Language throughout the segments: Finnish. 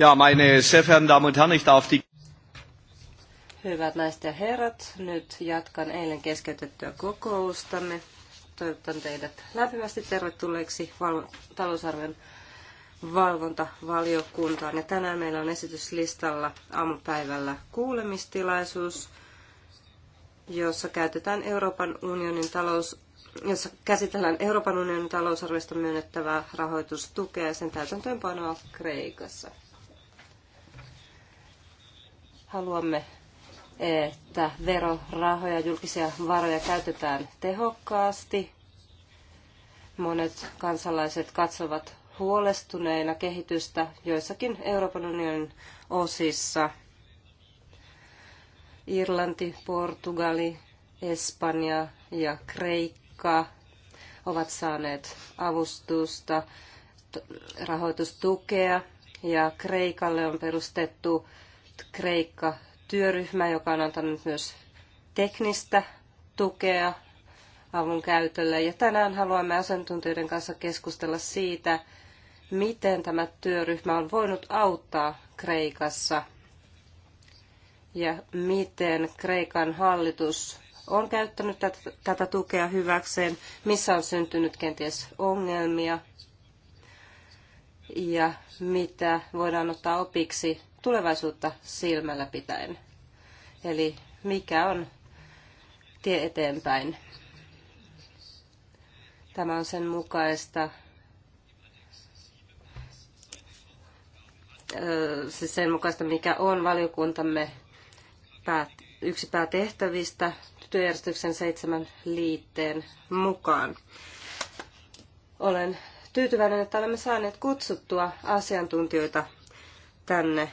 Ja, meine sehr verehrten Damen und Herren, ich darf die... Hyvät naiset ja herrat, nyt jatkan eilen keskeytettyä kokoustamme. Toivotan teidät lämpimästi tervetulleeksi valvo- talousarvion valvontavaliokuntaan. Ja tänään meillä on esityslistalla aamupäivällä kuulemistilaisuus, jossa käytetään Euroopan unionin talous jossa käsitellään Euroopan unionin talousarviosta myönnettävää rahoitustukea ja sen täytäntöönpanoa Kreikassa. Haluamme, että verorahoja, julkisia varoja käytetään tehokkaasti. Monet kansalaiset katsovat huolestuneina kehitystä joissakin Euroopan unionin osissa. Irlanti, Portugali, Espanja ja Kreikka ovat saaneet avustusta, rahoitustukea ja Kreikalle on perustettu Kreikka-työryhmä, joka on antanut myös teknistä tukea avun käytölle. Ja tänään haluamme asiantuntijoiden kanssa keskustella siitä, miten tämä työryhmä on voinut auttaa Kreikassa ja miten Kreikan hallitus on käyttänyt tätä tukea hyväkseen, missä on syntynyt kenties ongelmia ja mitä voidaan ottaa opiksi tulevaisuutta silmällä pitäen. Eli mikä on tie eteenpäin. Tämä on sen mukaista siis sen mukaista, mikä on valiokuntamme päät, yksi päätehtävistä työjärjestyksen seitsemän liitteen mukaan. Olen tyytyväinen, että olemme saaneet kutsuttua asiantuntijoita tänne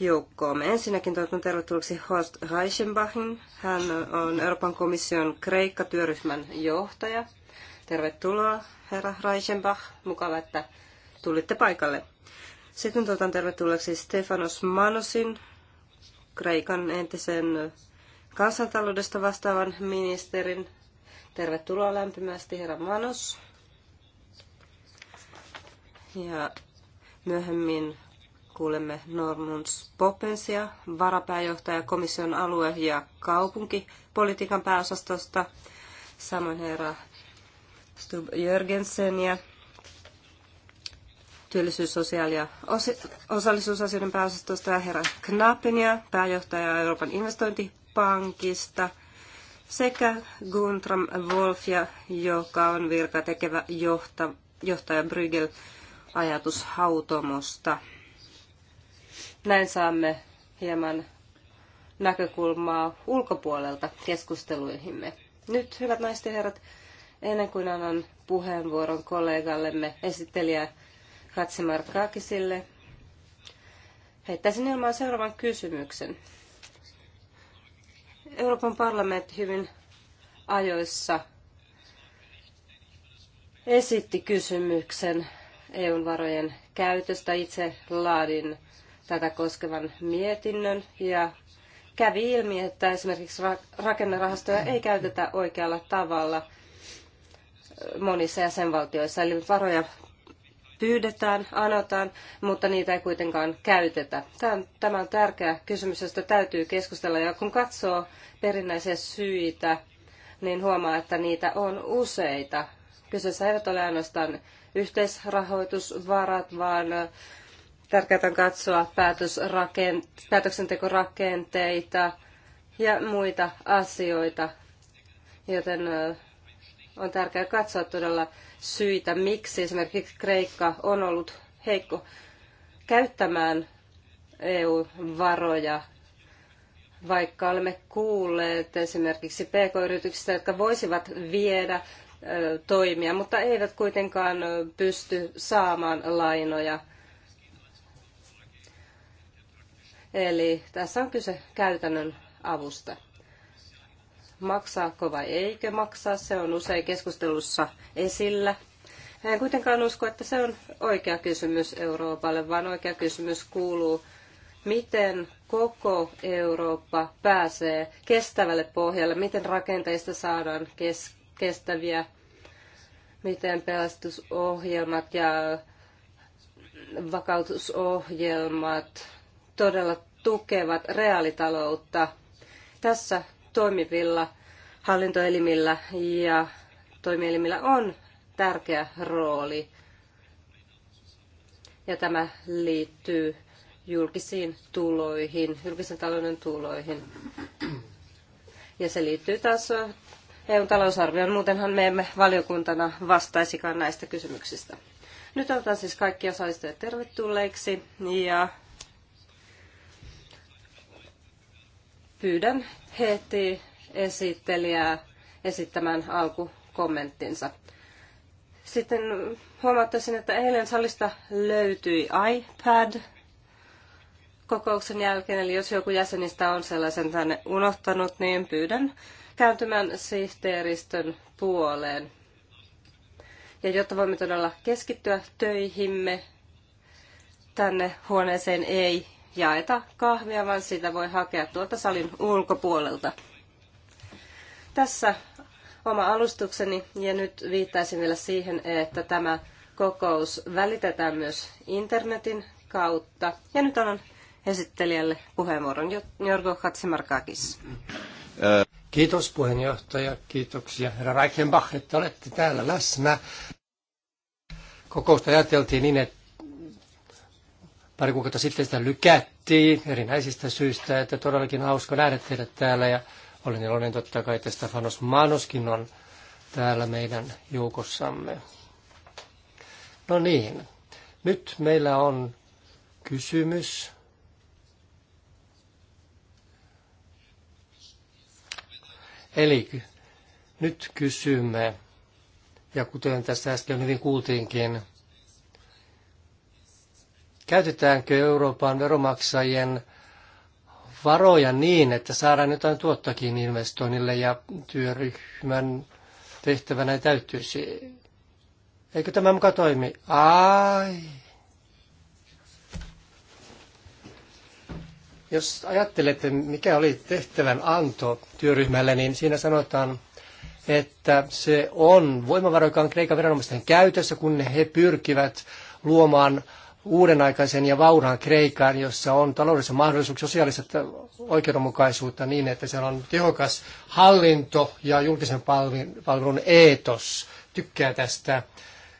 joukkoomme. Ensinnäkin toivotan tervetulleeksi Horst Reichenbachin. Hän on Euroopan komission Kreikka-työryhmän johtaja. Tervetuloa, herra Reichenbach. Mukava, että tulitte paikalle. Sitten toivotan tervetulleeksi Stefanos Manosin, Kreikan entisen kansantaloudesta vastaavan ministerin. Tervetuloa lämpimästi, herra Manos. Ja myöhemmin Kuulemme Normunds Poppensia, varapääjohtaja komission alue- ja kaupunkipolitiikan pääosastosta, samoin herra Stub Jörgenseniä, työllisyys-, sosiaali- ja osallisuusasioiden pääosastosta ja herra Knappenia, pääjohtaja Euroopan investointipankista, sekä Guntram Wolfia, joka on virka tekevä johtaja Brygel ajatushautomosta. Näin saamme hieman näkökulmaa ulkopuolelta keskusteluihimme. Nyt, hyvät naiset ja herrat, ennen kuin annan puheenvuoron kollegallemme esittelijä Katsimar Kaakisille, heittäisin ilmaan seuraavan kysymyksen. Euroopan parlamentti hyvin ajoissa esitti kysymyksen EUn varojen käytöstä. Itse laadin tätä koskevan mietinnön ja kävi ilmi, että esimerkiksi rakennerahastoja ei käytetä oikealla tavalla monissa jäsenvaltioissa. Eli varoja pyydetään, anotaan, mutta niitä ei kuitenkaan käytetä. Tämä on tärkeä kysymys, josta täytyy keskustella. Ja kun katsoo perinnäisiä syitä, niin huomaa, että niitä on useita. Kyseessä eivät ole ainoastaan yhteisrahoitusvarat, vaan Tärkeää on katsoa päätöksentekorakenteita ja muita asioita, joten on tärkeää katsoa todella syitä, miksi esimerkiksi Kreikka on ollut heikko käyttämään EU-varoja, vaikka olemme kuulleet esimerkiksi pk-yrityksistä, jotka voisivat viedä toimia, mutta eivät kuitenkaan pysty saamaan lainoja. Eli tässä on kyse käytännön avusta. Maksaako vai eikö maksaa, se on usein keskustelussa esillä. En kuitenkaan usko, että se on oikea kysymys Euroopalle, vaan oikea kysymys kuuluu, miten koko Eurooppa pääsee kestävälle pohjalle, miten rakenteista saadaan kes- kestäviä, miten pelastusohjelmat ja vakautusohjelmat todella tukevat reaalitaloutta tässä toimivilla hallintoelimillä ja toimielimillä on tärkeä rooli. Ja tämä liittyy julkisiin tuloihin, julkisen talouden tuloihin. Ja se liittyy taas EU talousarvioon. Muutenhan me emme valiokuntana vastaisikaan näistä kysymyksistä. Nyt otan siis kaikki osallistujat tervetulleiksi ja pyydän heti esittelijää esittämään alkukommenttinsa. Sitten huomauttaisin, että eilen salista löytyi iPad kokouksen jälkeen, eli jos joku jäsenistä on sellaisen tänne unohtanut, niin pyydän kääntymään sihteeristön puoleen. Ja jotta voimme todella keskittyä töihimme, tänne huoneeseen ei jaeta kahvia, vaan sitä voi hakea tuolta salin ulkopuolelta. Tässä oma alustukseni ja nyt viittaisin vielä siihen, että tämä kokous välitetään myös internetin kautta. Ja nyt annan esittelijälle puheenvuoron Jorgo Katsimarkakis. Kiitos puheenjohtaja, kiitoksia herra Reichenbach, että olette täällä läsnä. Kokousta ajateltiin niin, että Pari kuukautta sitten sitä lykättiin erinäisistä syistä, että todellakin hauska nähdä teidät täällä ja olen iloinen totta kai, että Stefanos Manoskin on täällä meidän joukossamme. No niin, nyt meillä on kysymys. Eli nyt kysymme, ja kuten tässä äsken hyvin kuultiinkin, Käytetäänkö Euroopan veromaksajien varoja niin, että saadaan jotain tuottakin investoinnille ja työryhmän tehtävänä täyttyisi? Eikö tämä muka toimi? Ai. Jos ajattelette, mikä oli tehtävän anto työryhmälle, niin siinä sanotaan, että se on voimavara, joka on Kreikan viranomaisten käytössä, kun he pyrkivät luomaan uuden aikaisen ja vauraan Kreikan, jossa on taloudellisia mahdollisuus sosiaalista oikeudenmukaisuutta niin, että siellä on tehokas hallinto ja julkisen palvelun eetos. Tykkää tästä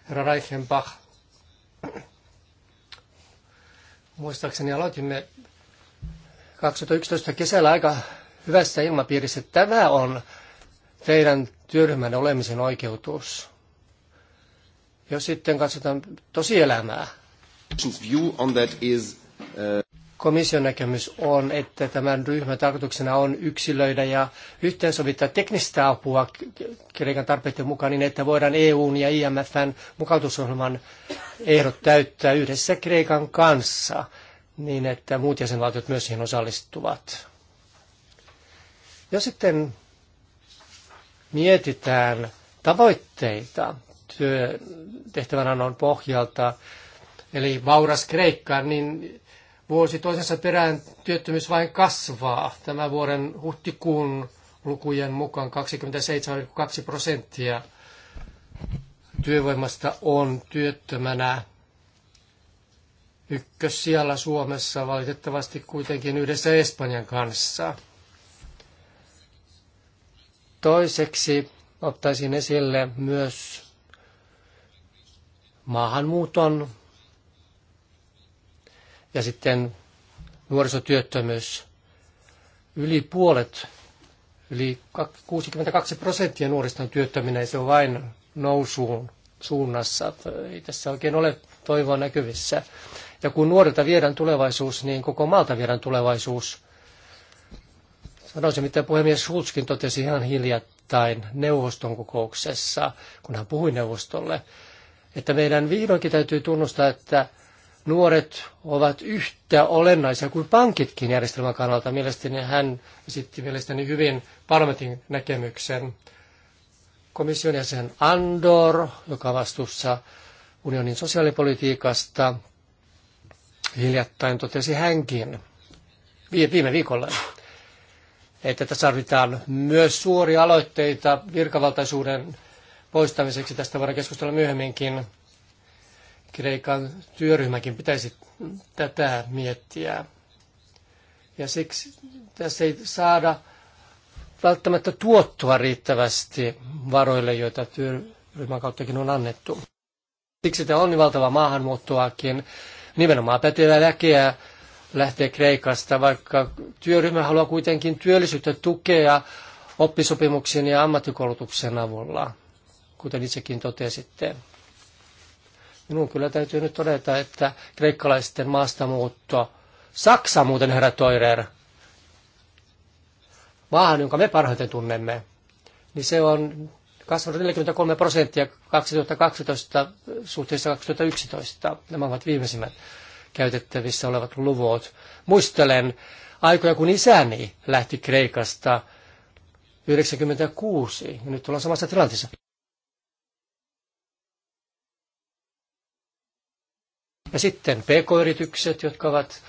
herra Reichenbach. Muistaakseni aloitimme 2011 kesällä aika hyvässä ilmapiirissä. Tämä on teidän työryhmän olemisen oikeutus. Jos sitten katsotaan tosielämää, Uh, Komission näkemys on, että tämän ryhmän tarkoituksena on yksilöidä ja yhteensovittaa teknistä apua Kreikan tarpeiden mukaan niin, että voidaan EUn ja IMFn mukautusohjelman ehdot täyttää yhdessä Kreikan kanssa niin, että muut jäsenvaltiot myös siihen osallistuvat. Ja sitten mietitään tavoitteita työtehtävänannon pohjalta, eli vauras Kreikka, niin vuosi toisensa perään työttömyys vain kasvaa. Tämän vuoden huhtikuun lukujen mukaan 27,2 prosenttia työvoimasta on työttömänä. Ykkös siellä Suomessa valitettavasti kuitenkin yhdessä Espanjan kanssa. Toiseksi ottaisin esille myös maahanmuuton ja sitten nuorisotyöttömyys. Yli puolet, yli 62 prosenttia nuorista on työttöminä ja se on vain nousuun suunnassa. Ei tässä oikein ole toivoa näkyvissä. Ja kun nuorilta viedään tulevaisuus, niin koko maalta viedään tulevaisuus. Sanoisin, mitä puhemies Schulzkin totesi ihan hiljattain neuvoston kokouksessa, kun hän puhui neuvostolle, että meidän vihdoinkin täytyy tunnustaa, että nuoret ovat yhtä olennaisia kuin pankitkin järjestelmän kannalta. Mielestäni hän esitti mielestäni hyvin parlamentin näkemyksen. Komission jäsen Andor, joka on vastuussa unionin sosiaalipolitiikasta, hiljattain totesi hänkin viime viikolla, että tässä tarvitaan myös suuria aloitteita virkavaltaisuuden poistamiseksi. Tästä voidaan keskustella myöhemminkin. Kreikan työryhmäkin pitäisi tätä miettiä. Ja siksi tässä ei saada välttämättä tuottoa riittävästi varoille, joita työryhmän kauttakin on annettu. Siksi tämä on niin valtava maahanmuuttoakin. Nimenomaan pätevää väkeä lähtee Kreikasta, vaikka työryhmä haluaa kuitenkin työllisyyttä tukea oppisopimuksen ja ammattikoulutuksen avulla, kuten itsekin totesitte. Minun kyllä täytyy nyt todeta, että kreikkalaisten maastamuutto, Saksa muuten herra Toirer, maahan, jonka me parhaiten tunnemme, niin se on kasvanut 43 prosenttia 2012 suhteessa 2011. Nämä ovat viimeisimmät käytettävissä olevat luvut. Muistelen aikoja, kun isäni lähti Kreikasta 96, ja nyt ollaan samassa tilanteessa. Ja sitten pk-yritykset, jotka ovat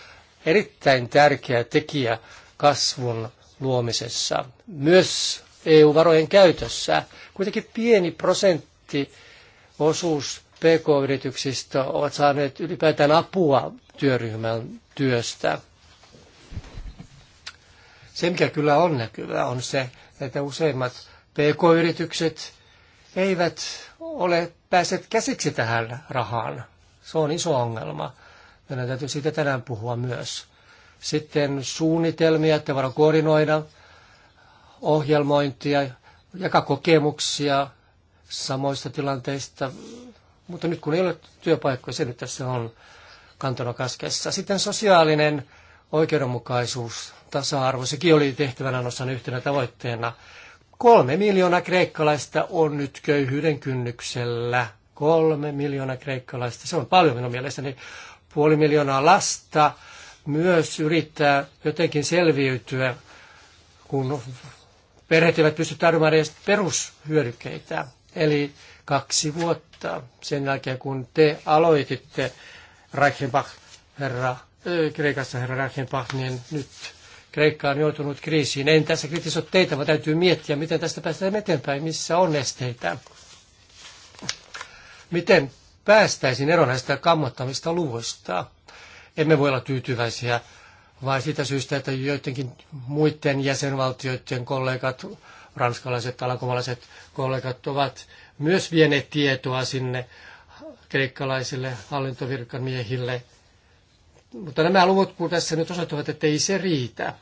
erittäin tärkeä tekijä kasvun luomisessa, myös EU-varojen käytössä. Kuitenkin pieni osuus PK-yrityksistä ovat saaneet ylipäätään apua työryhmän työstä. Se, mikä kyllä on näkyvä, on se, että useimmat PK-yritykset eivät ole päässeet käsiksi tähän rahaan. Se on iso ongelma. Meidän täytyy siitä tänään puhua myös. Sitten suunnitelmia, että voidaan koordinoida ohjelmointia, jakaa kokemuksia samoista tilanteista. Mutta nyt kun ei ole työpaikkoja, se nyt tässä on kantona kaskessa. Sitten sosiaalinen oikeudenmukaisuus, tasa-arvo, sekin oli tehtävänä osan yhtenä tavoitteena. Kolme miljoonaa kreikkalaista on nyt köyhyyden kynnyksellä kolme miljoonaa kreikkalaista. Se on paljon minun mielestäni. Puoli miljoonaa lasta myös yrittää jotenkin selviytyä, kun perheet eivät pysty tarjoamaan edes perushyödykkeitä. Eli kaksi vuotta sen jälkeen, kun te aloititte Reichenbach, herra, Kreikassa herra Reichenbach, niin nyt Kreikka on joutunut kriisiin. En tässä kritisoi teitä, vaan täytyy miettiä, miten tästä päästään eteenpäin, missä on esteitä miten päästäisiin eroon näistä kammottavista luvuista. Emme voi olla tyytyväisiä vain sitä syystä, että joidenkin muiden jäsenvaltioiden kollegat, ranskalaiset, alankomalaiset kollegat ovat myös vieneet tietoa sinne kreikkalaisille hallintovirkamiehille. Mutta nämä luvut, kun tässä nyt osoittavat, että ei se riitä.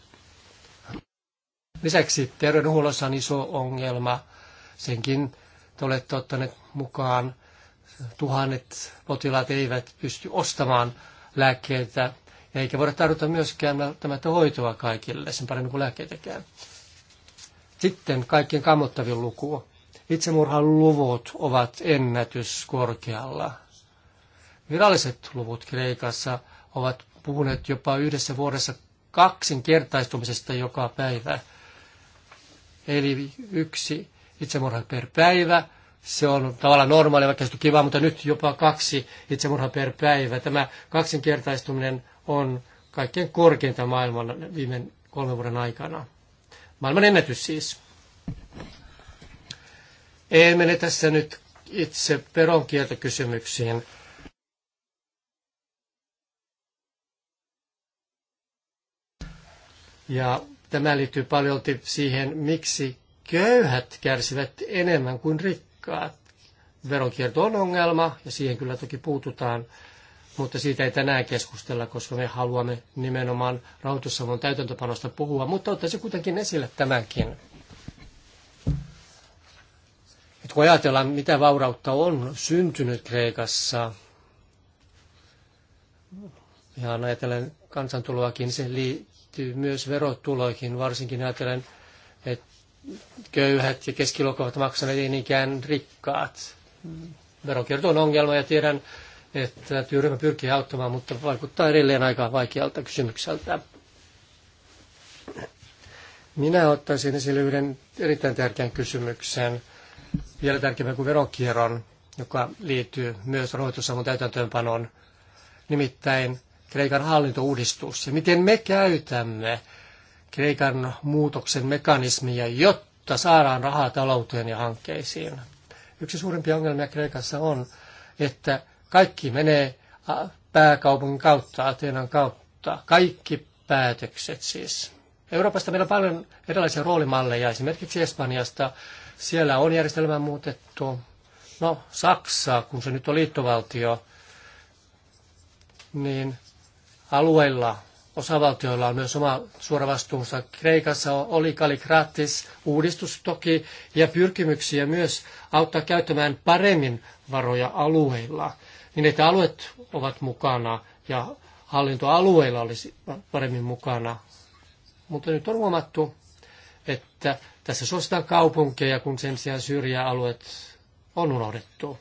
Lisäksi terveydenhuollossa on iso ongelma. Senkin te olette ottaneet mukaan tuhannet potilaat eivät pysty ostamaan lääkkeitä, eikä voida tarjota myöskään välttämättä hoitoa kaikille sen paremmin kuin lääkkeitäkään. Sitten kaikkien kammottavin luku. Itsemurhan luvut ovat ennätyskorkealla. Viralliset luvut Kreikassa ovat puhuneet jopa yhdessä vuodessa kaksinkertaistumisesta joka päivä. Eli yksi itsemurha per päivä – se on tavallaan normaali, vaikka se on kiva, mutta nyt jopa kaksi itsemurhaa per päivä. Tämä kaksinkertaistuminen on kaikkein korkeinta maailman viime kolmen vuoden aikana. Maailman ennätys siis. Ei mene tässä nyt itse veronkieltokysymyksiin. Ja tämä liittyy paljon siihen, miksi köyhät kärsivät enemmän kuin rikkaat veronkierto on ongelma, ja siihen kyllä toki puututaan, mutta siitä ei tänään keskustella, koska me haluamme nimenomaan rahoitussavon täytäntöpanosta puhua, mutta ottaisin kuitenkin esille tämänkin. Et kun ajatellaan, mitä vaurautta on syntynyt Kreikassa, ihan ajatellen kansantuloakin, se liittyy myös verotuloihin, varsinkin ajatellen, että köyhät ja keskiluokat maksaneet, ei niinkään rikkaat. Veronkierto on ongelma ja tiedän, että työryhmä pyrkii auttamaan, mutta vaikuttaa edelleen aika vaikealta kysymykseltä. Minä ottaisin esille yhden erittäin tärkeän kysymyksen, vielä tärkeämmän kuin veronkierron, joka liittyy myös rahoitusavun täytäntöönpanoon, nimittäin Kreikan hallintouudistus ja miten me käytämme – Kreikan muutoksen mekanismia, jotta saadaan rahaa talouteen ja hankkeisiin. Yksi suurimpia ongelmia Kreikassa on, että kaikki menee pääkaupungin kautta, Ateenan kautta. Kaikki päätökset siis. Euroopasta meillä on paljon erilaisia roolimalleja, esimerkiksi Espanjasta. Siellä on järjestelmä muutettu. No, Saksaa, kun se nyt on liittovaltio, niin alueilla osavaltioilla on myös oma suora vastuunsa. Kreikassa oli kalikraattis uudistus toki ja pyrkimyksiä myös auttaa käyttämään paremmin varoja alueilla, niin että alueet ovat mukana ja hallintoalueilla olisi paremmin mukana. Mutta nyt on huomattu, että tässä suositaan kaupunkeja, kun sen sijaan syrjäalueet on unohdettu.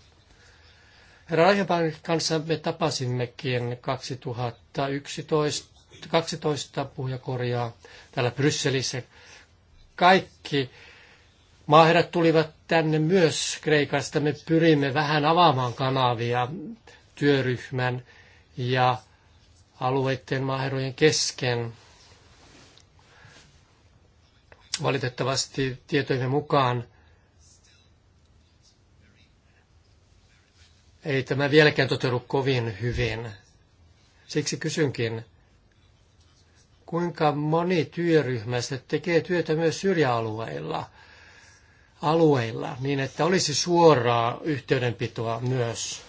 Herra Reichenbachin kanssa me tapasimmekin 2011 12 puhuja korjaa täällä Brysselissä. Kaikki maaherrat tulivat tänne myös Kreikasta. Me pyrimme vähän avaamaan kanavia työryhmän ja alueiden maaherrojen kesken. Valitettavasti tietojen mukaan ei tämä vieläkään toteudu kovin hyvin. Siksi kysynkin, kuinka moni työryhmä tekee työtä myös syrjäalueilla, alueilla, niin että olisi suoraa yhteydenpitoa myös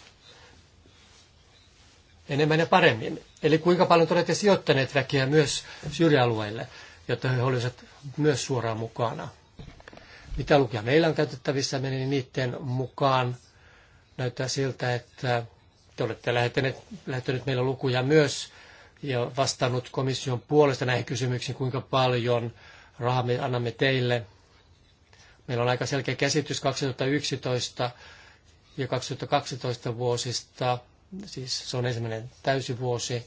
enemmän ja paremmin. Eli kuinka paljon te olette sijoittaneet väkeä myös syrjäalueille, jotta he olisivat myös suoraan mukana. Mitä lukia meillä on käytettävissä, niin niiden mukaan näyttää siltä, että te olette lähettäneet, lähettäneet meillä lukuja myös ja vastannut komission puolesta näihin kysymyksiin, kuinka paljon rahaa me annamme teille. Meillä on aika selkeä käsitys 2011 ja 2012 vuosista, siis se on ensimmäinen täysivuosi.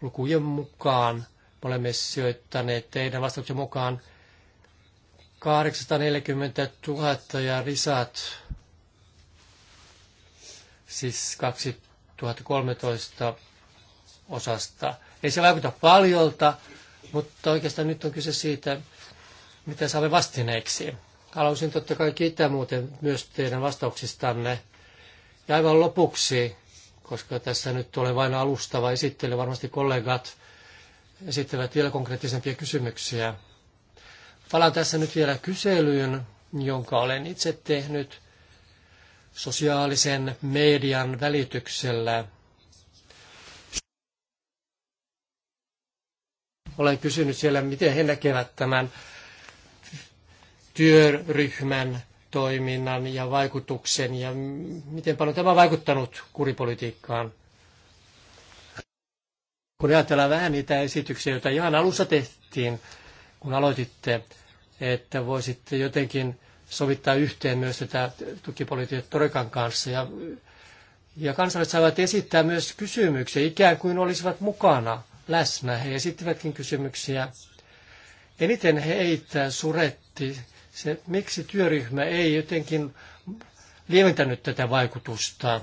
Lukujen mukaan me olemme sijoittaneet teidän vastauksen mukaan 840 000 ja risat, siis 2013 osasta. Ei se vaikuta paljolta, mutta oikeastaan nyt on kyse siitä, mitä saamme vastineeksi. Haluaisin totta kai kiittää muuten myös teidän vastauksistanne. Ja aivan lopuksi, koska tässä nyt tulee vain alustava esittely, varmasti kollegat esittävät vielä konkreettisempia kysymyksiä. Palaan tässä nyt vielä kyselyyn, jonka olen itse tehnyt sosiaalisen median välityksellä – Olen kysynyt siellä, miten he näkevät tämän työryhmän toiminnan ja vaikutuksen ja miten paljon tämä on vaikuttanut kuripolitiikkaan. Kun ajatellaan vähän niitä esityksiä, joita ihan alussa tehtiin, kun aloititte, että voisitte jotenkin sovittaa yhteen myös tätä tukipolitiikkaa Torikan kanssa ja ja kansalaiset saivat esittää myös kysymyksiä, ikään kuin olisivat mukana läsnä. He esittivätkin kysymyksiä. Eniten heitä suretti se, miksi työryhmä ei jotenkin lieventänyt tätä vaikutusta,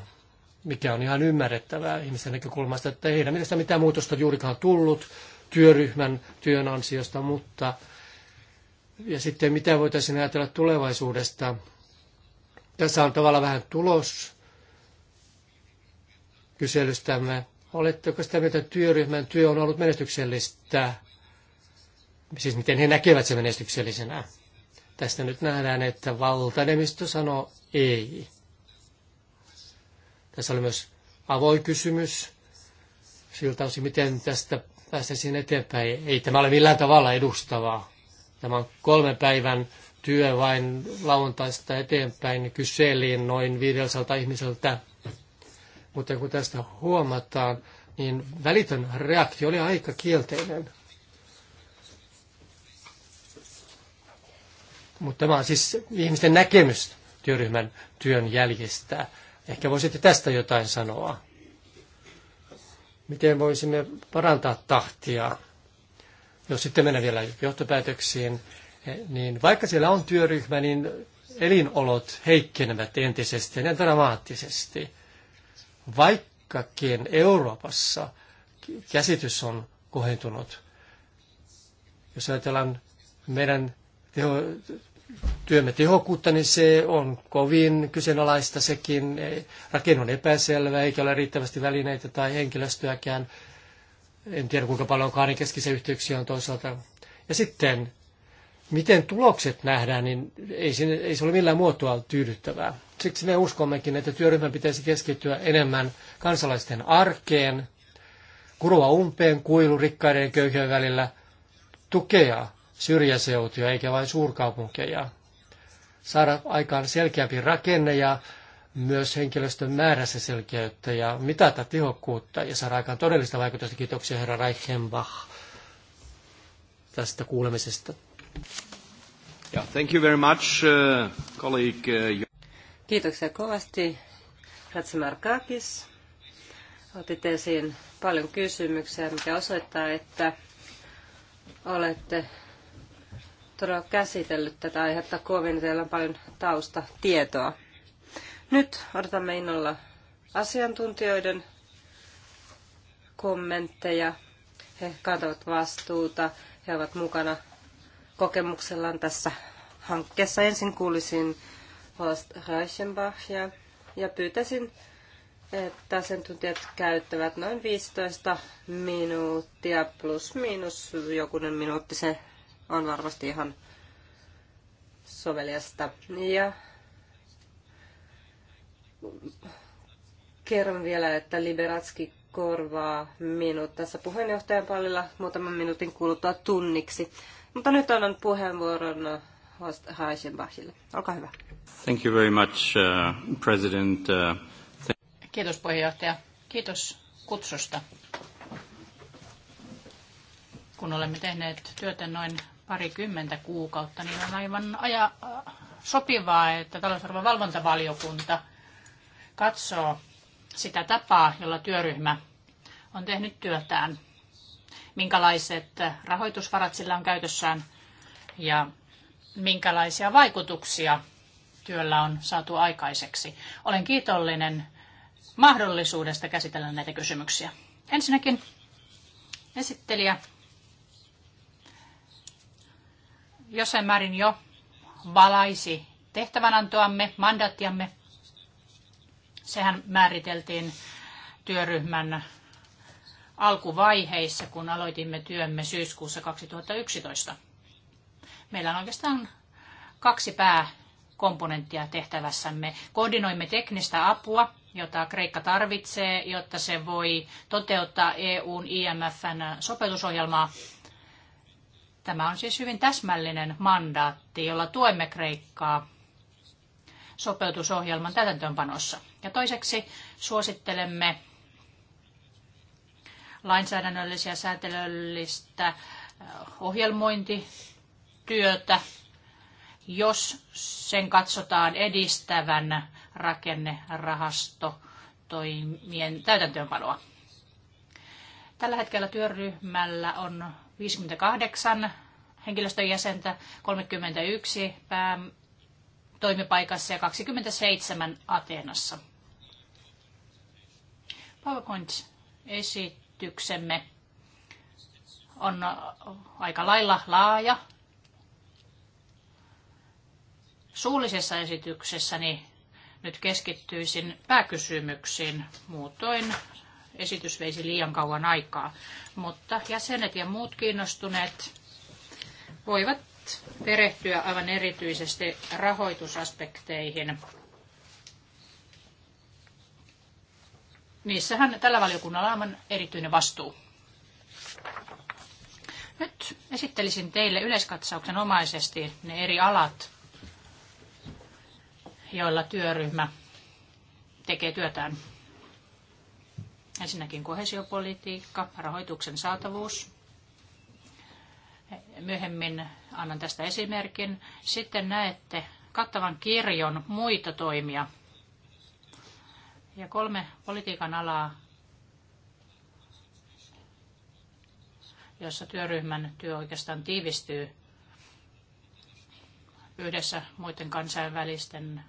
mikä on ihan ymmärrettävää ihmisten näkökulmasta, että heidän mielestä mitään muutosta juurikaan tullut työryhmän työn ansiosta, mutta ja sitten mitä voitaisiin ajatella tulevaisuudesta. Tässä on tavallaan vähän tulos kyselystämme. Oletteko sitä mieltä, että työryhmän työ on ollut menestyksellistä? Siis miten he näkevät sen menestyksellisenä? Tästä nyt nähdään, että valtaenemmistö sanoo ei. Tässä oli myös avoin kysymys siltä osin, miten tästä päästäisiin eteenpäin. Ei tämä ole millään tavalla edustavaa. Tämä on kolmen päivän työ vain lauantaista eteenpäin. Kyselin noin 500 ihmiseltä mutta kun tästä huomataan, niin välitön reaktio oli aika kielteinen. Mutta tämä on siis ihmisten näkemys työryhmän työn jäljestä. Ehkä voisitte tästä jotain sanoa. Miten voisimme parantaa tahtia? Jos sitten mennään vielä johtopäätöksiin, niin vaikka siellä on työryhmä, niin elinolot heikkenevät entisestään ja dramaattisesti. Vaikkakin Euroopassa käsitys on kohentunut. Jos ajatellaan meidän teho, työmme tehokkuutta, niin se on kovin kyseenalaista sekin. Rakenne on epäselvä, eikä ole riittävästi välineitä tai henkilöstöäkään. En tiedä, kuinka paljon kahdenkeskisiä yhteyksiä on toisaalta. Ja sitten, miten tulokset nähdään, niin ei siinä, ei se ole millään muotoa tyydyttävää. Siksi me uskommekin, että työryhmän pitäisi keskittyä enemmän kansalaisten arkeen, kurua umpeen kuilu rikkaiden ja köyhien välillä, tukea syrjäseutuja eikä vain suurkaupunkeja, saada aikaan selkeämpi rakenne ja myös henkilöstön määrässä selkeyttä ja mitata tehokkuutta ja saada aikaan todellista vaikutusta. Kiitoksia herra Reichenbach tästä kuulemisesta. Yeah, thank you very much, uh, colleague. Uh, Kiitoksia kovasti, Ratsimarkakis. Otit esiin paljon kysymyksiä, mikä osoittaa, että olette todella käsitellyt tätä aihetta kovin, teillä on paljon taustatietoa. Nyt odotamme innolla asiantuntijoiden kommentteja. He kantavat vastuuta, he ovat mukana kokemuksellaan tässä hankkeessa. Ensin kuulisin Horst Reichenbachia ja pyytäisin, että asiantuntijat käyttävät noin 15 minuuttia plus miinus jokunen minuutti. Se on varmasti ihan soveliasta. Ja kerron vielä, että Liberatski korvaa minut tässä puheenjohtajan pallilla muutaman minuutin kuluttua tunniksi. Mutta nyt annan puheenvuoron Horst Olkaa hyvä. Thank you very much, uh, President. Uh, Kiitos puheenjohtaja. Kiitos kutsusta. Kun olemme tehneet työtä noin parikymmentä kuukautta, niin on aivan aja, sopivaa, että talousarvon valvontavaliokunta katsoo sitä tapaa, jolla työryhmä on tehnyt työtään, minkälaiset rahoitusvarat sillä on käytössään ja minkälaisia vaikutuksia työllä on saatu aikaiseksi. Olen kiitollinen mahdollisuudesta käsitellä näitä kysymyksiä. Ensinnäkin esittelijä jossain määrin jo valaisi tehtävänantoamme, mandaattiamme. Sehän määriteltiin työryhmän alkuvaiheissa, kun aloitimme työmme syyskuussa 2011. Meillä on oikeastaan kaksi pääkomponenttia tehtävässämme. Koordinoimme teknistä apua, jota Kreikka tarvitsee, jotta se voi toteuttaa EUn IMFn sopeutusohjelmaa. Tämä on siis hyvin täsmällinen mandaatti, jolla tuemme Kreikkaa sopeutusohjelman täytäntöönpanossa. Ja toiseksi suosittelemme lainsäädännöllisiä säätelöllistä ohjelmointi työtä, jos sen katsotaan edistävän rakennerahastotoimien täytäntöönpanoa. Tällä hetkellä työryhmällä on 58 henkilöstön jäsentä, 31 päätoimipaikassa ja 27 Ateenassa. PowerPoint-esityksemme on aika lailla laaja suullisessa esityksessäni nyt keskittyisin pääkysymyksiin. Muutoin esitys veisi liian kauan aikaa, mutta jäsenet ja muut kiinnostuneet voivat perehtyä aivan erityisesti rahoitusaspekteihin. Niissähän tällä valiokunnalla on aivan erityinen vastuu. Nyt esittelisin teille yleiskatsauksen omaisesti ne eri alat, joilla työryhmä tekee työtään. Ensinnäkin kohesiopolitiikka, rahoituksen saatavuus. Myöhemmin annan tästä esimerkin. Sitten näette kattavan kirjon muita toimia. Ja kolme politiikan alaa, jossa työryhmän työ oikeastaan tiivistyy yhdessä muiden kansainvälisten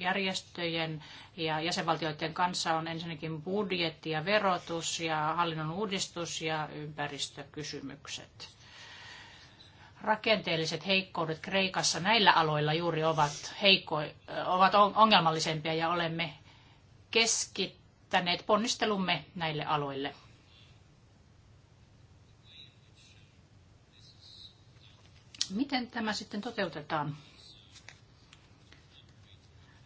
järjestöjen ja jäsenvaltioiden kanssa on ensinnäkin budjetti ja verotus ja hallinnon uudistus ja ympäristökysymykset. Rakenteelliset heikkoudet Kreikassa näillä aloilla juuri ovat, heikko, ovat ongelmallisempia ja olemme keskittäneet ponnistelumme näille aloille. Miten tämä sitten toteutetaan?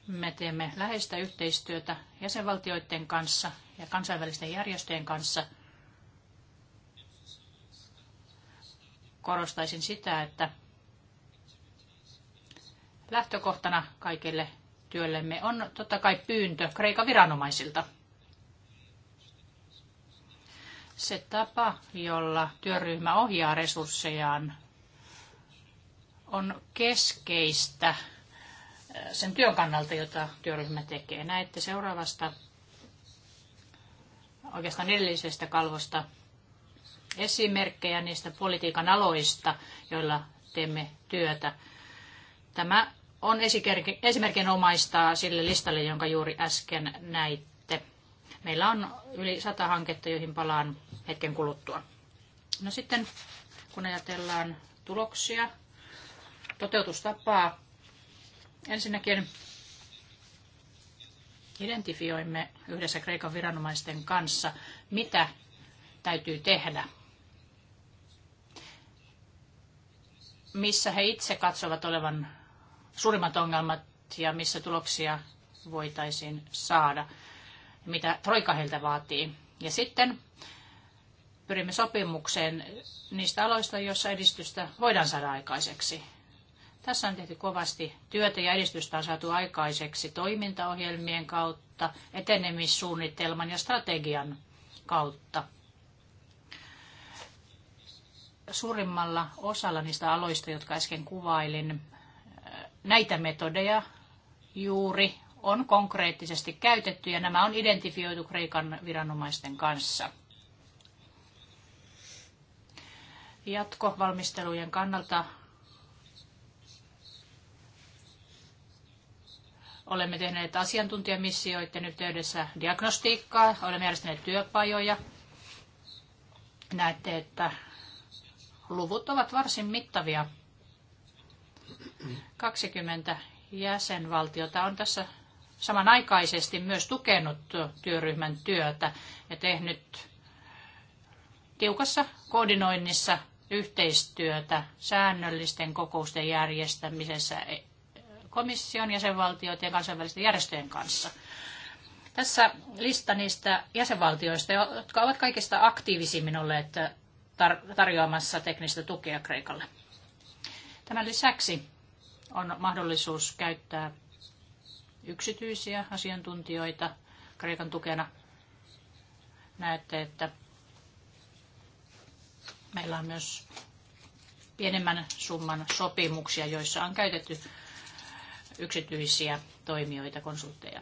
Me teemme läheistä yhteistyötä jäsenvaltioiden kanssa ja kansainvälisten järjestöjen kanssa. Korostaisin sitä, että lähtökohtana kaikille työllemme on totta kai pyyntö Kreikan viranomaisilta. Se tapa, jolla työryhmä ohjaa resurssejaan, on keskeistä sen työn kannalta, jota työryhmä tekee. Näette seuraavasta oikeastaan edellisestä kalvosta esimerkkejä niistä politiikan aloista, joilla teemme työtä. Tämä on esimerkinomaista sille listalle, jonka juuri äsken näitte. Meillä on yli sata hanketta, joihin palaan hetken kuluttua. No sitten, kun ajatellaan tuloksia, toteutustapaa, Ensinnäkin identifioimme yhdessä Kreikan viranomaisten kanssa, mitä täytyy tehdä, missä he itse katsovat olevan suurimmat ongelmat ja missä tuloksia voitaisiin saada, mitä Troika heiltä vaatii. Ja sitten pyrimme sopimukseen niistä aloista, joissa edistystä voidaan saada aikaiseksi. Tässä on tehty kovasti työtä ja edistystä on saatu aikaiseksi toimintaohjelmien kautta, etenemissuunnitelman ja strategian kautta. Suurimmalla osalla niistä aloista, jotka äsken kuvailin, äh, näitä metodeja juuri on konkreettisesti käytetty ja nämä on identifioitu Kreikan viranomaisten kanssa. Jatkovalmistelujen kannalta Olemme tehneet asiantuntijamissioiden yhteydessä diagnostiikkaa, olemme järjestäneet työpajoja. Näette, että luvut ovat varsin mittavia. 20 jäsenvaltiota on tässä samanaikaisesti myös tukenut työryhmän työtä ja tehnyt tiukassa koordinoinnissa yhteistyötä säännöllisten kokousten järjestämisessä komission, jäsenvaltioiden ja kansainvälisten järjestöjen kanssa. Tässä lista niistä jäsenvaltioista, jotka ovat kaikista aktiivisimmin olleet tar- tarjoamassa teknistä tukea Kreikalle. Tämän lisäksi on mahdollisuus käyttää yksityisiä asiantuntijoita Kreikan tukena. Näette, että meillä on myös pienemmän summan sopimuksia, joissa on käytetty yksityisiä toimijoita, konsultteja.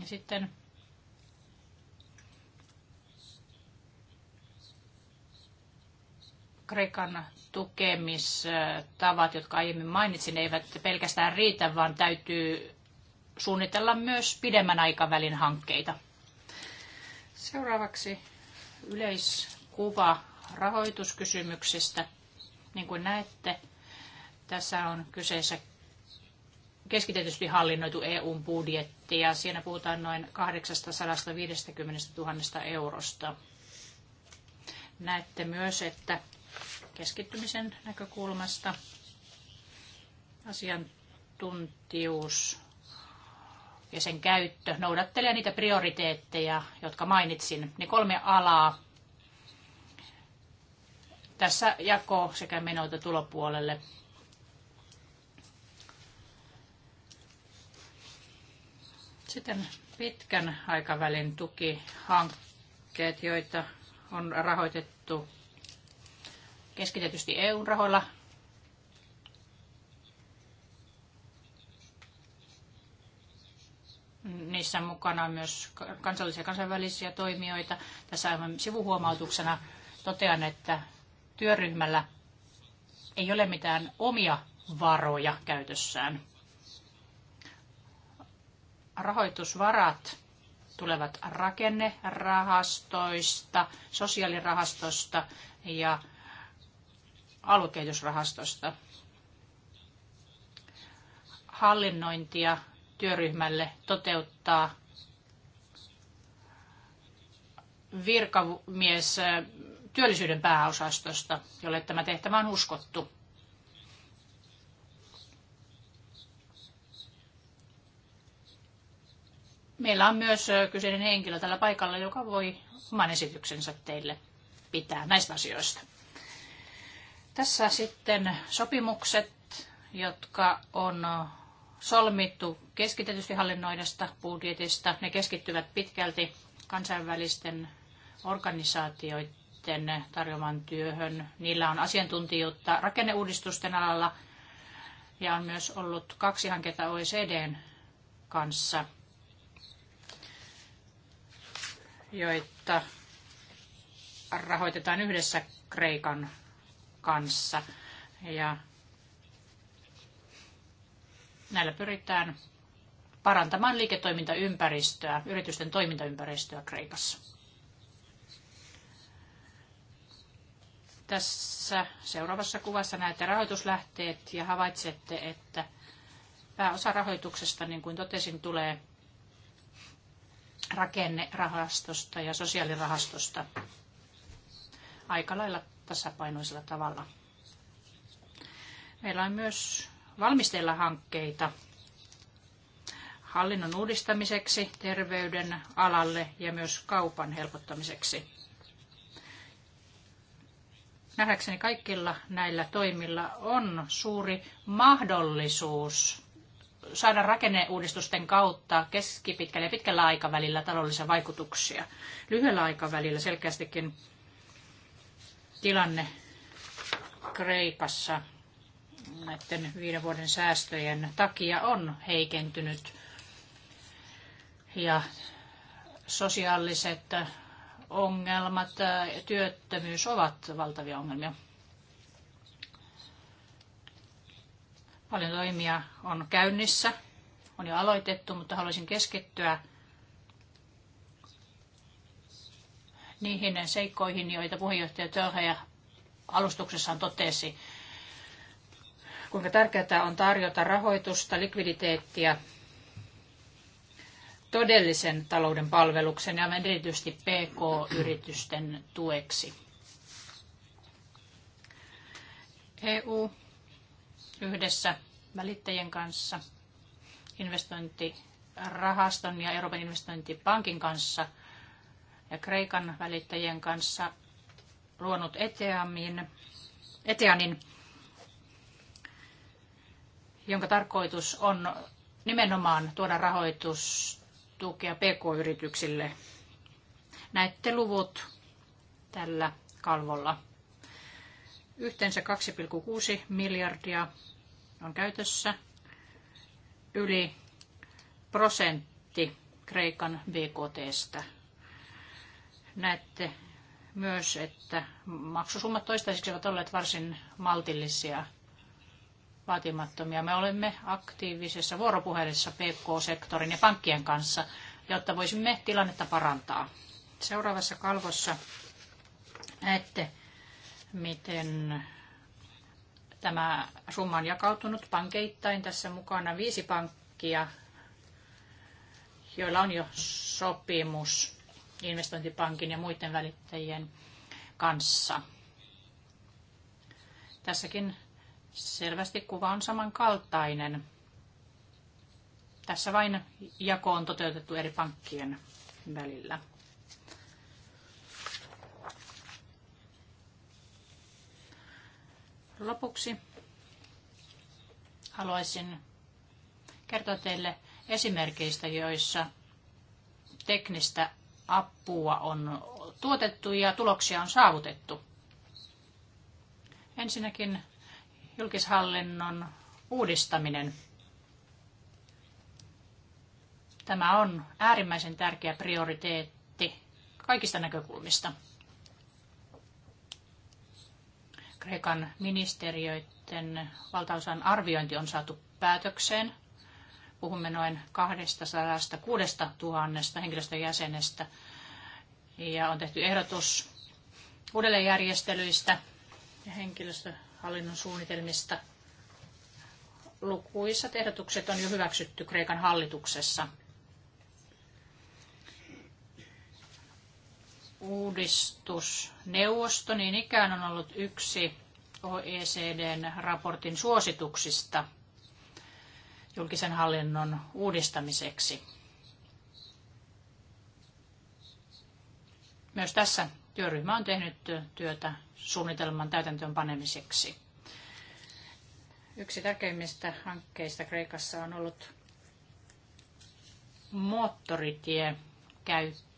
Ja sitten Kreikan tukemistavat, jotka aiemmin mainitsin, eivät pelkästään riitä, vaan täytyy suunnitella myös pidemmän aikavälin hankkeita. Seuraavaksi yleiskuva rahoituskysymyksistä. Niin kuin näette, tässä on kyseessä keskitetysti hallinnoitu EUn budjetti ja siinä puhutaan noin 850 000 eurosta. Näette myös, että keskittymisen näkökulmasta asiantuntijuus ja sen käyttö noudattelee niitä prioriteetteja, jotka mainitsin. Ne kolme alaa tässä jako sekä menoita tulopuolelle Sitten pitkän aikavälin tukihankkeet, joita on rahoitettu keskitetysti EU-rahoilla. Niissä on mukana on myös kansallisia ja kansainvälisiä toimijoita. Tässä aivan sivuhuomautuksena totean, että työryhmällä ei ole mitään omia varoja käytössään rahoitusvarat tulevat rakennerahastoista, sosiaalirahastosta ja aluekehitysrahastosta. Hallinnointia työryhmälle toteuttaa virkamies työllisyyden pääosastosta, jolle tämä tehtävä on uskottu. Meillä on myös kyseinen henkilö tällä paikalla, joka voi oman esityksensä teille pitää näistä asioista. Tässä sitten sopimukset, jotka on solmittu keskitetysti hallinnoidesta budjetista. Ne keskittyvät pitkälti kansainvälisten organisaatioiden tarjoman työhön. Niillä on asiantuntijuutta rakenneuudistusten alalla ja on myös ollut kaksi hanketta OECDn kanssa – joita rahoitetaan yhdessä Kreikan kanssa. Ja näillä pyritään parantamaan liiketoimintaympäristöä, yritysten toimintaympäristöä Kreikassa. Tässä seuraavassa kuvassa näette rahoituslähteet ja havaitsette, että pääosa rahoituksesta, niin kuin totesin, tulee rakennerahastosta ja sosiaalirahastosta aika lailla tasapainoisella tavalla. Meillä on myös valmistella hankkeita hallinnon uudistamiseksi, terveyden alalle ja myös kaupan helpottamiseksi. Nähdäkseni kaikilla näillä toimilla on suuri mahdollisuus saada rakenneuudistusten kautta keskipitkällä ja pitkällä aikavälillä taloudellisia vaikutuksia. Lyhyellä aikavälillä selkeästikin tilanne Kreikassa näiden viiden vuoden säästöjen takia on heikentynyt ja sosiaaliset ongelmat ja työttömyys ovat valtavia ongelmia. Paljon toimia on käynnissä, on jo aloitettu, mutta haluaisin keskittyä niihin seikkoihin, joita puheenjohtaja Törhäjä alustuksessaan totesi. Kuinka tärkeää on tarjota rahoitusta, likviditeettiä todellisen talouden palveluksen ja erityisesti PK-yritysten tueksi. EU yhdessä välittäjien kanssa, investointirahaston ja Euroopan investointipankin kanssa ja Kreikan välittäjien kanssa luonut Eteamin, Eteanin, jonka tarkoitus on nimenomaan tuoda rahoitustukea pk-yrityksille. Näette luvut tällä kalvolla. Yhteensä 2,6 miljardia on käytössä yli prosentti Kreikan BKTstä. Näette myös, että maksusummat toistaiseksi ovat olleet varsin maltillisia, vaatimattomia. Me olemme aktiivisessa vuoropuhelussa PK-sektorin ja pankkien kanssa, jotta voisimme tilannetta parantaa. Seuraavassa kalvossa näette, miten Tämä summa on jakautunut pankeittain. Tässä mukana viisi pankkia, joilla on jo sopimus investointipankin ja muiden välittäjien kanssa. Tässäkin selvästi kuva on samankaltainen. Tässä vain jako on toteutettu eri pankkien välillä. Lopuksi haluaisin kertoa teille esimerkkeistä, joissa teknistä apua on tuotettu ja tuloksia on saavutettu. Ensinnäkin julkishallinnon uudistaminen. Tämä on äärimmäisen tärkeä prioriteetti kaikista näkökulmista. Kreikan ministeriöiden valtaosan arviointi on saatu päätökseen. Puhumme noin 206 000 henkilöstön jäsenestä ja on tehty ehdotus uudelleenjärjestelyistä ja henkilöstöhallinnon suunnitelmista. Lukuisat ehdotukset on jo hyväksytty Kreikan hallituksessa – uudistusneuvosto niin ikään on ollut yksi OECDn raportin suosituksista julkisen hallinnon uudistamiseksi. Myös tässä työryhmä on tehnyt työtä suunnitelman täytäntöön panemiseksi. Yksi tärkeimmistä hankkeista Kreikassa on ollut moottoritie käyttö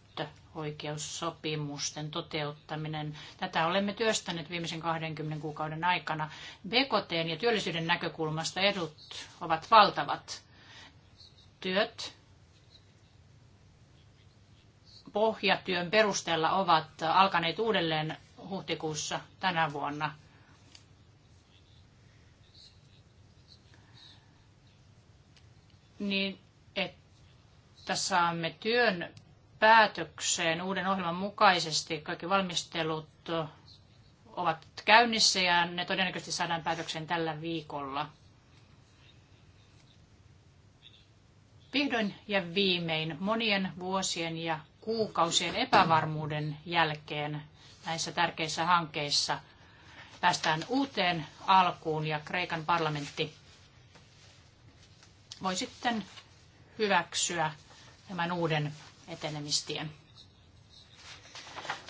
ihmisoikeussopimusten toteuttaminen. Tätä olemme työstäneet viimeisen 20 kuukauden aikana. BKT ja työllisyyden näkökulmasta edut ovat valtavat. Työt pohjatyön perusteella ovat alkaneet uudelleen huhtikuussa tänä vuonna. Niin, että saamme työn päätökseen uuden ohjelman mukaisesti. Kaikki valmistelut ovat käynnissä ja ne todennäköisesti saadaan päätökseen tällä viikolla. Vihdoin ja viimein monien vuosien ja kuukausien epävarmuuden jälkeen näissä tärkeissä hankkeissa päästään uuteen alkuun ja Kreikan parlamentti voi sitten hyväksyä tämän uuden etenemistien.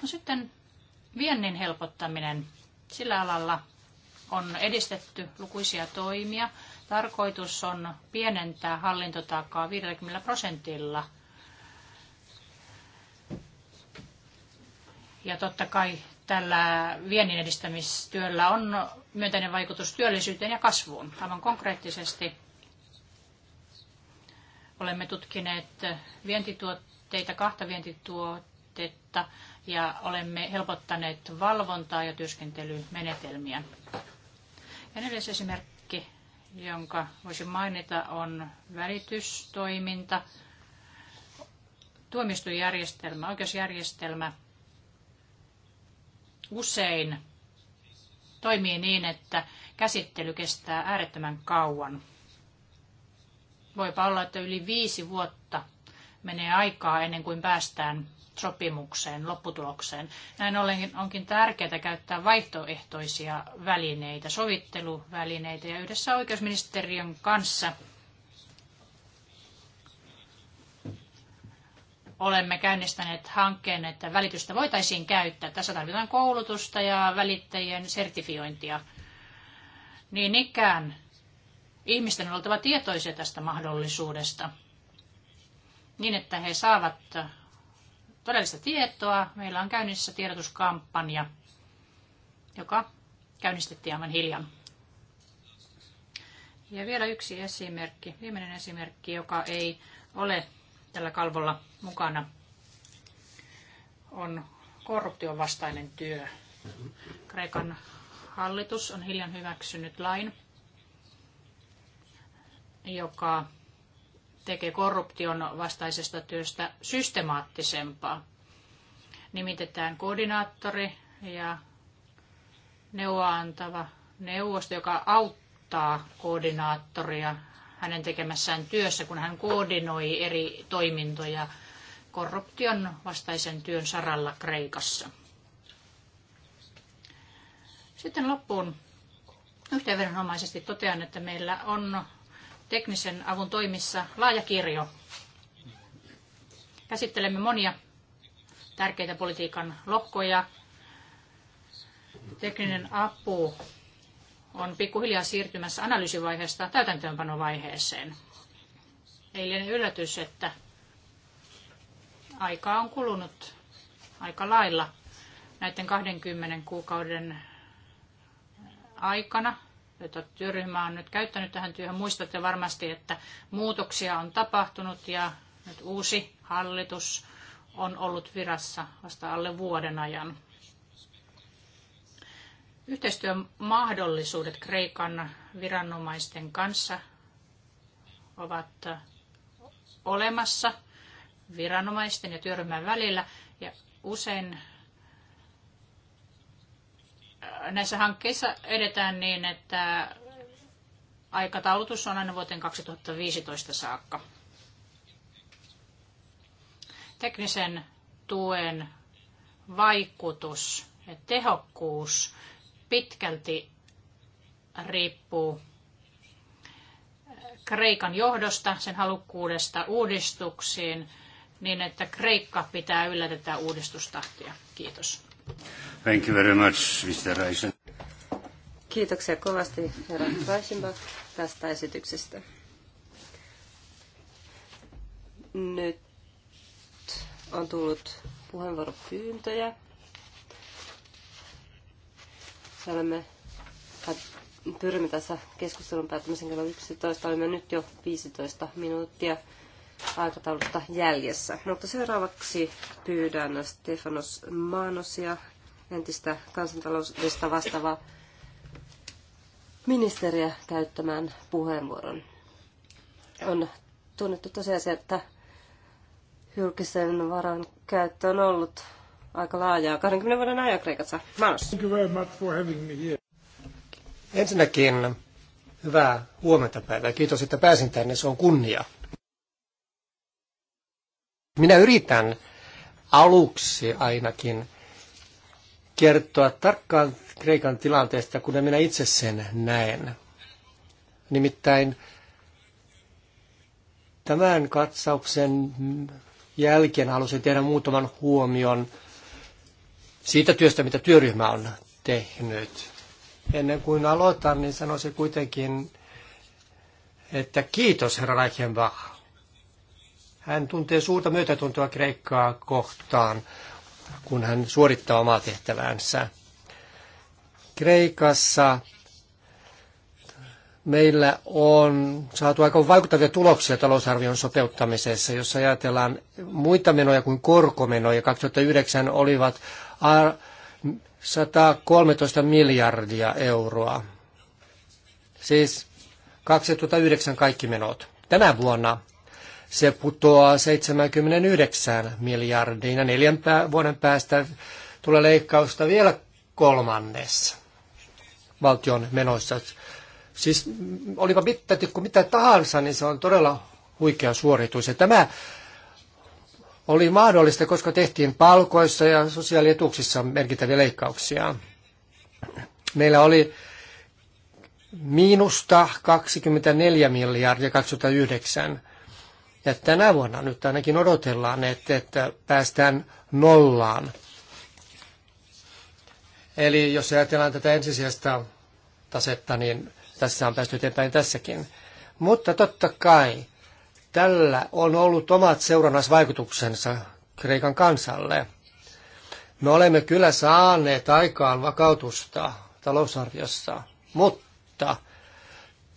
No sitten viennin helpottaminen. Sillä alalla on edistetty lukuisia toimia. Tarkoitus on pienentää hallintotaakkaa 50 prosentilla. Ja totta kai tällä viennin edistämistyöllä on myönteinen vaikutus työllisyyteen ja kasvuun. Aivan konkreettisesti olemme tutkineet vientituotteita teitä kahta vientituotetta ja olemme helpottaneet valvontaa ja työskentelymenetelmiä. Ja neljäs esimerkki, jonka voisin mainita, on välitystoiminta. Tuomistujärjestelmä, oikeusjärjestelmä usein toimii niin, että käsittely kestää äärettömän kauan. Voipa olla, että yli viisi vuotta menee aikaa ennen kuin päästään sopimukseen, lopputulokseen. Näin ollen onkin tärkeää käyttää vaihtoehtoisia välineitä, sovitteluvälineitä ja yhdessä oikeusministeriön kanssa olemme käynnistäneet hankkeen, että välitystä voitaisiin käyttää. Tässä tarvitaan koulutusta ja välittäjien sertifiointia. Niin ikään ihmisten on oltava tietoisia tästä mahdollisuudesta – niin, että he saavat todellista tietoa. Meillä on käynnissä tiedotuskampanja, joka käynnistettiin aivan hiljan. Ja vielä yksi esimerkki, viimeinen esimerkki, joka ei ole tällä kalvolla mukana, on korruption vastainen työ. Kreikan hallitus on hiljan hyväksynyt lain, joka tekee korruption vastaisesta työstä systemaattisempaa. Nimitetään koordinaattori ja neuvoa antava neuvosto, joka auttaa koordinaattoria hänen tekemässään työssä, kun hän koordinoi eri toimintoja korruption vastaisen työn saralla Kreikassa. Sitten loppuun yhteenvedonomaisesti totean, että meillä on teknisen avun toimissa laaja kirjo. Käsittelemme monia tärkeitä politiikan lohkoja. Tekninen apu on pikkuhiljaa siirtymässä analyysivaiheesta täytäntöönpanovaiheeseen. Ei liene yllätys, että aika on kulunut aika lailla näiden 20 kuukauden aikana jota työryhmä on nyt käyttänyt tähän työhön. Muistatte varmasti, että muutoksia on tapahtunut ja nyt uusi hallitus on ollut virassa vasta alle vuoden ajan. Yhteistyön mahdollisuudet Kreikan viranomaisten kanssa ovat olemassa viranomaisten ja työryhmän välillä ja usein näissä hankkeissa edetään niin, että aikataulutus on aina vuoteen 2015 saakka. Teknisen tuen vaikutus ja tehokkuus pitkälti riippuu Kreikan johdosta, sen halukkuudesta uudistuksiin, niin että Kreikka pitää yllä tätä uudistustahtia. Kiitos. Thank you very much, Mr. Reisen. Kiitoksia kovasti, herra Reichenbach, tästä esityksestä. Nyt on tullut puheenvuoropyyntöjä. Olemme, pyrimme tässä keskustelun päättämisen kello 11. Olemme nyt jo 15 minuuttia aikataulusta jäljessä. Mutta seuraavaksi pyydän Stefanos Manosia entistä kansantaloudesta vastaavaa ministeriä, käyttämään puheenvuoron. On tunnettu tosiasia, että julkisen varan käyttö on ollut aika laajaa 20 vuoden ajan Kreikassa. Manos. Thank you very much for having me here. Ensinnäkin hyvää huomenta päivää. Kiitos, että pääsin tänne. Se on kunnia. Minä yritän aluksi ainakin kertoa tarkkaan Kreikan tilanteesta, kun minä itse sen näen. Nimittäin tämän katsauksen jälkeen halusin tehdä muutaman huomion siitä työstä, mitä työryhmä on tehnyt. Ennen kuin aloitan, niin sanoisin kuitenkin, että kiitos herra Reichenbach hän tuntee suurta myötätuntoa Kreikkaa kohtaan, kun hän suorittaa omaa tehtäväänsä. Kreikassa meillä on saatu aika vaikuttavia tuloksia talousarvion sopeuttamisessa, jos ajatellaan muita menoja kuin korkomenoja. 2009 olivat 113 miljardia euroa. Siis 2009 kaikki menot. Tänä vuonna se putoaa 79 miljardiin ja neljän vuoden päästä tulee leikkausta vielä kolmannes valtion menoissa. Siis olipa mittatikku mitä tahansa, niin se on todella huikea suoritus. Ja tämä oli mahdollista, koska tehtiin palkoissa ja sosiaalietuuksissa merkittäviä leikkauksia. Meillä oli miinusta 24 miljardia 2009 ja tänä vuonna nyt ainakin odotellaan, että, että päästään nollaan. Eli jos ajatellaan tätä ensisijaista tasetta, niin tässä on päästy eteenpäin tässäkin. Mutta totta kai tällä on ollut omat seurannasvaikutuksensa Kreikan kansalle. Me olemme kyllä saaneet aikaan vakautusta talousarviossa, mutta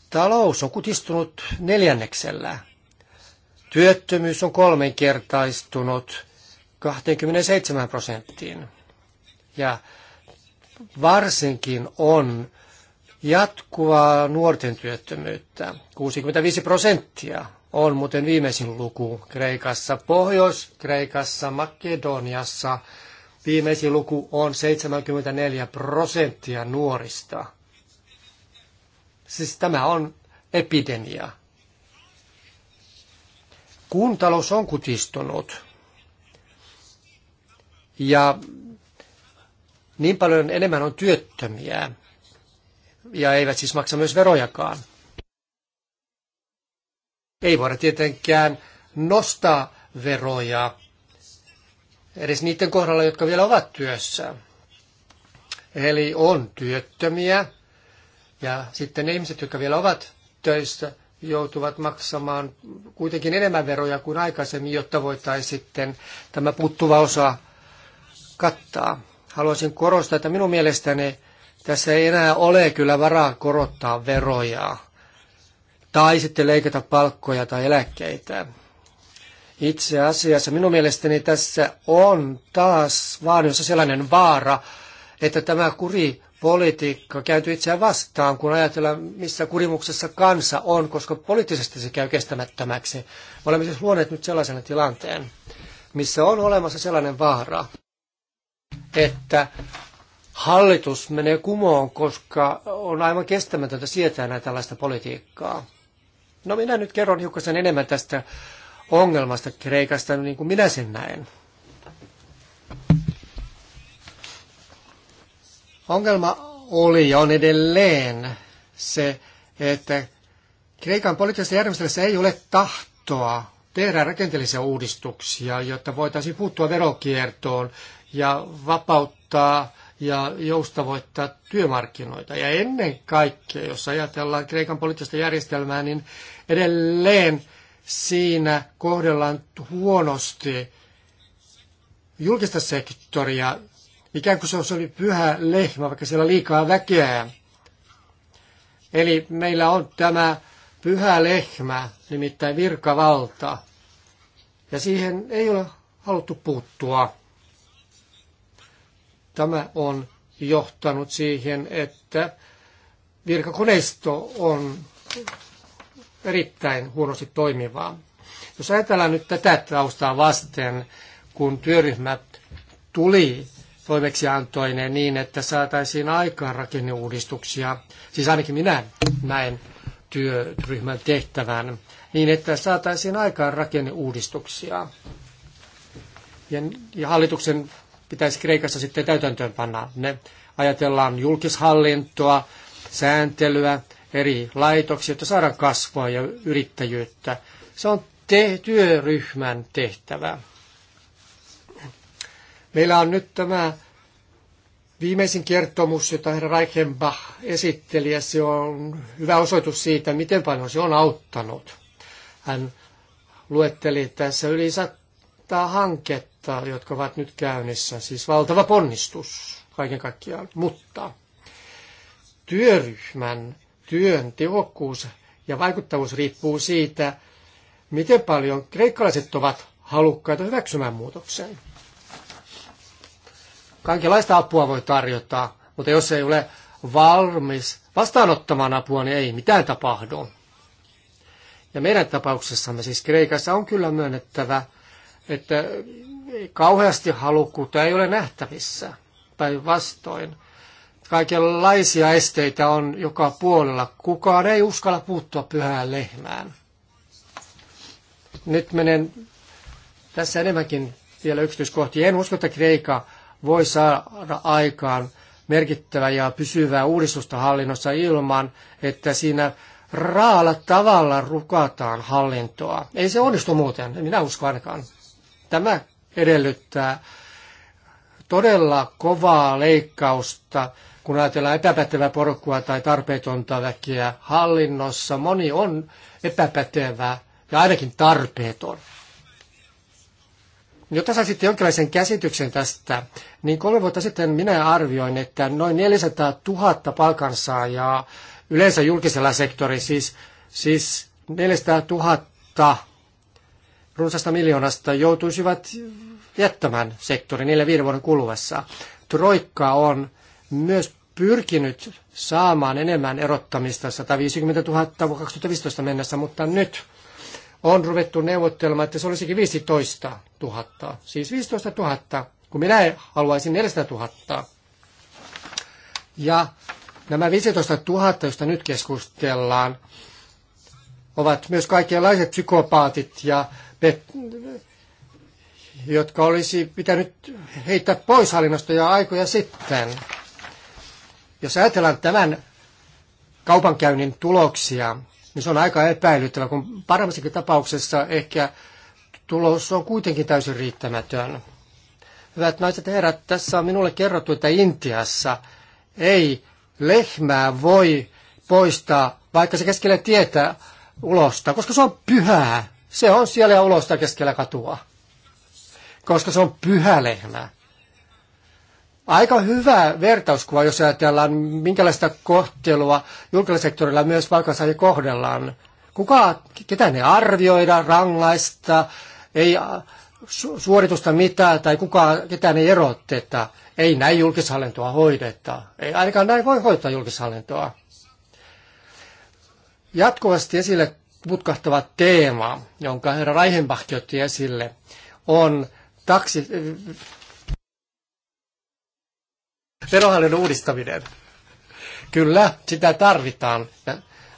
talous on kutistunut neljänneksellä. Työttömyys on kolminkertaistunut 27 prosenttiin. Ja varsinkin on jatkuvaa nuorten työttömyyttä. 65 prosenttia on muuten viimeisin luku Kreikassa. Pohjois-Kreikassa, Makedoniassa viimeisin luku on 74 prosenttia nuorista. Siis tämä on epidemia kun talous on kutistunut ja niin paljon enemmän on työttömiä ja eivät siis maksa myös verojakaan. Ei voida tietenkään nostaa veroja edes niiden kohdalla, jotka vielä ovat työssä. Eli on työttömiä ja sitten ne ihmiset, jotka vielä ovat töissä, joutuvat maksamaan kuitenkin enemmän veroja kuin aikaisemmin, jotta voitaisiin sitten tämä puuttuva osa kattaa. Haluaisin korostaa, että minun mielestäni tässä ei enää ole kyllä varaa korottaa veroja tai sitten leikata palkkoja tai eläkkeitä. Itse asiassa minun mielestäni tässä on taas vaan jossa sellainen vaara, että tämä kuri politiikka kääntyy itseään vastaan, kun ajatellaan, missä kurimuksessa kansa on, koska poliittisesti se käy kestämättömäksi. Me olemme siis luoneet nyt sellaisen tilanteen, missä on olemassa sellainen vaara, että hallitus menee kumoon, koska on aivan kestämätöntä sietää näitä tällaista politiikkaa. No minä nyt kerron sen enemmän tästä ongelmasta Kreikasta, niin kuin minä sen näen. Ongelma oli ja on edelleen se, että Kreikan poliittisessa järjestelmässä ei ole tahtoa tehdä rakenteellisia uudistuksia, jotta voitaisiin puuttua verokiertoon ja vapauttaa ja joustavoittaa työmarkkinoita. Ja ennen kaikkea, jos ajatellaan Kreikan poliittista järjestelmää, niin edelleen siinä kohdellaan huonosti julkista sektoria ikään kuin se oli pyhä lehmä, vaikka siellä liikaa väkeä. Eli meillä on tämä pyhä lehmä, nimittäin virkavalta. Ja siihen ei ole haluttu puuttua. Tämä on johtanut siihen, että virkakoneisto on erittäin huonosti toimivaa. Jos ajatellaan nyt tätä taustaa vasten, kun työryhmät tuli toimeksiantoinen niin, että saataisiin aikaan rakenneuudistuksia. Siis ainakin minä näen työryhmän tehtävän niin, että saataisiin aikaan rakenneuudistuksia. Ja, ja hallituksen pitäisi Kreikassa sitten täytäntöön panna ne. Ajatellaan julkishallintoa, sääntelyä, eri laitoksia, että saadaan kasvua ja yrittäjyyttä. Se on te- työryhmän tehtävä. Meillä on nyt tämä viimeisin kertomus, jota herra Reichenbach esitteli, ja se on hyvä osoitus siitä, miten paljon se on auttanut. Hän luetteli tässä yli sataa hanketta, jotka ovat nyt käynnissä, siis valtava ponnistus kaiken kaikkiaan. Mutta työryhmän työn tehokkuus ja vaikuttavuus riippuu siitä, miten paljon kreikkalaiset ovat halukkaita hyväksymään muutoksen. Kaikenlaista apua voi tarjota, mutta jos ei ole valmis vastaanottamaan apua, niin ei mitään tapahdu. Ja meidän tapauksessamme siis Kreikassa on kyllä myönnettävä, että kauheasti halukkuutta ei ole nähtävissä. Päinvastoin. Kaikenlaisia esteitä on joka puolella. Kukaan ei uskalla puuttua pyhään lehmään. Nyt menen tässä enemmänkin vielä yksityiskohtiin, En usko, että Kreika voi saada aikaan merkittävää ja pysyvää uudistusta hallinnossa ilman, että siinä raalla tavalla rukataan hallintoa. Ei se onnistu muuten, minä usko ainakaan. Tämä edellyttää todella kovaa leikkausta, kun ajatellaan epäpätevää porukkua tai tarpeetonta väkeä hallinnossa. Moni on epäpätevää ja ainakin tarpeeton. Jotta sitten jonkinlaisen käsityksen tästä, niin kolme vuotta sitten minä arvioin, että noin 400 000 palkansaajaa yleensä julkisella sektorilla, siis, siis 400 000 runsasta miljoonasta joutuisivat jättämään sektorin neljä viiden vuoden kuluessa. Troikka on myös pyrkinyt saamaan enemmän erottamista 150 000 vuonna 2015 mennessä, mutta nyt on ruvettu neuvottelemaan, että se olisikin 15 000. Siis 15 000, kun minä haluaisin 400 000. Ja nämä 15 000, joista nyt keskustellaan, ovat myös kaikenlaiset psykopaatit, ja pet- jotka olisi pitänyt heittää pois hallinnosta jo aikoja sitten. Jos ajatellaan tämän kaupankäynnin tuloksia, niin se on aika epäilyttävä, kun paremmassakin tapauksessa ehkä tulos on kuitenkin täysin riittämätön. Hyvät naiset ja herrat, tässä on minulle kerrottu, että Intiassa ei lehmää voi poistaa, vaikka se keskellä tietä ulosta, koska se on pyhää. Se on siellä ja ulosta keskellä katua, koska se on pyhä lehmä aika hyvä vertauskuva, jos ajatellaan, minkälaista kohtelua julkisella sektorilla myös palkansaajia kohdellaan. Kuka, ketä ne arvioida, rangaista, ei suoritusta mitään tai kuka, ketään ei erotteta. Ei näin julkishallintoa hoideta. Ei ainakaan näin voi hoitaa julkishallintoa. Jatkuvasti esille putkahtava teema, jonka herra Reichenbach otti esille, on taksi, Verohallinnon uudistaminen. Kyllä, sitä tarvitaan.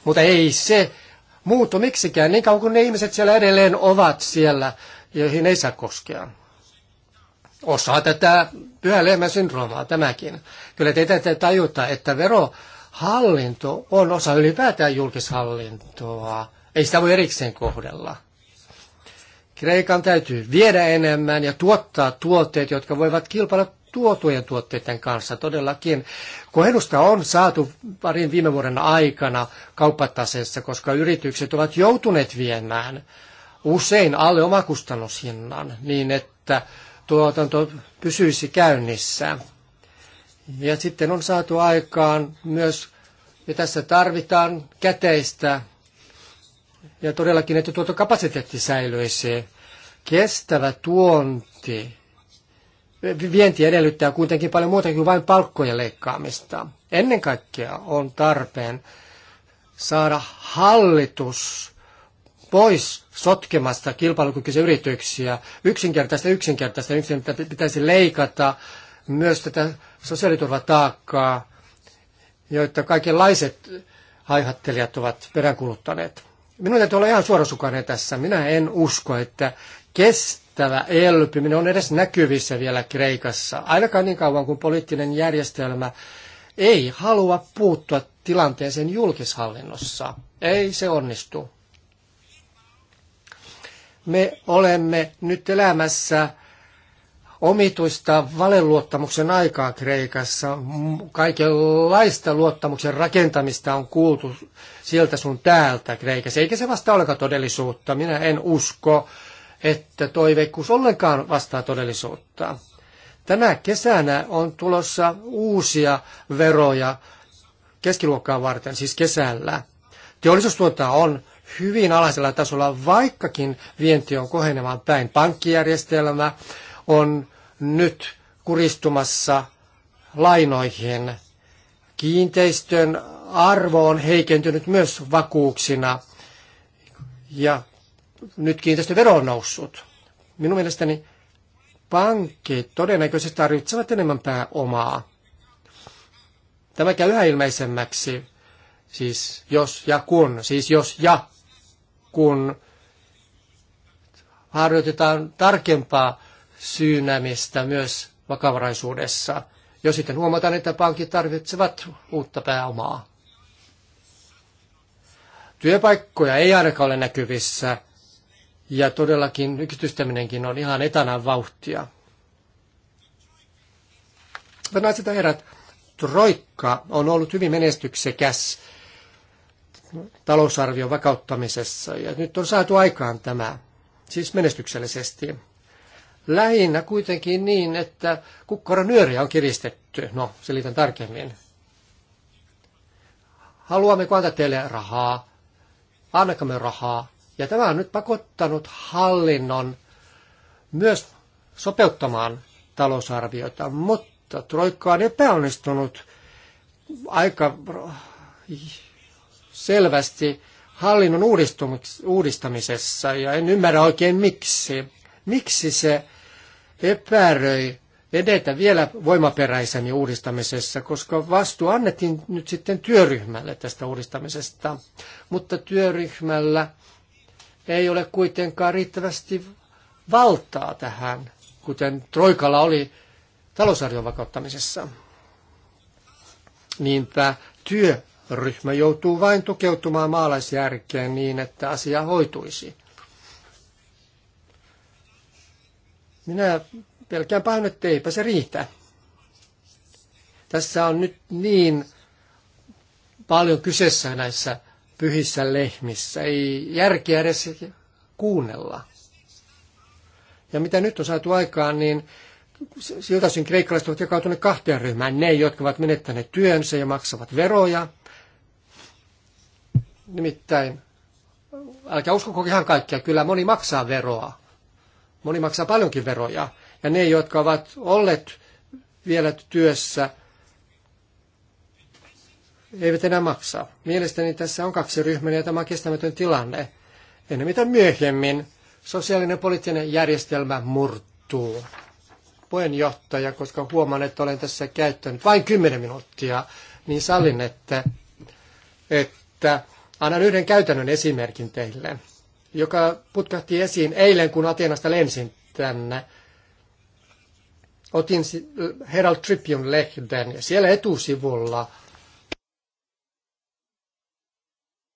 Mutta ei se muutu miksikään niin kauan kuin ne ihmiset siellä edelleen ovat siellä, joihin ei saa koskea. Osa tätä pyhän syndroomaa tämäkin. Kyllä te tajuta, että verohallinto on osa ylipäätään julkishallintoa. Ei sitä voi erikseen kohdella. Kreikan täytyy viedä enemmän ja tuottaa tuotteet, jotka voivat kilpailla tuotujen tuotteiden kanssa. Todellakin kohennusta on saatu parin viime vuoden aikana kauppatasessa, koska yritykset ovat joutuneet viemään usein alle omakustannushinnan niin, että tuotanto pysyisi käynnissä. Ja sitten on saatu aikaan myös, ja tässä tarvitaan käteistä, ja todellakin, että tuotokapasiteetti säilyisi. Kestävä tuonti vienti edellyttää kuitenkin paljon muutakin kuin vain palkkojen leikkaamista. Ennen kaikkea on tarpeen saada hallitus pois sotkemasta kilpailukykyisiä yrityksiä. Yksinkertaista, yksinkertaista, yksinkertaista pitäisi leikata myös tätä sosiaaliturvataakkaa, joita kaikenlaiset haihattelijat ovat peräänkuluttaneet. Minun täytyy olla ihan suorasukainen tässä. Minä en usko, että kes tämä elpyminen on edes näkyvissä vielä Kreikassa, ainakaan niin kauan kuin poliittinen järjestelmä ei halua puuttua tilanteeseen julkishallinnossa. Ei se onnistu. Me olemme nyt elämässä omituista valeluottamuksen aikaa Kreikassa. Kaikenlaista luottamuksen rakentamista on kuultu sieltä sun täältä Kreikassa. Eikä se vasta olekaan todellisuutta. Minä en usko että toiveikkuus ollenkaan vastaa todellisuutta. Tänä kesänä on tulossa uusia veroja keskiluokkaa varten, siis kesällä. Teollisuustuonta on hyvin alhaisella tasolla, vaikkakin vienti on kohenemaan päin. Pankkijärjestelmä on nyt kuristumassa lainoihin. Kiinteistön arvo on heikentynyt myös vakuuksina ja nyt kiinteistövero on noussut. Minun mielestäni pankit todennäköisesti tarvitsevat enemmän pääomaa. Tämä käy yhä ilmeisemmäksi, siis jos ja kun, siis jos ja kun harjoitetaan tarkempaa syynämistä myös vakavaraisuudessa, jos sitten huomataan, että pankit tarvitsevat uutta pääomaa. Työpaikkoja ei ainakaan ole näkyvissä – ja todellakin yksityistäminenkin on ihan etänä vauhtia. Hyvät naiset ja herrat, Troikka on ollut hyvin menestyksekäs talousarvion vakauttamisessa ja nyt on saatu aikaan tämä, siis menestyksellisesti. Lähinnä kuitenkin niin, että kukkoron nyöriä on kiristetty. No, selitän tarkemmin. Haluamme antaa teille rahaa? Annakamme rahaa, ja tämä on nyt pakottanut hallinnon myös sopeuttamaan talousarviota, mutta Troikka on epäonnistunut aika selvästi hallinnon uudistamisessa ja en ymmärrä oikein miksi. Miksi se epäröi edetä vielä voimaperäisemmin uudistamisessa, koska vastuu annettiin nyt sitten työryhmälle tästä uudistamisesta, mutta työryhmällä ei ole kuitenkaan riittävästi valtaa tähän, kuten Troikalla oli talousarjon vakauttamisessa. Niinpä työryhmä joutuu vain tukeutumaan maalaisjärkeen niin, että asia hoituisi. Minä pelkään pahoin, että eipä se riitä. Tässä on nyt niin paljon kyseessä näissä pyhissä lehmissä. Ei järkeä edes kuunnella. Ja mitä nyt on saatu aikaan, niin siltä osin kreikkalaiset ovat jakautuneet kahteen ryhmään. Ne, jotka ovat menettäneet työnsä ja maksavat veroja. Nimittäin, älkää uskoko ihan kaikkia, kyllä moni maksaa veroa. Moni maksaa paljonkin veroja. Ja ne, jotka ovat olleet vielä työssä – eivät enää maksa. Mielestäni tässä on kaksi ryhmää ja tämä on kestämätön tilanne. Ennen mitä myöhemmin sosiaalinen poliittinen järjestelmä murtuu. Puheenjohtaja, koska huomaan, että olen tässä käyttänyt vain 10 minuuttia, niin sallin, että, että annan yhden käytännön esimerkin teille, joka putkahti esiin eilen, kun Atenasta lensin tänne. Otin Herald Tribune-lehden ja siellä etusivulla –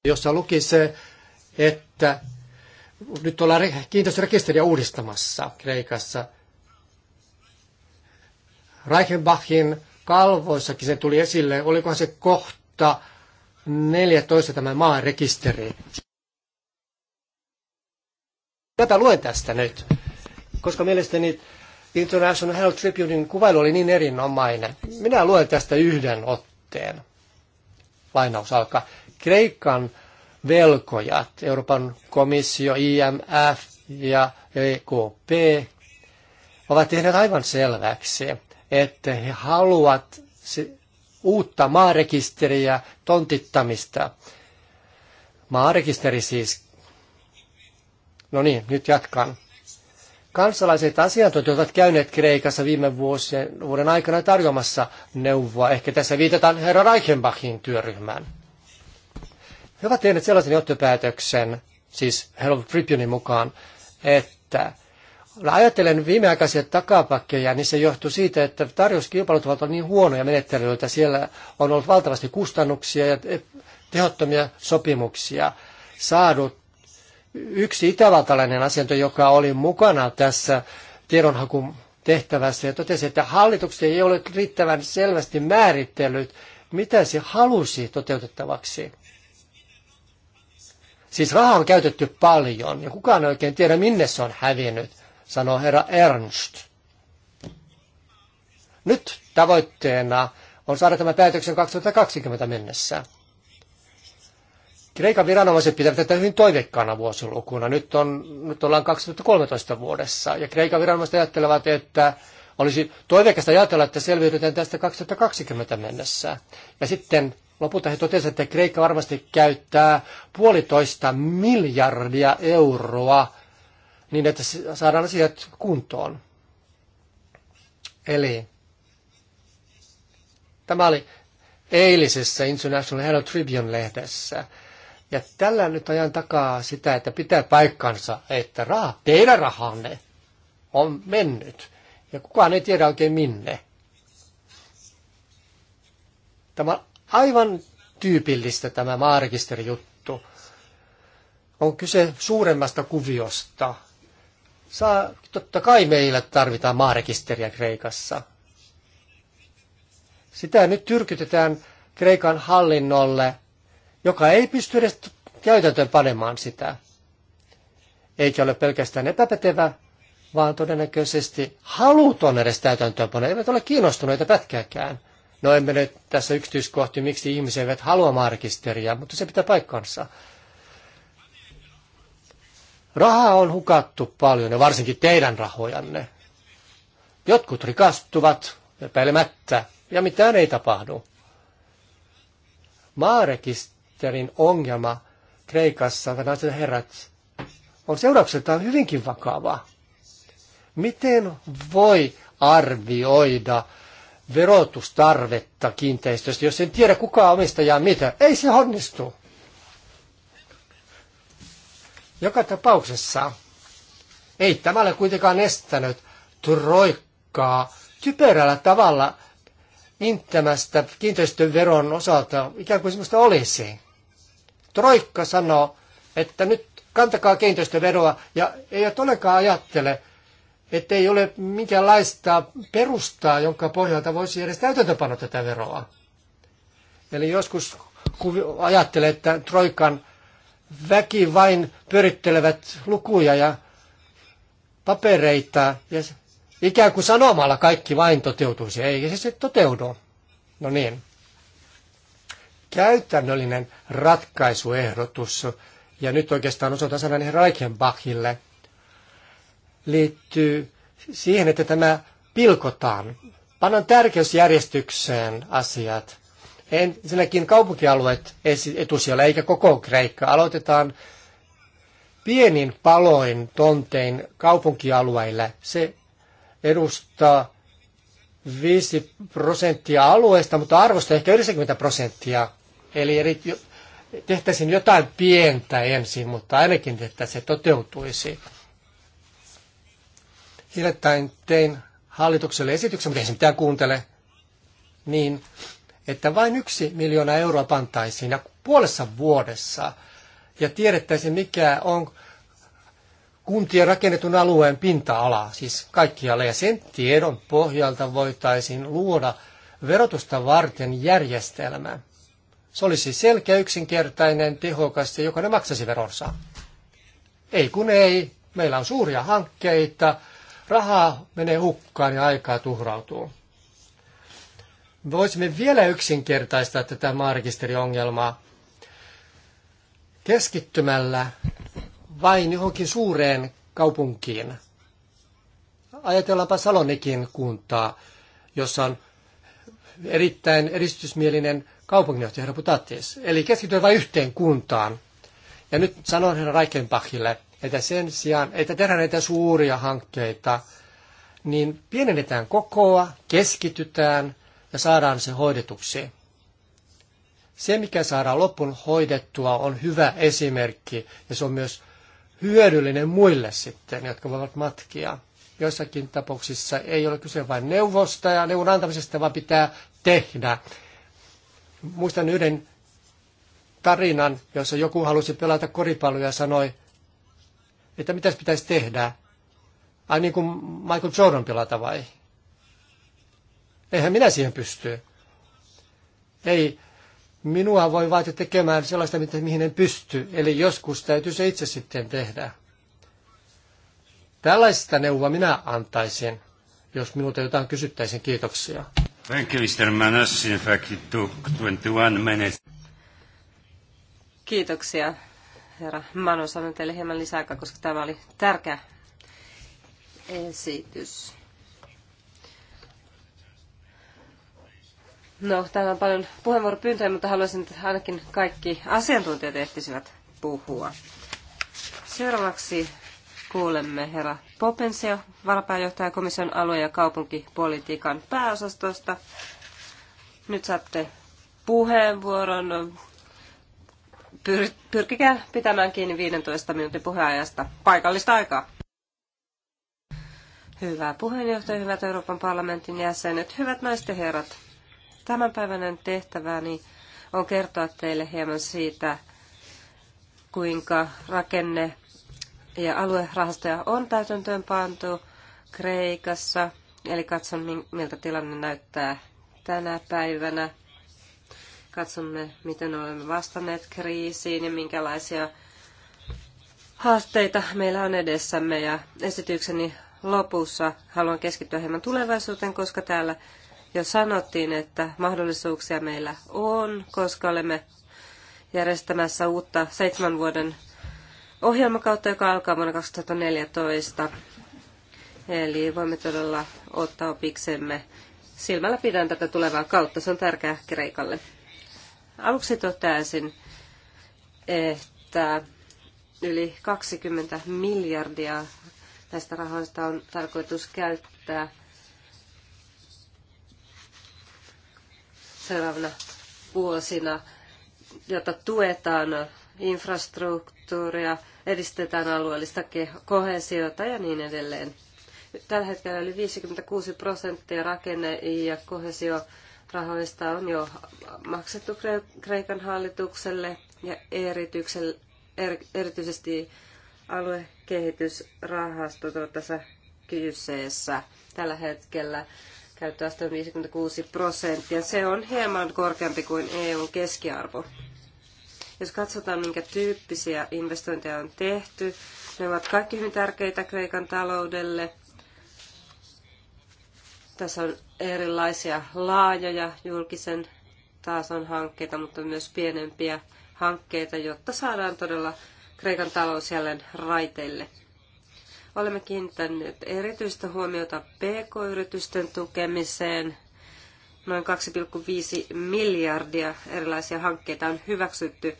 jossa luki se, että nyt ollaan kiinteistörekisteriä uudistamassa Kreikassa. Reichenbachin kalvoissakin se tuli esille, olikohan se kohta 14 tämä maan rekisteri. Tätä luen tästä nyt, koska mielestäni International Herald Tribunein kuvailu oli niin erinomainen. Minä luen tästä yhden otteen. Lainaus alkaa. Kreikan velkojat, Euroopan komissio, IMF ja EKP, ovat tehneet aivan selväksi, että he haluavat uutta maarekisteriä tontittamista. Maarekisteri siis. No niin, nyt jatkan. Kansalaiset asiantuntijat ovat käyneet Kreikassa viime vuosien, vuoden aikana tarjoamassa neuvoa. Ehkä tässä viitataan herra Reichenbachin työryhmään. He ovat tehneet sellaisen johtopäätöksen, siis Hello Tribunein mukaan, että ajattelen viimeaikaisia takapakkeja, niin se johtuu siitä, että tarjouskilpailut ovat niin huonoja menettelyitä. Siellä on ollut valtavasti kustannuksia ja tehottomia sopimuksia saadut. Yksi itävaltalainen asento, joka oli mukana tässä tiedonhakun tehtävässä ja totesi, että hallitukset ei ole riittävän selvästi määritellyt, mitä se halusi toteutettavaksi. Siis rahaa on käytetty paljon ja kukaan ei oikein tiedä minne se on hävinnyt, sanoo herra Ernst. Nyt tavoitteena on saada tämä päätöksen 2020 mennessä. Kreikan viranomaiset pitävät tätä hyvin toiveikkaana vuosilukuna. Nyt, on, nyt ollaan 2013 vuodessa ja Kreikan viranomaiset ajattelevat, että olisi toiveikasta ajatella, että selviydytään tästä 2020 mennessä. Ja sitten Lopulta he totesivat, että Kreikka varmasti käyttää puolitoista miljardia euroa niin, että saadaan asiat kuntoon. Eli tämä oli eilisessä International Herald Tribune-lehdessä. Ja tällä nyt ajan takaa sitä, että pitää paikkansa, että raha, teidän rahanne on mennyt. Ja kukaan ei tiedä oikein minne. Tämä aivan tyypillistä tämä maarekisterijuttu. On kyse suuremmasta kuviosta. Saa, totta kai meillä tarvitaan maarekisteriä Kreikassa. Sitä nyt tyrkytetään Kreikan hallinnolle, joka ei pysty edes käytäntöön panemaan sitä. Eikä ole pelkästään epäpätevä, vaan todennäköisesti haluton edes panemaan. Eivät ole kiinnostuneita pätkääkään. No en mene tässä yksityiskohtia, miksi ihmiset eivät halua maarekisteriä, mutta se pitää paikkansa. Rahaa on hukattu paljon, ja varsinkin teidän rahojanne. Jotkut rikastuvat epäilemättä, ja mitään ei tapahdu. Maarekisterin ongelma Kreikassa, naiset herrat, on seuraukseltaan hyvinkin vakava. Miten voi arvioida verotustarvetta kiinteistöstä, jos en tiedä kuka omistajaa mitä. Ei se onnistu. Joka tapauksessa ei tämä ole kuitenkaan estänyt troikkaa typerällä tavalla inttämästä veron osalta ikään kuin sellaista olisi. Troikka sanoo, että nyt kantakaa kiinteistöveroa ja ei olekaan ajattele ei ole minkäänlaista perustaa, jonka pohjalta voisi edes täytäntöpano tätä veroa. Eli joskus ajattelee, että Troikan väki vain pyörittelevät lukuja ja papereita ja ikään kuin sanomalla kaikki vain toteutuisi. Ei se, se toteudu. No niin. Käytännöllinen ratkaisuehdotus. Ja nyt oikeastaan osoitan sanan Reichenbachille – liittyy siihen, että tämä pilkotaan. Pannaan tärkeysjärjestykseen asiat. Ensinnäkin kaupunkialueet etusijalla, eikä koko Kreikka. Aloitetaan pienin paloin tontein kaupunkialueille. Se edustaa 5 prosenttia alueesta, mutta arvosta ehkä 90 prosenttia. Eli eri, tehtäisiin jotain pientä ensin, mutta ainakin, että se toteutuisi hiljattain tein hallitukselle esityksen, mutta ei se mitään kuuntele, niin että vain yksi miljoona euroa pantaisiin ja puolessa vuodessa ja tiedettäisiin mikä on kuntien rakennetun alueen pinta-ala, siis kaikkialla. Ja sen tiedon pohjalta voitaisiin luoda verotusta varten järjestelmä. Se olisi selkeä, yksinkertainen, tehokas ja ne maksaisi veronsa. Ei kun ei. Meillä on suuria hankkeita, Rahaa menee hukkaan ja aikaa tuhrautuu. Voisimme vielä yksinkertaistaa tätä maarekisteriongelmaa keskittymällä vain johonkin suureen kaupunkiin. Ajatellaanpa Salonikin kuntaa, jossa on erittäin edistysmielinen kaupunginjohtaja Reputatis. Eli keskitytään vain yhteen kuntaan. Ja nyt sanon herra Reichenbachille, että sen sijaan, että tehdään näitä suuria hankkeita, niin pienennetään kokoa, keskitytään ja saadaan se hoidetuksi. Se, mikä saadaan loppuun hoidettua, on hyvä esimerkki ja se on myös hyödyllinen muille sitten, jotka voivat matkia. Joissakin tapauksissa ei ole kyse vain neuvosta ja neuvon antamisesta, vaan pitää tehdä. Muistan yhden tarinan, jossa joku halusi pelata koripalloa ja sanoi, että mitä pitäisi tehdä. Ai niin kuin Michael Jordan pelata vai? Eihän minä siihen pysty. Ei minua voi vaatia tekemään sellaista, mitä, mihin en pysty. Eli joskus täytyy se itse sitten tehdä. Tällaista neuvoa minä antaisin, jos minulta jotain kysyttäisiin. Kiitoksia. Thank you, Mr. In fact, it took 21 minutes. Kiitoksia herra Manu sanon teille hieman lisäaikaa, koska tämä oli tärkeä esitys. No, täällä on paljon puheenvuoropyyntöjä, mutta haluaisin, että ainakin kaikki asiantuntijat ehtisivät puhua. Seuraavaksi kuulemme herra Popensio, varapääjohtaja komission alue- ja kaupunkipolitiikan pääosastosta. Nyt saatte puheenvuoron pyrkikää pitämään kiinni 15 minuutin puheajasta paikallista aikaa. Hyvää puheenjohtaja, hyvät Euroopan parlamentin jäsenet, hyvät naiset ja herrat. Tämänpäiväinen tehtäväni on kertoa teille hieman siitä, kuinka rakenne- ja aluerahastoja on täytäntöön pantu Kreikassa. Eli katson, miltä tilanne näyttää tänä päivänä Katsomme, miten olemme vastanneet kriisiin ja minkälaisia haasteita meillä on edessämme. Ja esitykseni lopussa haluan keskittyä hieman tulevaisuuteen, koska täällä jo sanottiin, että mahdollisuuksia meillä on, koska olemme järjestämässä uutta seitsemän vuoden ohjelmakautta, joka alkaa vuonna 2014. Eli voimme todella ottaa opiksemme. Silmällä pidän tätä tulevaa kautta, se on tärkeää Kreikalle. Aluksi toteaisin, että yli 20 miljardia näistä rahoista on tarkoitus käyttää seuraavana vuosina, jota tuetaan infrastruktuuria, edistetään alueellista kohesiota ja niin edelleen. Tällä hetkellä yli 56 prosenttia rakenne- ja kohesio rahoista on jo maksettu Kreikan hallitukselle ja er- erityisesti aluekehitysrahasto ovat tässä kyseessä. Tällä hetkellä käyttöaste on 56 prosenttia. Se on hieman korkeampi kuin EUn keskiarvo. Jos katsotaan, minkä tyyppisiä investointeja on tehty, ne ovat kaikki hyvin tärkeitä Kreikan taloudelle – tässä on erilaisia laajoja julkisen tason hankkeita, mutta myös pienempiä hankkeita, jotta saadaan todella Kreikan talous jälleen raiteille. Olemme kiinnittäneet erityistä huomiota pk-yritysten tukemiseen. Noin 2,5 miljardia erilaisia hankkeita on hyväksytty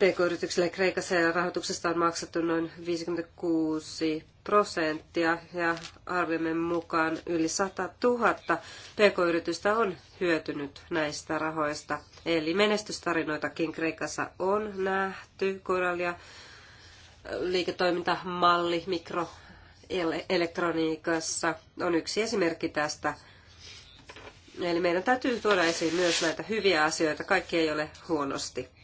PK-yrityksille Kreikassa ja rahoituksesta on maksettu noin 56 prosenttia ja arviomme mukaan yli 100 000 PK-yritystä on hyötynyt näistä rahoista. Eli menestystarinoitakin Kreikassa on nähty, korallia, äh, liiketoimintamalli mikroelektroniikassa on yksi esimerkki tästä. Eli meidän täytyy tuoda esiin myös näitä hyviä asioita, kaikki ei ole huonosti.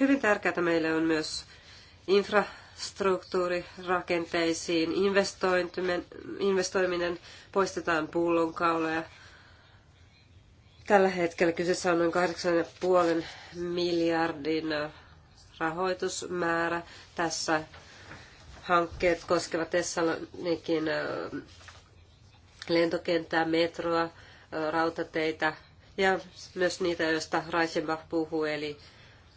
Hyvin tärkeää meille on myös infrastruktuurirakenteisiin investoiminen, poistetaan pullonkauloja. Tällä hetkellä kyseessä on noin 8,5 miljardin rahoitusmäärä. Tässä hankkeet koskevat Tessalonikin lentokenttää, metroa, rautateitä ja myös niitä, joista Reichenbach puhuu, eli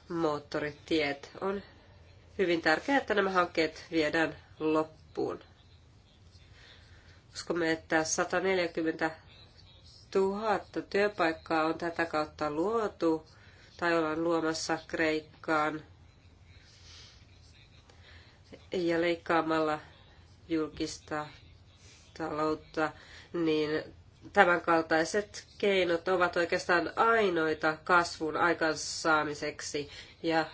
moottoritiet. On hyvin tärkeää, että nämä hankkeet viedään loppuun. Uskomme, että 140 000 työpaikkaa on tätä kautta luotu tai ollaan luomassa Kreikkaan ja leikkaamalla julkista taloutta, niin tämänkaltaiset keinot ovat oikeastaan ainoita kasvun aikaansaamiseksi ja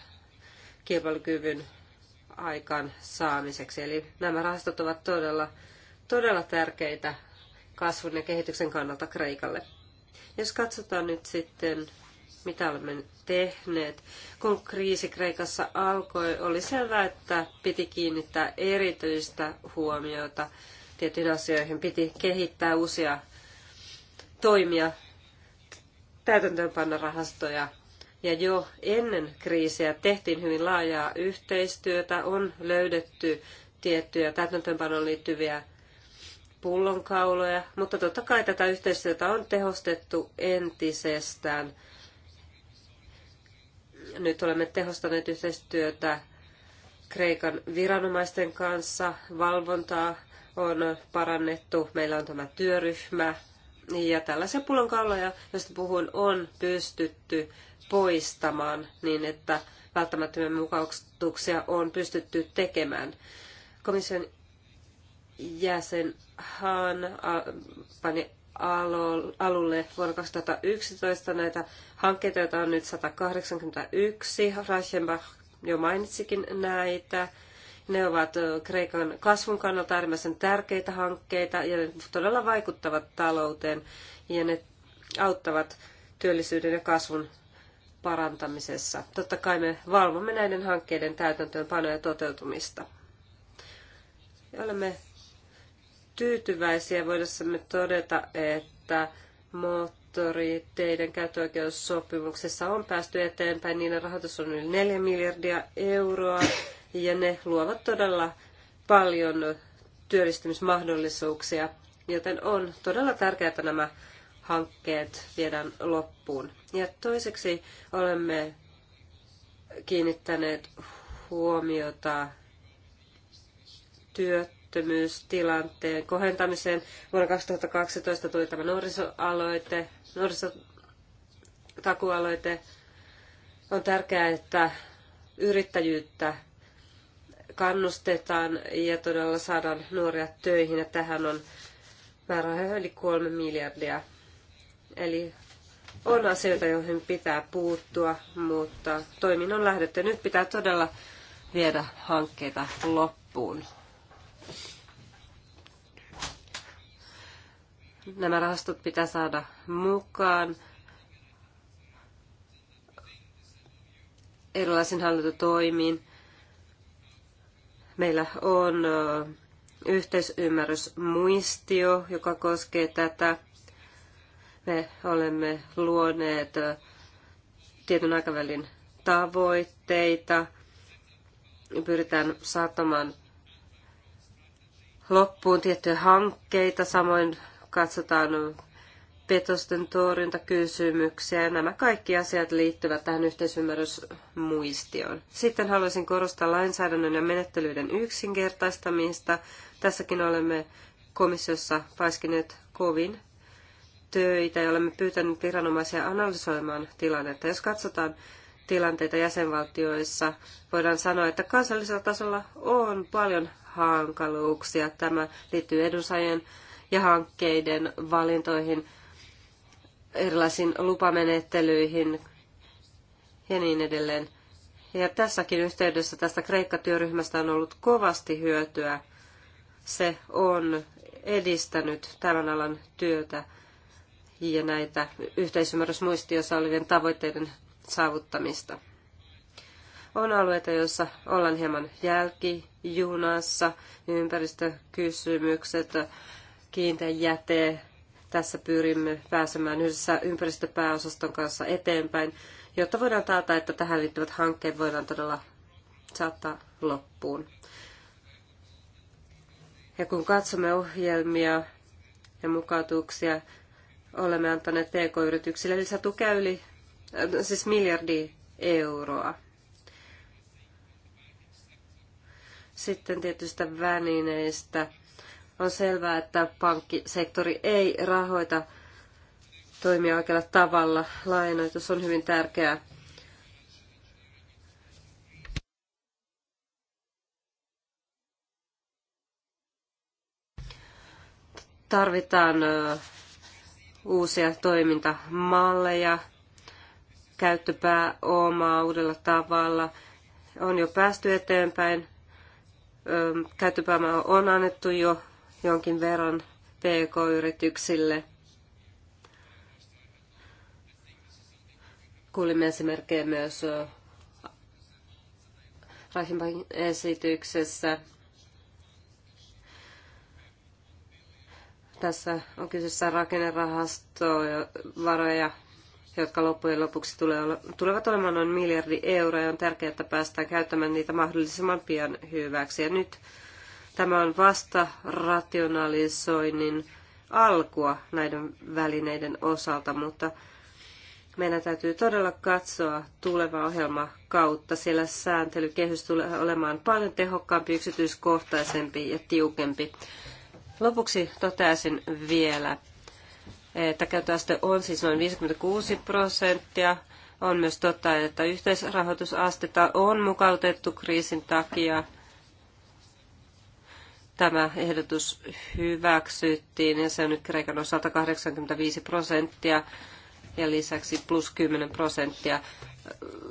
kilpailukyvyn aikaansaamiseksi. Eli nämä rahastot ovat todella, todella tärkeitä kasvun ja kehityksen kannalta Kreikalle. Jos katsotaan nyt sitten, mitä olemme tehneet. Kun kriisi Kreikassa alkoi, oli selvää, että piti kiinnittää erityistä huomiota tiettyihin asioihin. Piti kehittää uusia toimia täytäntöönpannorahastoja. Ja jo ennen kriisiä tehtiin hyvin laajaa yhteistyötä, on löydetty tiettyjä täytäntöönpanoon liittyviä pullonkauloja, mutta totta kai tätä yhteistyötä on tehostettu entisestään. Nyt olemme tehostaneet yhteistyötä Kreikan viranomaisten kanssa, valvontaa on parannettu, meillä on tämä työryhmä, ja tällaisia pullonkauloja, joista puhuin, on pystytty poistamaan niin, että välttämättömiä mukautuksia on pystytty tekemään. Komission jäsen Han pani alulle vuonna 2011 näitä hankkeita, joita on nyt 181. Reichenbach jo mainitsikin näitä. Ne ovat Kreikan kasvun kannalta äärimmäisen tärkeitä hankkeita ja ne todella vaikuttavat talouteen ja ne auttavat työllisyyden ja kasvun parantamisessa. Totta kai me valvomme näiden hankkeiden täytäntöönpanoa ja toteutumista. Ja olemme tyytyväisiä voidessamme todeta, että moottoriteiden käyttöoikeussopimuksessa on päästy eteenpäin. Niiden rahoitus on yli 4 miljardia euroa ja ne luovat todella paljon työllistymismahdollisuuksia, joten on todella tärkeää, että nämä hankkeet viedään loppuun. Ja toiseksi olemme kiinnittäneet huomiota työttömyystilanteen kohentamiseen. Vuonna 2012 tuli tämä nuorisoaloite, nuorisotakualoite. On tärkeää, että yrittäjyyttä kannustetaan ja todella saadaan nuoria töihin. Ja tähän on määrärahoja yli kolme miljardia. Eli on asioita, joihin pitää puuttua, mutta toiminnon lähdettä Nyt pitää todella viedä hankkeita loppuun. Nämä rahastot pitää saada mukaan erilaisiin hallintotoimiin. Meillä on yhteisymmärrysmuistio, joka koskee tätä. Me olemme luoneet tietyn aikavälin tavoitteita. Pyritään saattamaan loppuun tiettyjä hankkeita, samoin katsotaan petosten torjuntakysymyksiä. Nämä kaikki asiat liittyvät tähän yhteisymmärrysmuistioon. Sitten haluaisin korostaa lainsäädännön ja menettelyiden yksinkertaistamista. Tässäkin olemme komissiossa paiskineet kovin töitä ja olemme pyytäneet viranomaisia analysoimaan tilannetta. Jos katsotaan tilanteita jäsenvaltioissa, voidaan sanoa, että kansallisella tasolla on paljon hankaluuksia. Tämä liittyy edunsaajien ja hankkeiden valintoihin erilaisiin lupamenettelyihin ja niin edelleen. Ja tässäkin yhteydessä tästä Kreikka-työryhmästä on ollut kovasti hyötyä. Se on edistänyt tämän alan työtä ja näitä yhteisymmärrysmuistiossa olevien tavoitteiden saavuttamista. On alueita, joissa ollaan hieman jälkijunassa, ympäristökysymykset, kiinteä jäte, tässä pyrimme pääsemään yhdessä ympäristöpääosaston kanssa eteenpäin, jotta voidaan taata, että tähän liittyvät hankkeet voidaan todella saattaa loppuun. Ja kun katsomme ohjelmia ja mukautuksia, olemme antaneet pk-yrityksille lisätukea yli, äh, siis miljardi euroa. Sitten tietystä välineistä on selvää, että pankkisektori ei rahoita toimia oikealla tavalla. Lainoitus on hyvin tärkeää. Tarvitaan uusia toimintamalleja, käyttöpääomaa uudella tavalla. On jo päästy eteenpäin. Käyttöpääoma on annettu jo jonkin verran PK-yrityksille. Kuulimme esimerkkejä myös Reichenbachin esityksessä. Tässä on kyseessä rakennerahastovaroja, jotka loppujen lopuksi tulevat olemaan noin miljardi euroa. Ja on tärkeää, että päästään käyttämään niitä mahdollisimman pian hyväksi. Ja nyt Tämä on vasta rationalisoinnin alkua näiden välineiden osalta, mutta meidän täytyy todella katsoa tuleva ohjelma kautta, sillä sääntelykehys tulee olemaan paljon tehokkaampi, yksityiskohtaisempi ja tiukempi. Lopuksi toteaisin vielä, että käytöaste on siis noin 56 prosenttia. On myös totta, että yhteisrahoitusastetta on mukautettu kriisin takia Tämä ehdotus hyväksyttiin ja se on nyt Kreikan osalta 85 prosenttia ja lisäksi plus 10 prosenttia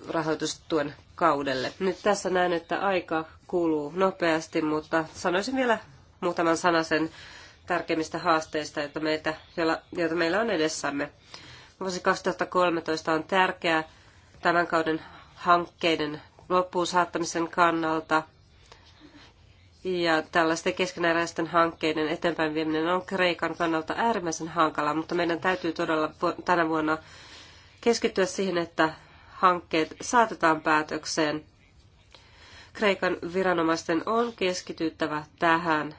rahoitustuen kaudelle. Nyt tässä näen, että aika kuluu nopeasti, mutta sanoisin vielä muutaman sanasen tärkeimmistä haasteista, joita, meitä, joita meillä on edessämme. Vuosi 2013 on tärkeää tämän kauden hankkeiden loppuun saattamisen kannalta – ja tällaisten keskeneräisten hankkeiden eteenpäin vieminen on Kreikan kannalta äärimmäisen hankala, mutta meidän täytyy todella tänä vuonna keskittyä siihen, että hankkeet saatetaan päätökseen. Kreikan viranomaisten on keskityttävä tähän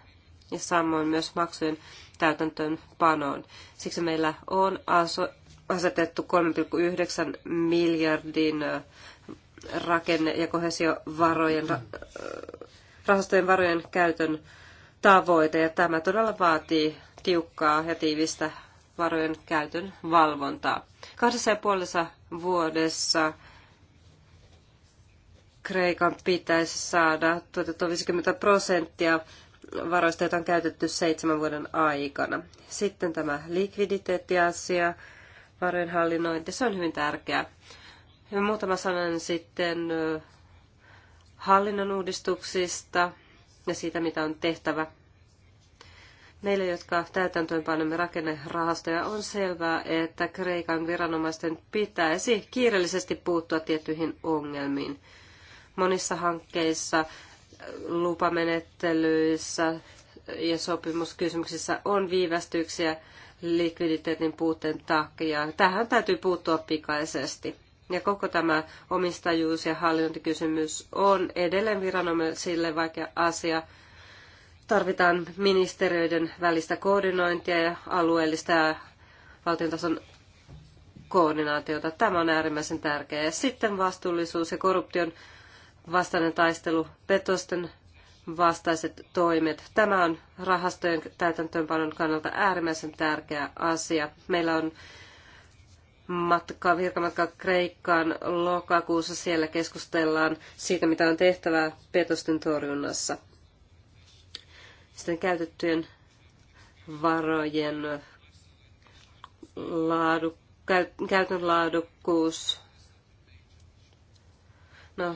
ja samoin myös maksujen täytäntöönpanoon. Siksi meillä on asetettu 3,9 miljardin rakenne- ja kohesiovarojen ra- rahastojen varojen käytön tavoite, ja tämä todella vaatii tiukkaa ja tiivistä varojen käytön valvontaa. Kahdessa ja puolessa vuodessa Kreikan pitäisi saada 50 prosenttia varoista, joita on käytetty seitsemän vuoden aikana. Sitten tämä likviditeettiasia varojen hallinnointi, se on hyvin tärkeää. Ja muutama sanan sitten hallinnon uudistuksista ja siitä, mitä on tehtävä. Meille, jotka täytäntöönpanemme rakennerahastoja, on selvää, että Kreikan viranomaisten pitäisi kiireellisesti puuttua tiettyihin ongelmiin. Monissa hankkeissa, lupamenettelyissä ja sopimuskysymyksissä on viivästyksiä likviditeetin puutteen takia. Tähän täytyy puuttua pikaisesti. Ja koko tämä omistajuus ja hallintokysymys on edelleen viranomaisille vaikea asia. Tarvitaan ministeriöiden välistä koordinointia ja alueellista ja valtiontason koordinaatiota. Tämä on äärimmäisen tärkeää. sitten vastuullisuus ja korruption vastainen taistelu, petosten vastaiset toimet. Tämä on rahastojen täytäntöönpanon kannalta äärimmäisen tärkeä asia. Meillä on matka, virkamatka Kreikkaan lokakuussa. Siellä keskustellaan siitä, mitä on tehtävää petosten torjunnassa. Sitten käytettyjen varojen laadu, käytön laadukkuus. No,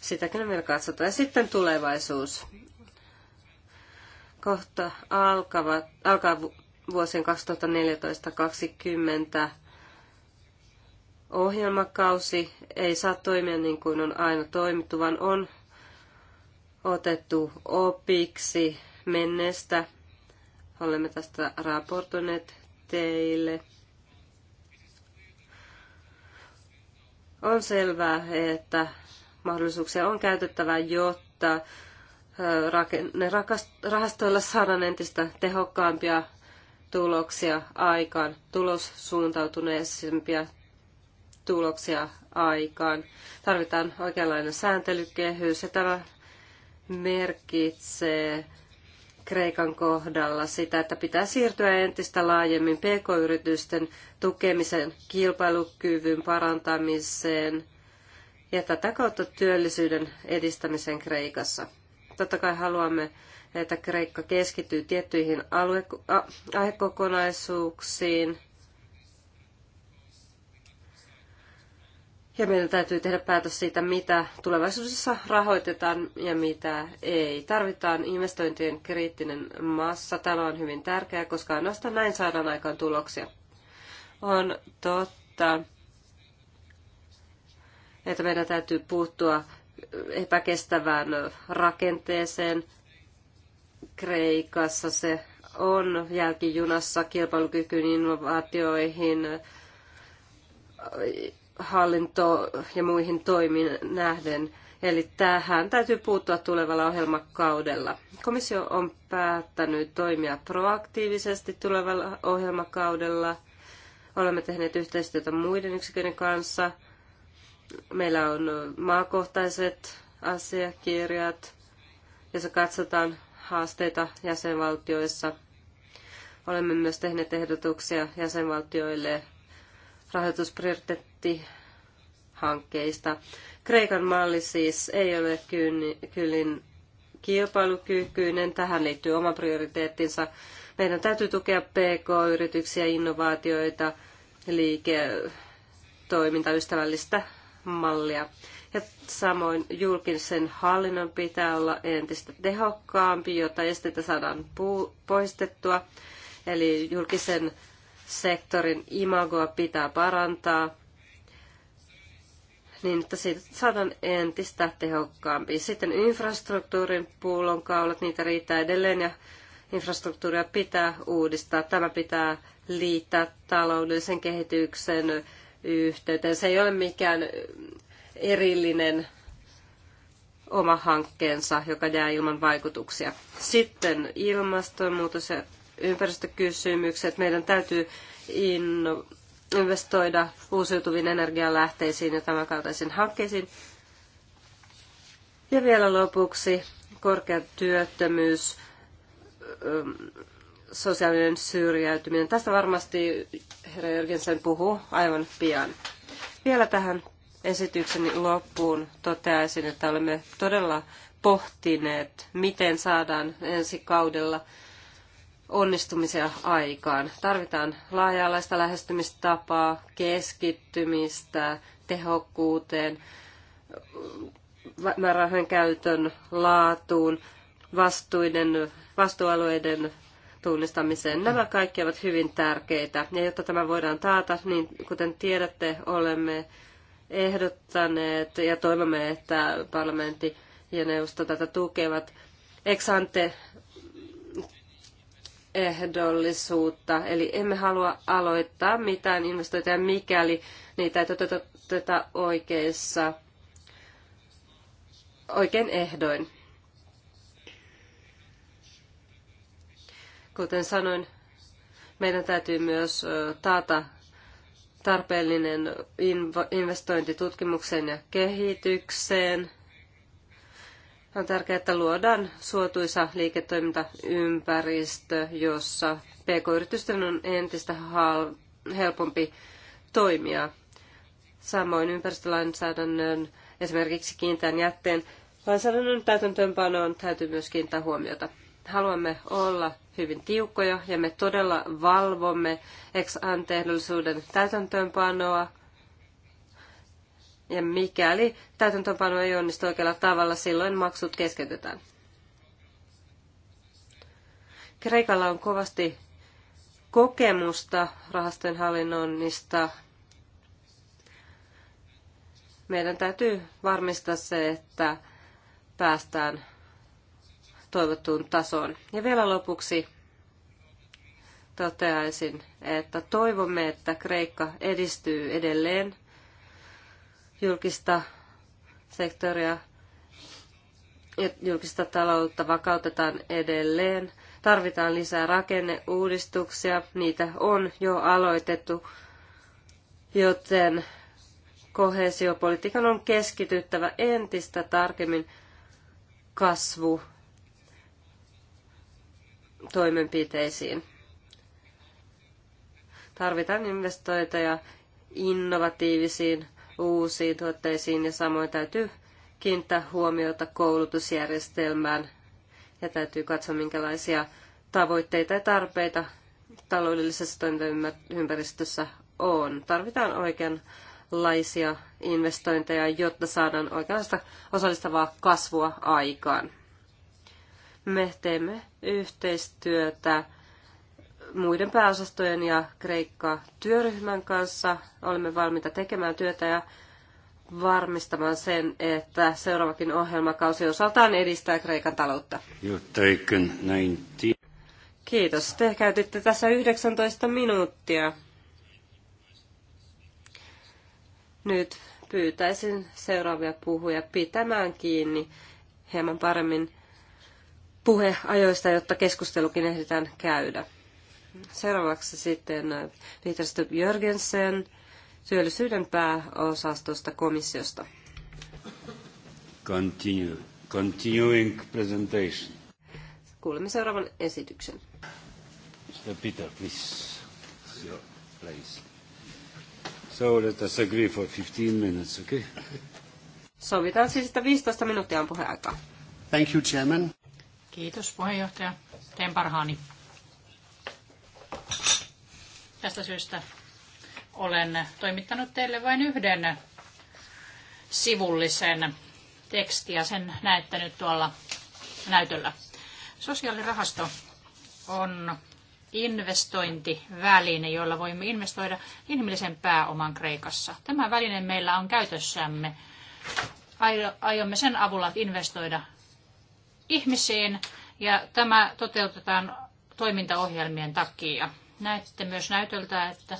sitäkin vielä katsotaan. Ja sitten tulevaisuus. Kohta alkavat, alkaa vuosien 2014-2020 ohjelmakausi ei saa toimia niin kuin on aina toimittu, vaan on otettu opiksi menneestä. Olemme tästä raportoineet teille. On selvää, että mahdollisuuksia on käytettävä, jotta ne rahastoilla saadaan entistä tehokkaampia tuloksia aikaan, tulossuuntautuneisempia tuloksia aikaan. Tarvitaan oikeanlainen sääntelykehys ja tämä merkitsee Kreikan kohdalla sitä, että pitää siirtyä entistä laajemmin pk-yritysten tukemisen, kilpailukyvyn parantamiseen ja tätä kautta työllisyyden edistämiseen Kreikassa. Totta kai haluamme että Kreikka keskittyy tiettyihin alue, a, aihekokonaisuuksiin. Ja meidän täytyy tehdä päätös siitä, mitä tulevaisuudessa rahoitetaan ja mitä ei. Tarvitaan investointien kriittinen massa. Tämä on hyvin tärkeää, koska ainoastaan näin saadaan aikaan tuloksia. On totta, että meidän täytyy puuttua epäkestävään rakenteeseen, Kreikassa se on jälkijunassa kilpailukykyyn, innovaatioihin, hallinto- ja muihin toimiin nähden. Eli tähän täytyy puuttua tulevalla ohjelmakaudella. Komissio on päättänyt toimia proaktiivisesti tulevalla ohjelmakaudella. Olemme tehneet yhteistyötä muiden yksiköiden kanssa. Meillä on maakohtaiset asiakirjat, jossa katsotaan haasteita jäsenvaltioissa. Olemme myös tehneet ehdotuksia jäsenvaltioille rahoitusprioriteettihankkeista. Kreikan malli siis ei ole kyllin kilpailukykyinen. Tähän liittyy oma prioriteettinsa. Meidän täytyy tukea PK-yrityksiä, innovaatioita, liiketoimintaystävällistä mallia. Ja samoin julkisen hallinnon pitää olla entistä tehokkaampi, jotta esteitä saadaan poistettua. Eli julkisen sektorin imagoa pitää parantaa niin, että siitä saadaan entistä tehokkaampi. Sitten infrastruktuurin pullonkaulat, niitä riittää edelleen ja infrastruktuuria pitää uudistaa. Tämä pitää liittää taloudellisen kehityksen yhteyteen. Se ei ole mikään erillinen oma hankkeensa, joka jää ilman vaikutuksia. Sitten ilmastonmuutos ja ympäristökysymykset. Meidän täytyy inno- investoida uusiutuviin energialähteisiin ja tämän kaltaisiin hankkeisiin. Ja vielä lopuksi korkea työttömyys, sosiaalinen syrjäytyminen. Tästä varmasti herra Jörgensen puhuu aivan pian. Vielä tähän esitykseni loppuun toteaisin, että olemme todella pohtineet, miten saadaan ensi kaudella onnistumisia aikaan. Tarvitaan laaja-alaista lähestymistapaa, keskittymistä, tehokkuuteen, määrärahojen käytön laatuun, vastuiden, vastuualueiden tunnistamiseen. Nämä kaikki ovat hyvin tärkeitä. Ja jotta tämä voidaan taata, niin kuten tiedätte, olemme ehdottaneet ja toivomme, että parlamentti ja neuvosto tätä tukevat ante ehdollisuutta. Eli emme halua aloittaa mitään investointeja, mikäli niitä ei toteuteta oikeissa, oikein ehdoin. Kuten sanoin, meidän täytyy myös taata tarpeellinen investointi tutkimukseen ja kehitykseen. On tärkeää, että luodaan suotuisa liiketoimintaympäristö, jossa pk-yritysten on entistä helpompi toimia. Samoin ympäristölainsäädännön, esimerkiksi kiinteän jätteen lainsäädännön täytäntöönpanoon täytyy myös kiinnittää huomiota. Haluamme olla hyvin tiukkoja ja me todella valvomme ex ante ehdollisuuden täytäntöönpanoa. Ja mikäli täytäntöönpano ei onnistu oikealla tavalla, silloin maksut keskeytetään. Kreikalla on kovasti kokemusta rahastojen hallinnoinnista. Meidän täytyy varmistaa se, että päästään toivottuun tasoon. Ja vielä lopuksi toteaisin, että toivomme, että Kreikka edistyy edelleen julkista sektoria ja julkista taloutta vakautetaan edelleen. Tarvitaan lisää rakenneuudistuksia, niitä on jo aloitettu, joten kohesiopolitiikan on keskityttävä entistä tarkemmin kasvu- toimenpiteisiin. Tarvitaan investointeja innovatiivisiin uusiin tuotteisiin ja samoin täytyy kiinnittää huomiota koulutusjärjestelmään ja täytyy katsoa, minkälaisia tavoitteita ja tarpeita taloudellisessa toimintaympäristössä on. Tarvitaan oikeanlaisia investointeja, jotta saadaan oikeasta osallistavaa kasvua aikaan. Me teemme yhteistyötä muiden pääosastojen ja Kreikka-työryhmän kanssa. Olemme valmiita tekemään työtä ja varmistamaan sen, että seuraavakin ohjelmakausi osaltaan edistää Kreikan taloutta. Kiitos. Te käytitte tässä 19 minuuttia. Nyt pyytäisin seuraavia puhuja pitämään kiinni hieman paremmin puheajoista, jotta keskustelukin ehditään käydä. Seuraavaksi sitten Peter Stubb Jörgensen työllisyyden pääosastosta komissiosta. Continue. Continuing presentation. Kuulemme seuraavan esityksen. Mr. Peter, please. your place. So let us agree for 15 minutes, okay? Sovitaan siis, että 15 minuuttia on puheaikaa. Thank you, Chairman. Kiitos puheenjohtaja. Teen parhaani. Tästä syystä olen toimittanut teille vain yhden sivullisen tekstiä. Sen näette nyt tuolla näytöllä. Sosiaalirahasto on investointiväline, jolla voimme investoida inhimillisen pääoman Kreikassa. Tämä väline meillä on käytössämme. Aiomme sen avulla investoida ihmisiin ja tämä toteutetaan toimintaohjelmien takia. Näette myös näytöltä, että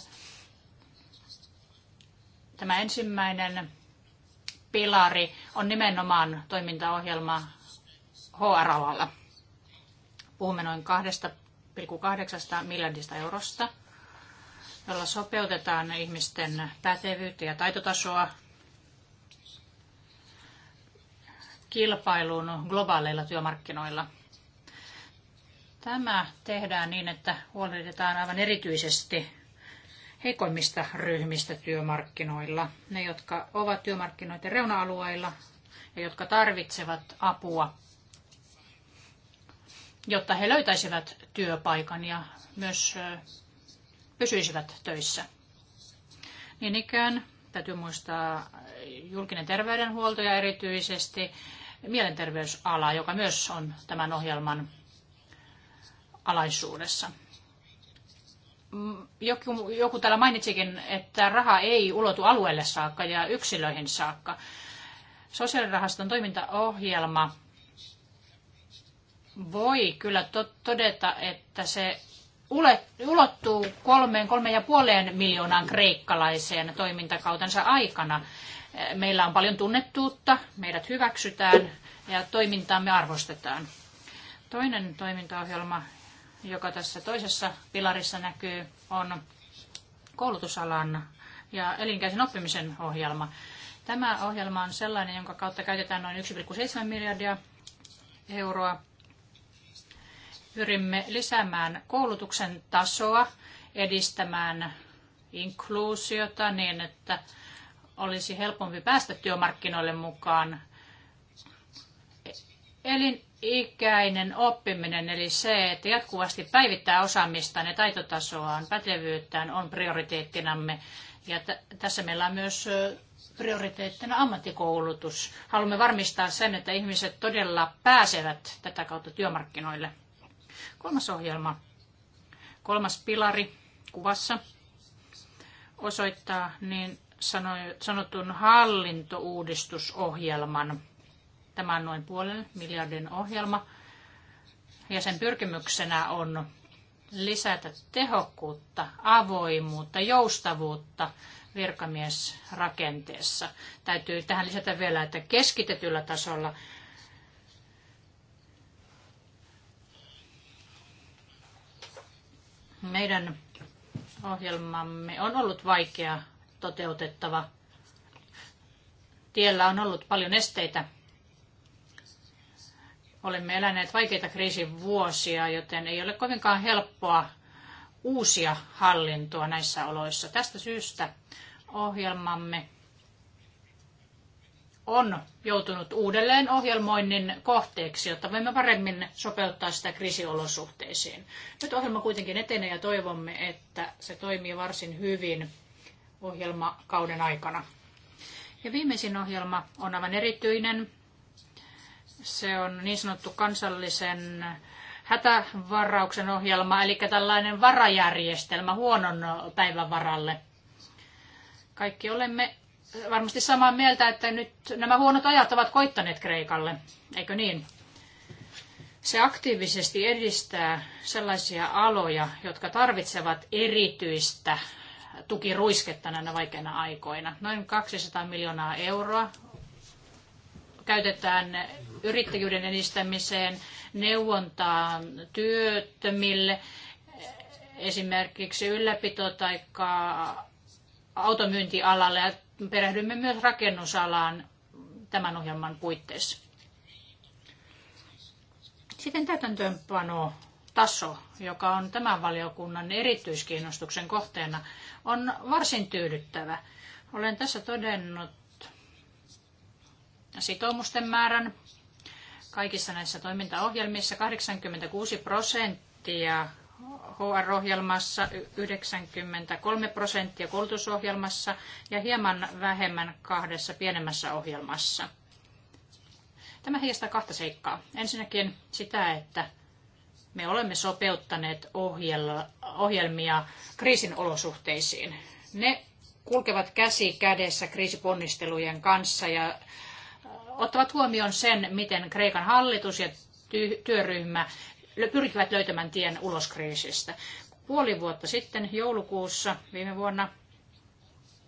tämä ensimmäinen pilari on nimenomaan toimintaohjelma HR-alalla. Puhumme noin 2,8 miljardista eurosta, jolla sopeutetaan ihmisten pätevyyttä ja taitotasoa kilpailuun globaaleilla työmarkkinoilla. Tämä tehdään niin, että huolehditaan aivan erityisesti heikoimmista ryhmistä työmarkkinoilla. Ne, jotka ovat työmarkkinoiden reuna-alueilla ja jotka tarvitsevat apua, jotta he löytäisivät työpaikan ja myös pysyisivät töissä. Niin ikään täytyy muistaa julkinen terveydenhuolto ja erityisesti mielenterveysalaa, joka myös on tämän ohjelman alaisuudessa. Mm, joku, joku täällä mainitsikin, että raha ei ulotu alueelle saakka ja yksilöihin saakka. Sosiaalirahaston toimintaohjelma voi kyllä todeta, että se ulottuu kolmeen, kolme ja puoleen miljoonaan kreikkalaiseen toimintakautensa aikana. Meillä on paljon tunnettuutta, meidät hyväksytään ja toimintaamme arvostetaan. Toinen toimintaohjelma, joka tässä toisessa pilarissa näkyy, on koulutusalan ja elinkäisen oppimisen ohjelma. Tämä ohjelma on sellainen, jonka kautta käytetään noin 1,7 miljardia euroa. Pyrimme lisäämään koulutuksen tasoa, edistämään inkluusiota niin, että olisi helpompi päästä työmarkkinoille mukaan. Elinikäinen oppiminen, eli se, että jatkuvasti päivittää osaamistaan ja taitotasoaan, pätevyyttään, on prioriteettinamme. Ja tässä meillä on myös prioriteettina ammattikoulutus. Haluamme varmistaa sen, että ihmiset todella pääsevät tätä kautta työmarkkinoille. Kolmas ohjelma, kolmas pilari kuvassa osoittaa niin sanotun hallintouudistusohjelman. Tämä on noin puolen miljardin ohjelma. Ja sen pyrkimyksenä on lisätä tehokkuutta, avoimuutta, joustavuutta virkamiesrakenteessa. Täytyy tähän lisätä vielä, että keskitetyllä tasolla meidän ohjelmamme on ollut vaikea toteutettava. Tiellä on ollut paljon esteitä. Olemme eläneet vaikeita kriisin vuosia, joten ei ole kovinkaan helppoa uusia hallintoa näissä oloissa. Tästä syystä ohjelmamme on joutunut uudelleen ohjelmoinnin kohteeksi, jotta voimme paremmin sopeuttaa sitä kriisiolosuhteisiin. Nyt ohjelma kuitenkin etenee ja toivomme, että se toimii varsin hyvin Ohjelma kauden aikana. Ja viimeisin ohjelma on aivan erityinen. Se on niin sanottu kansallisen hätävarauksen ohjelma, eli tällainen varajärjestelmä huonon päivän varalle. Kaikki olemme varmasti samaa mieltä, että nyt nämä huonot ajat ovat koittaneet Kreikalle, eikö niin? Se aktiivisesti edistää sellaisia aloja, jotka tarvitsevat erityistä tukiruisketta näinä vaikeina aikoina. Noin 200 miljoonaa euroa käytetään yrittäjyyden edistämiseen, neuvontaa työttömille, esimerkiksi ylläpito- tai automyyntialalle ja perehdymme myös rakennusalaan tämän ohjelman puitteissa. Sitten täytäntöönpano taso, joka on tämän valiokunnan erityiskiinnostuksen kohteena, on varsin tyydyttävä. Olen tässä todennut sitoumusten määrän kaikissa näissä toimintaohjelmissa 86 prosenttia HR-ohjelmassa, 93 prosenttia koulutusohjelmassa ja hieman vähemmän kahdessa pienemmässä ohjelmassa. Tämä heijastaa kahta seikkaa. Ensinnäkin sitä, että me olemme sopeuttaneet ohjelmia kriisin olosuhteisiin. Ne kulkevat käsi kädessä kriisiponnistelujen kanssa ja äh, ottavat huomioon sen, miten Kreikan hallitus ja työryhmä pyrkivät löytämään tien ulos kriisistä. Puoli vuotta sitten joulukuussa viime vuonna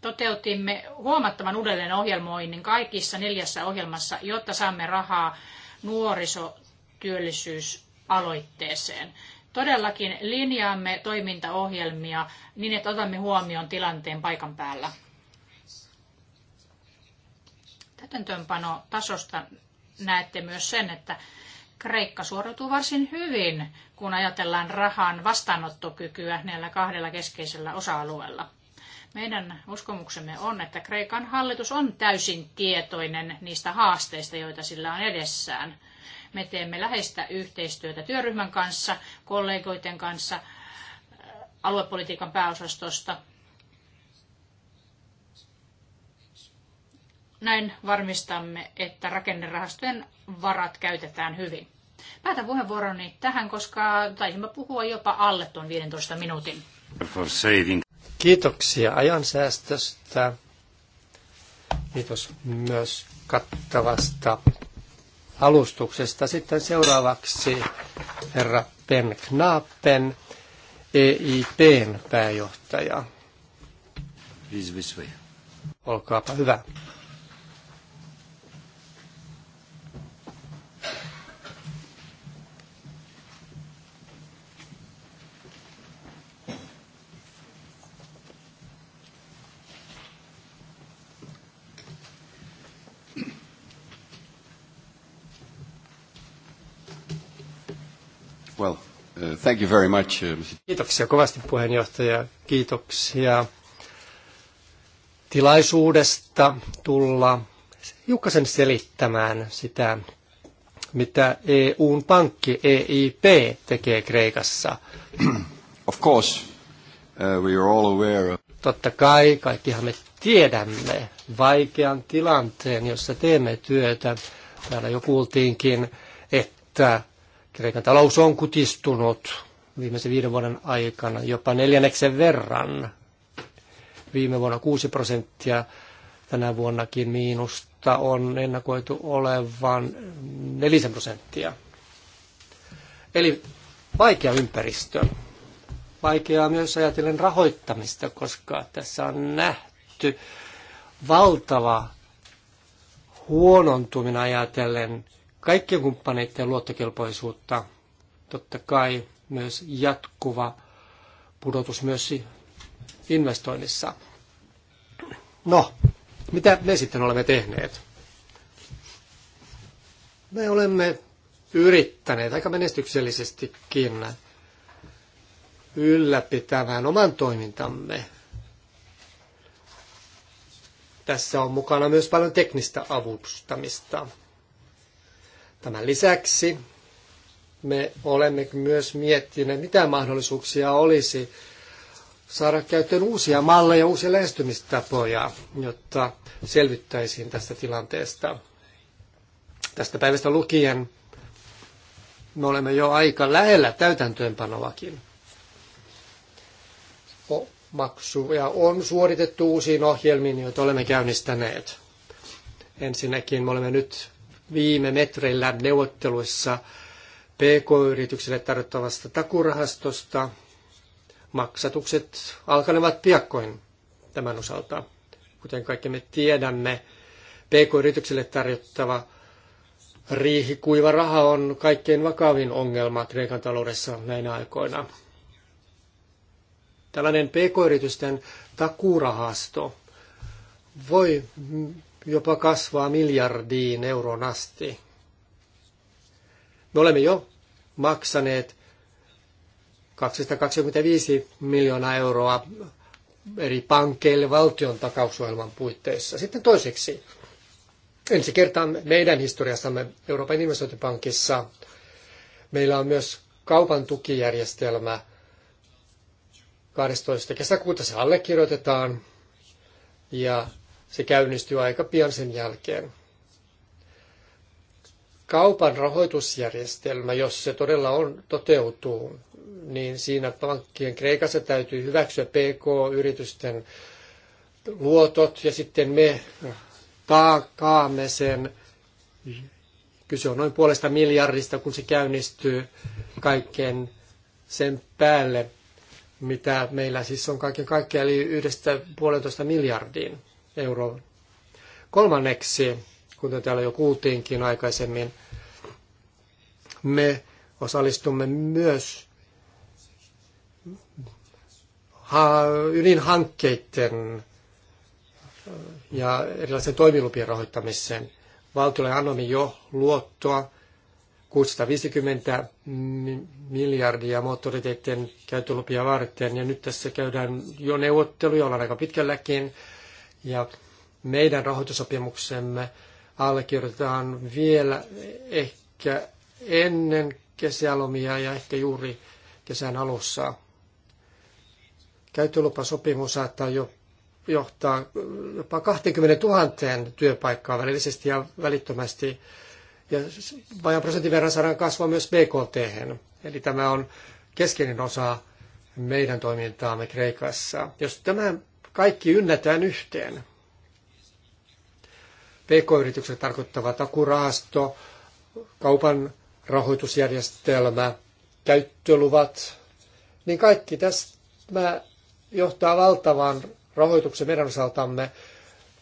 toteutimme huomattavan ohjelmoinnin kaikissa neljässä ohjelmassa, jotta saamme rahaa nuorisotyöllisyys aloitteeseen. Todellakin linjaamme toimintaohjelmia niin, että otamme huomioon tilanteen paikan päällä. Täytäntöönpano tasosta näette myös sen, että Kreikka suoriutuu varsin hyvin, kun ajatellaan rahan vastaanottokykyä näillä kahdella keskeisellä osa-alueella. Meidän uskomuksemme on, että Kreikan hallitus on täysin tietoinen niistä haasteista, joita sillä on edessään. Me teemme läheistä yhteistyötä työryhmän kanssa, kollegoiden kanssa äh, aluepolitiikan pääosastosta. Näin varmistamme, että rakennerahastojen varat käytetään hyvin. Päätän puheenvuoroni tähän, koska taisimme puhua jopa alle tuon 15 minuutin. Kiitoksia ajansäästöstä. Kiitos myös kattavasta alustuksesta. Sitten seuraavaksi herra Ben Knappen, EIPn pääjohtaja. Olkaapa hyvä. Well, uh, thank you very much. Uh, Kiitoksia kovasti puheenjohtaja. Kiitoksia tilaisuudesta tulla hiukkasen selittämään sitä, mitä EUn pankki EIP tekee Kreikassa. Of course, uh, we are all aware of... Totta kai, kaikkihan me tiedämme vaikean tilanteen, jossa teemme työtä. Täällä jo kuultiinkin, että Kreikan talous on kutistunut viimeisen viiden vuoden aikana jopa neljänneksen verran. Viime vuonna 6 prosenttia, tänä vuonnakin miinusta on ennakoitu olevan nelisen prosenttia. Eli vaikea ympäristö. Vaikeaa myös ajatellen rahoittamista, koska tässä on nähty valtava huonontuminen ajatellen kaikkien kumppaneiden luottokelpoisuutta. Totta kai myös jatkuva pudotus myös investoinnissa. No, mitä me sitten olemme tehneet? Me olemme yrittäneet aika menestyksellisestikin ylläpitämään oman toimintamme. Tässä on mukana myös paljon teknistä avustamista. Tämän lisäksi me olemme myös miettineet, mitä mahdollisuuksia olisi saada käyttöön uusia malleja, uusia lähestymistapoja, jotta selvittäisiin tästä tilanteesta. Tästä päivästä lukien me olemme jo aika lähellä täytäntöönpanoakin. Maksuja on suoritettu uusiin ohjelmiin, joita olemme käynnistäneet. Ensinnäkin me olemme nyt viime metreillä neuvotteluissa PK-yrityksille tarjottavasta takurahastosta. Maksatukset alkanevat piakkoin tämän osalta. Kuten kaikki me tiedämme, PK-yrityksille tarjottava riihikuiva raha on kaikkein vakavin ongelma Kreikan taloudessa näinä aikoina. Tällainen PK-yritysten takuurahasto voi jopa kasvaa miljardiin euron asti. Me olemme jo maksaneet 225 miljoonaa euroa eri pankeille valtion takausohjelman puitteissa. Sitten toiseksi, ensi kertaa meidän historiassamme Euroopan investointipankissa meillä on myös kaupan tukijärjestelmä 12. kesäkuuta se allekirjoitetaan ja se käynnistyy aika pian sen jälkeen. Kaupan rahoitusjärjestelmä, jos se todella on, toteutuu, niin siinä pankkien Kreikassa täytyy hyväksyä PK-yritysten luotot ja sitten me taakaamme sen. Kyse on noin puolesta miljardista, kun se käynnistyy kaikkeen sen päälle, mitä meillä siis on kaiken kaikkiaan, eli yhdestä puolentoista miljardiin euroon. Kolmanneksi, kuten täällä jo kuultiinkin aikaisemmin, me osallistumme myös ydinhankkeiden ja erilaisen toimilupien rahoittamiseen. Valtiolle annoimme jo luottoa 650 miljardia moottoriteiden käyttölupia varten, ja nyt tässä käydään jo neuvotteluja, ollaan aika pitkälläkin ja meidän rahoitusopimuksemme allekirjoitetaan vielä ehkä ennen kesälomia ja ehkä juuri kesän alussa. Käyttölupasopimus saattaa jo johtaa jopa 20 000 työpaikkaa välillisesti ja välittömästi. Ja vajan prosentin verran saadaan kasvua myös BKT. -hän. Eli tämä on keskeinen osa meidän toimintaamme Kreikassa. Jos tämän kaikki ynnätään yhteen. PK-yritykset tarkoittavat akuraasto, kaupan rahoitusjärjestelmä, käyttöluvat, niin kaikki tämä johtaa valtavaan rahoituksen meidän osaltamme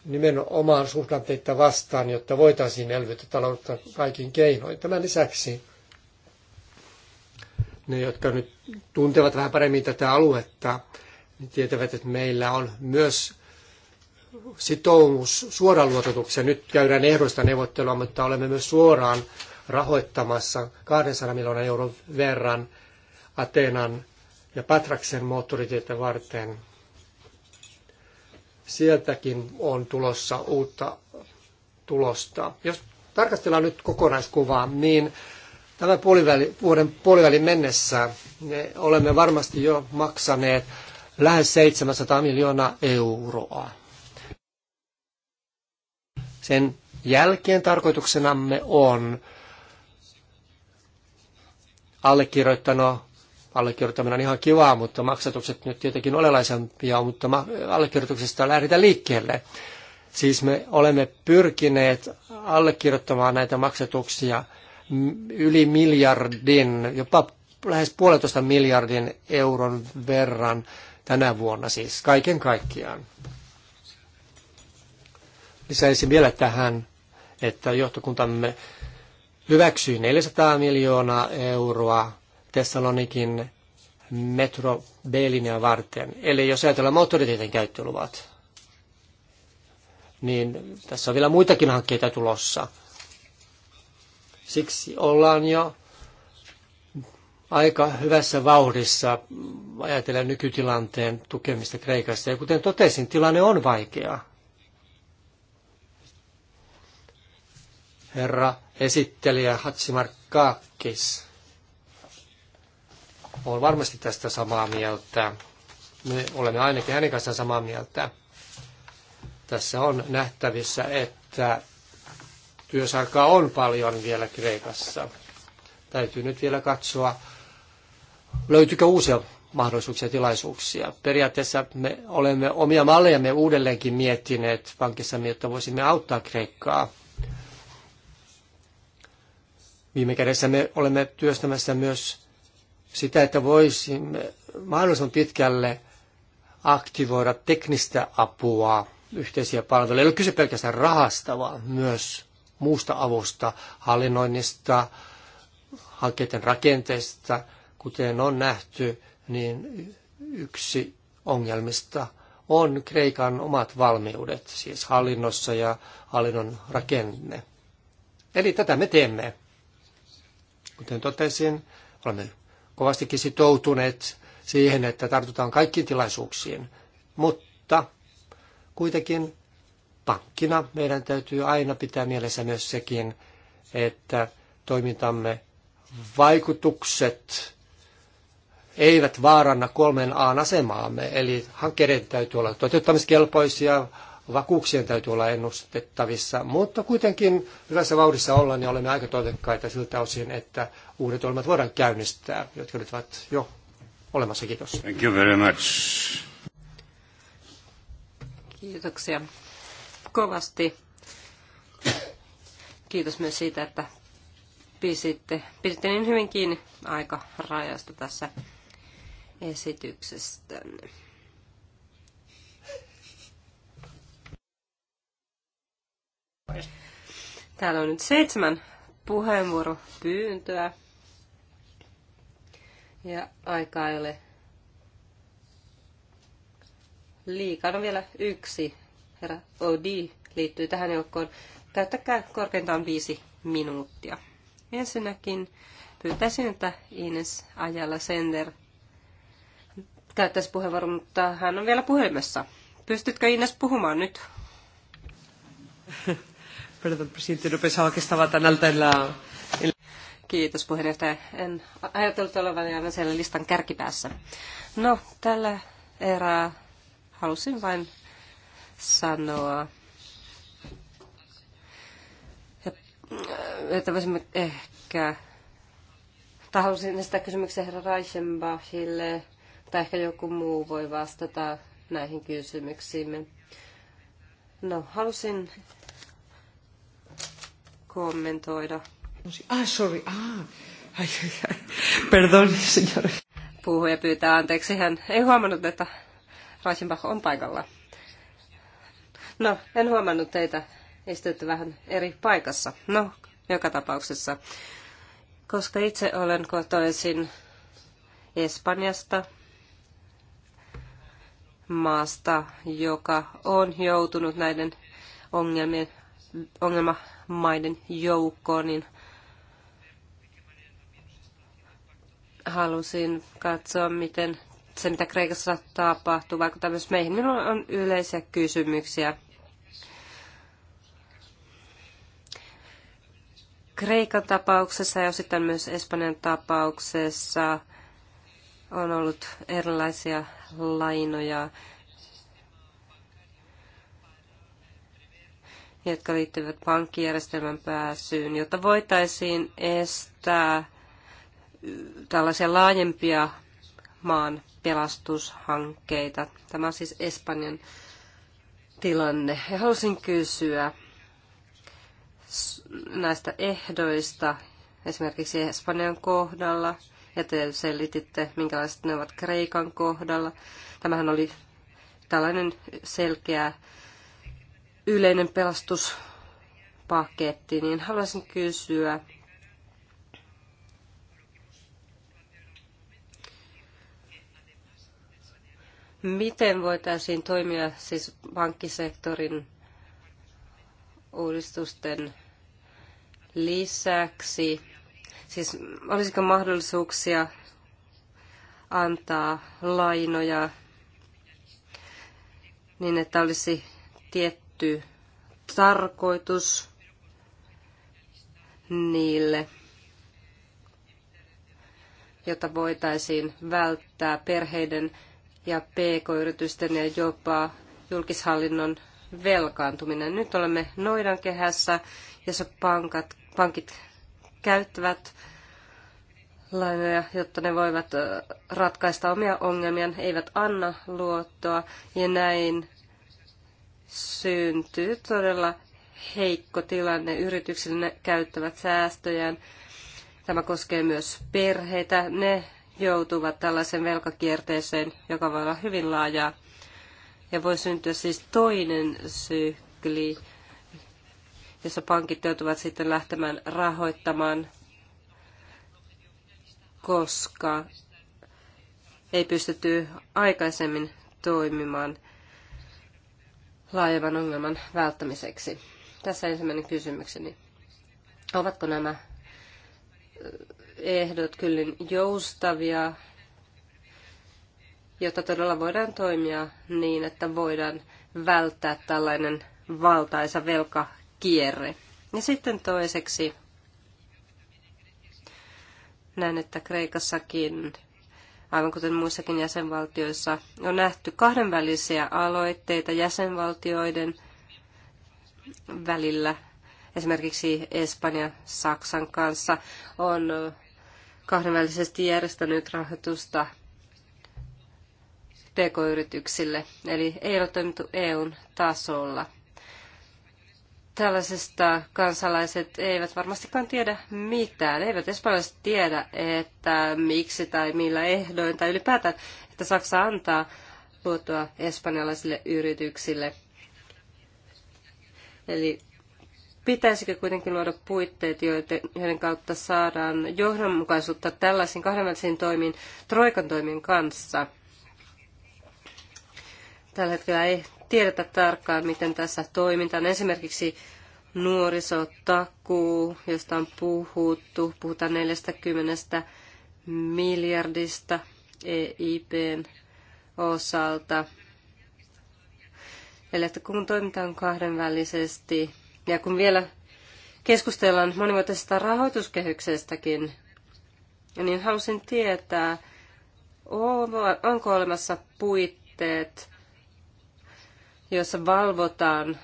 nimenomaan suhdanteita vastaan, jotta voitaisiin elvyttää taloutta kaikin keinoin. Tämän lisäksi ne, jotka nyt tuntevat vähän paremmin tätä aluetta, tietävät, että meillä on myös sitoumus suoraan luototukseen. Nyt käydään ehdoista neuvottelua, mutta olemme myös suoraan rahoittamassa 200 miljoonan euron verran Atenan ja Patraksen moottoritietä varten. Sieltäkin on tulossa uutta tulosta. Jos tarkastellaan nyt kokonaiskuvaa, niin tämän puoliväli, vuoden puolivälin mennessä me olemme varmasti jo maksaneet lähes 700 miljoonaa euroa. Sen jälkeen tarkoituksenamme on allekirjoittanut allekirjoittaminen on ihan kivaa, mutta maksatukset nyt tietenkin olelaisempia, mutta allekirjoituksesta lähdetään liikkeelle. Siis me olemme pyrkineet allekirjoittamaan näitä maksatuksia yli miljardin, jopa lähes puolitoista miljardin euron verran tänä vuonna siis kaiken kaikkiaan. Lisäisin vielä tähän, että johtokuntamme hyväksyi 400 miljoonaa euroa Thessalonikin metro b varten. Eli jos ajatellaan moottoriteiden käyttöluvat, niin tässä on vielä muitakin hankkeita tulossa. Siksi ollaan jo aika hyvässä vauhdissa ajatella nykytilanteen tukemista Kreikassa. Ja kuten totesin, tilanne on vaikea. Herra esittelijä Hatsimarkkaakis on varmasti tästä samaa mieltä. Me olemme ainakin hänen kanssaan samaa mieltä. Tässä on nähtävissä, että työsarkaa on paljon vielä Kreikassa täytyy nyt vielä katsoa, löytyykö uusia mahdollisuuksia ja tilaisuuksia. Periaatteessa me olemme omia mallejamme uudelleenkin miettineet pankissamme, jotta voisimme auttaa Kreikkaa. Viime kädessä me olemme työstämässä myös sitä, että voisimme mahdollisimman pitkälle aktivoida teknistä apua, yhteisiä palveluja. Ei ole kyse pelkästään rahasta, vaan myös muusta avusta, hallinnoinnista, hankkeiden rakenteesta – Kuten on nähty, niin yksi ongelmista on Kreikan omat valmiudet, siis hallinnossa ja hallinnon rakenne. Eli tätä me teemme. Kuten totesin, olemme kovastikin sitoutuneet siihen, että tartutaan kaikkiin tilaisuuksiin. Mutta kuitenkin pankkina meidän täytyy aina pitää mielessä myös sekin, että toimintamme vaikutukset eivät vaaranna kolmen aan asemaamme, eli hankkeiden täytyy olla toteuttamiskelpoisia, vakuuksien täytyy olla ennustettavissa, mutta kuitenkin hyvässä vauhdissa ollaan niin olemme aika toivekkaita siltä osin, että uudet ohjelmat voidaan käynnistää, jotka nyt ovat jo olemassa. Kiitos. Thank you very much. Kiitoksia kovasti. Kiitos myös siitä, että pisitte, piditte niin hyvin kiinni aika rajasta tässä esityksestänne. Täällä on nyt seitsemän puheenvuoropyyntöä. Ja aika ei ole liikaa. No vielä yksi. Herra Odi liittyy tähän joukkoon. Käyttäkää korkeintaan viisi minuuttia. Ensinnäkin pyytäisin, että Ines Ajala Sender käyttäisi puheenvuoron, mutta hän on vielä puhelimessa. Pystytkö Ines puhumaan nyt? Perdón, presidente, no pensaba que estaba tan alta en la... Kiitos puheenjohtaja. En ajatellut olevan aivan siellä listan kärkipäässä. No, tällä erää halusin vain sanoa, että voisimme ehkä... Tai halusin esittää kysymyksen herra Reichenbachille tai ehkä joku muu voi vastata näihin kysymyksiimme. No, halusin kommentoida. Ah, sorry. Ah. Ai, ai, Perdon, signore. Puhuja pyytää anteeksi. Hän ei huomannut, että Reisenbach on paikalla. No, en huomannut teitä. Istuitte vähän eri paikassa. No, joka tapauksessa. Koska itse olen kotoisin Espanjasta, maasta, joka on joutunut näiden ongelmien, ongelmamaiden joukkoon, niin halusin katsoa, miten se, mitä Kreikassa tapahtuu, vaikuttaa myös meihin. Minulla on yleisiä kysymyksiä. Kreikan tapauksessa ja osittain myös Espanjan tapauksessa on ollut erilaisia lainoja, jotka liittyvät pankkijärjestelmän pääsyyn, jotta voitaisiin estää tällaisia laajempia maan pelastushankkeita. Tämä on siis Espanjan tilanne. Ja halusin kysyä näistä ehdoista, esimerkiksi Espanjan kohdalla – ja te selititte, minkälaiset ne ovat Kreikan kohdalla. Tämähän oli tällainen selkeä yleinen pelastuspaketti, niin haluaisin kysyä, miten voitaisiin toimia siis pankkisektorin uudistusten lisäksi Siis olisiko mahdollisuuksia antaa lainoja niin, että olisi tietty tarkoitus niille, jotta voitaisiin välttää perheiden ja pk-yritysten ja jopa julkishallinnon velkaantuminen. Nyt olemme noidankehässä, jossa pankat, pankit käyttävät lainoja, jotta ne voivat ratkaista omia ongelmiaan, eivät anna luottoa ja näin syntyy todella heikko tilanne. Yrityksille ne käyttävät säästöjään. Tämä koskee myös perheitä. Ne joutuvat tällaisen velkakierteeseen, joka voi olla hyvin laajaa. Ja voi syntyä siis toinen sykli jossa pankit joutuvat sitten lähtemään rahoittamaan, koska ei pystytty aikaisemmin toimimaan laajemman ongelman välttämiseksi. Tässä ensimmäinen kysymykseni. Ovatko nämä ehdot kyllin niin joustavia, jotta todella voidaan toimia niin, että voidaan välttää tällainen valtaisa velka kierre. Ja sitten toiseksi näen, että Kreikassakin, aivan kuten muissakin jäsenvaltioissa, on nähty kahdenvälisiä aloitteita jäsenvaltioiden välillä. Esimerkiksi Espanjan Saksan kanssa on kahdenvälisesti järjestänyt rahoitusta pk-yrityksille, eli ei ole toimittu EUn tasolla tällaisesta kansalaiset eivät varmastikaan tiedä mitään. Eivät espanjalaiset tiedä, että miksi tai millä ehdoin tai ylipäätään, että Saksa antaa luottoa espanjalaisille yrityksille. Eli pitäisikö kuitenkin luoda puitteet, joiden kautta saadaan johdonmukaisuutta tällaisiin kahdenvälisiin toimiin Troikan toimin kanssa – Tällä hetkellä ei tiedetä tarkkaan, miten tässä toimitaan. Esimerkiksi nuorisotakuu, josta on puhuttu, puhutaan 40 miljardista EIPn osalta. Eli että kun toimitaan kahdenvälisesti ja kun vielä keskustellaan monivuotisesta rahoituskehyksestäkin, niin halusin tietää, onko olemassa puitteet jossa valvotaan,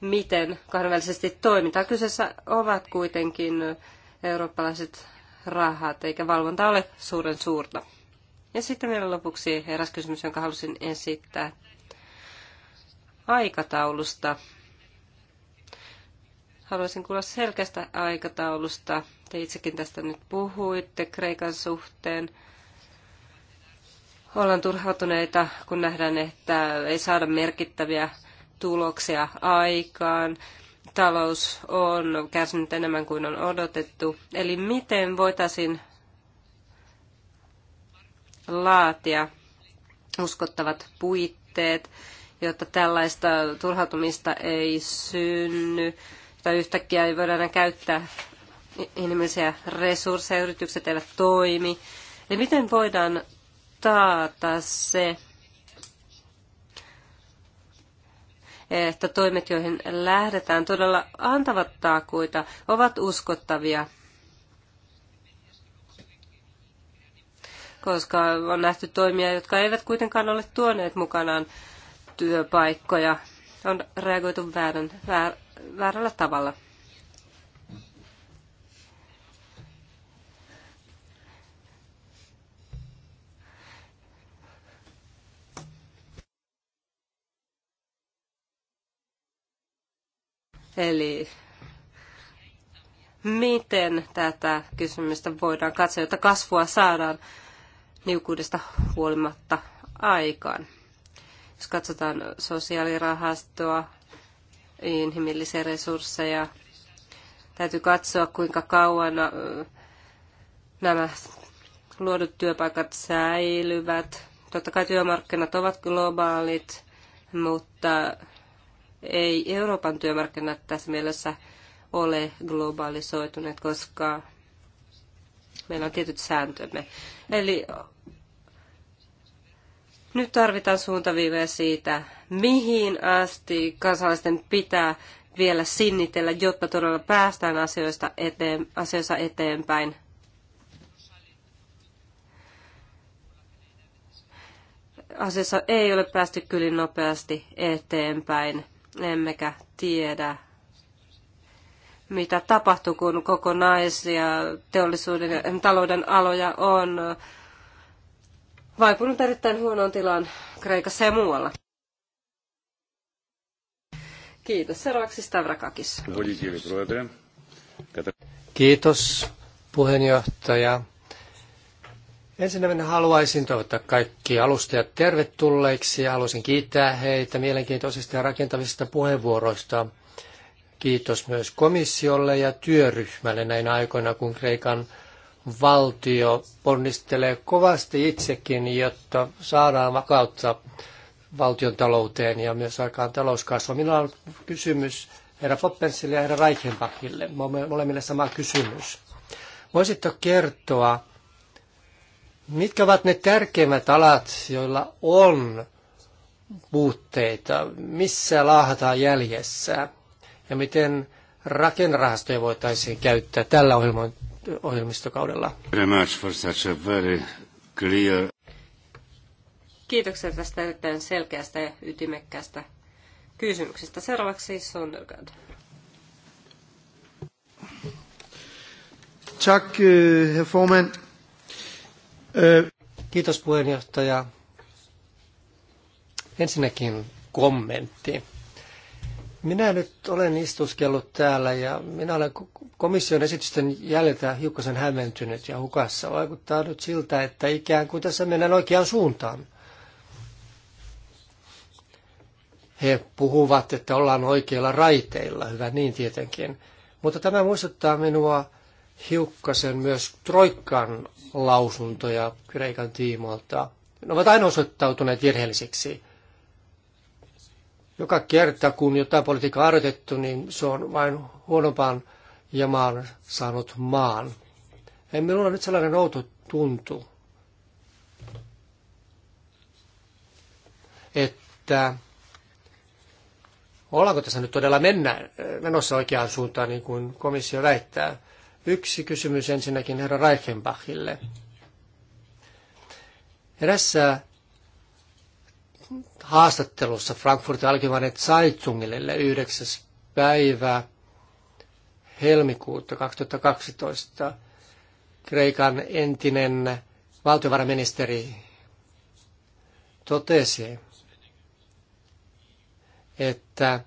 miten kahdenvälisesti toimitaan. Kyseessä ovat kuitenkin eurooppalaiset rahat, eikä valvonta ole suuren suurta. Ja sitten vielä lopuksi eräs kysymys, jonka halusin esittää aikataulusta. Haluaisin kuulla selkeästä aikataulusta. Te itsekin tästä nyt puhuitte Kreikan suhteen ollaan turhautuneita, kun nähdään, että ei saada merkittäviä tuloksia aikaan. Talous on kärsinyt enemmän kuin on odotettu. Eli miten voitaisiin laatia uskottavat puitteet, jotta tällaista turhautumista ei synny, tai yhtäkkiä ei voida enää käyttää inhimillisiä resursseja, yritykset eivät toimi. Eli miten voidaan taata se, että toimet, joihin lähdetään, todella antavat taakuita, ovat uskottavia. Koska on nähty toimia, jotka eivät kuitenkaan ole tuoneet mukanaan työpaikkoja. On reagoitu väärän, väär, väärällä tavalla. Eli miten tätä kysymystä voidaan katsoa, jotta kasvua saadaan niukuudesta huolimatta aikaan. Jos katsotaan sosiaalirahastoa, inhimillisiä resursseja, täytyy katsoa kuinka kauan nämä luodut työpaikat säilyvät. Totta kai työmarkkinat ovat globaalit, mutta ei Euroopan työmarkkinat tässä mielessä ole globaalisoituneet, koska meillä on tietyt sääntömme. Eli nyt tarvitaan suuntaviivoja siitä, mihin asti kansalaisten pitää vielä sinnitellä, jotta todella päästään asioista eteen, asioissa eteenpäin. Asiassa ei ole päästy kyllin nopeasti eteenpäin emmekä tiedä, mitä tapahtuu, kun koko naisia teollisuuden ja talouden aloja on vaipunut erittäin huonoon tilaan Kreikassa ja muualla. Kiitos. Seuraavaksi Stavrakakis. Kiitos puheenjohtaja. Ensinnäkin haluaisin toivottaa kaikki alustajat tervetulleiksi ja haluaisin kiittää heitä mielenkiintoisista ja rakentavista puheenvuoroista. Kiitos myös komissiolle ja työryhmälle näin aikoina, kun Kreikan valtio ponnistelee kovasti itsekin, jotta saadaan vakautta valtion talouteen ja myös aikaan talouskasvua. Minulla on kysymys herra Foppensille ja herra Reichenbachille, molemmille sama kysymys. Voisitko kertoa, Mitkä ovat ne tärkeimmät alat, joilla on puutteita, missä laahataan jäljessä ja miten rakennerahastoja voitaisiin käyttää tällä ohjelman, ohjelmistokaudella? Kiitoksia tästä erittäin selkeästä ja ytimekkäästä kysymyksestä. Seuraavaksi Sondergaard. Tack, eh, herr Forman. Kiitos puheenjohtaja. Ensinnäkin kommentti. Minä nyt olen istuskellut täällä ja minä olen komission esitysten jäljiltä hiukkasen hämmentynyt ja hukassa. Vaikuttaa nyt siltä, että ikään kuin tässä mennään oikeaan suuntaan. He puhuvat, että ollaan oikeilla raiteilla, hyvä niin tietenkin. Mutta tämä muistuttaa minua hiukkasen myös Troikan lausuntoja Kreikan tiimoilta. Ne ovat aina osoittautuneet virheellisiksi. Joka kerta, kun jotain politiikkaa on harjoitettu, niin se on vain huonompaan jamaan saanut maan. Ei minulla nyt sellainen outo tuntu, että ollaanko tässä nyt todella mennä, menossa oikeaan suuntaan, niin kuin komissio väittää. Yksi kysymys ensinnäkin herra Reichenbachille. Erässä haastattelussa Frankfurtin Algemeine Zeitungille 9. päivä helmikuuta 2012 Kreikan entinen valtiovarainministeri totesi, että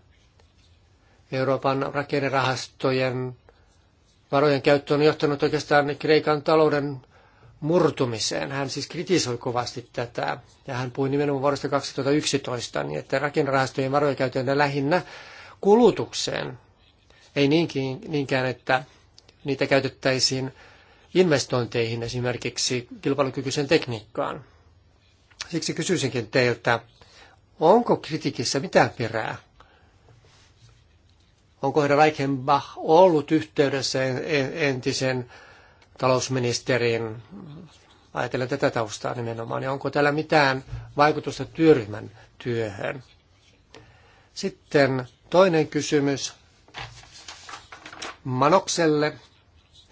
Euroopan rakennerahastojen varojen käyttö on johtanut oikeastaan Kreikan talouden murtumiseen. Hän siis kritisoi kovasti tätä ja hän puhui nimenomaan vuodesta 2011, niin että rakennerahastojen varoja käytetään lähinnä kulutukseen. Ei niinkään, että niitä käytettäisiin investointeihin esimerkiksi kilpailukykyiseen tekniikkaan. Siksi kysyisinkin teiltä, onko kritiikissä mitään perää? Onko herra Reichenbach ollut yhteydessä entisen talousministerin, ajatellen tätä taustaa nimenomaan, ja onko täällä mitään vaikutusta työryhmän työhön? Sitten toinen kysymys Manokselle,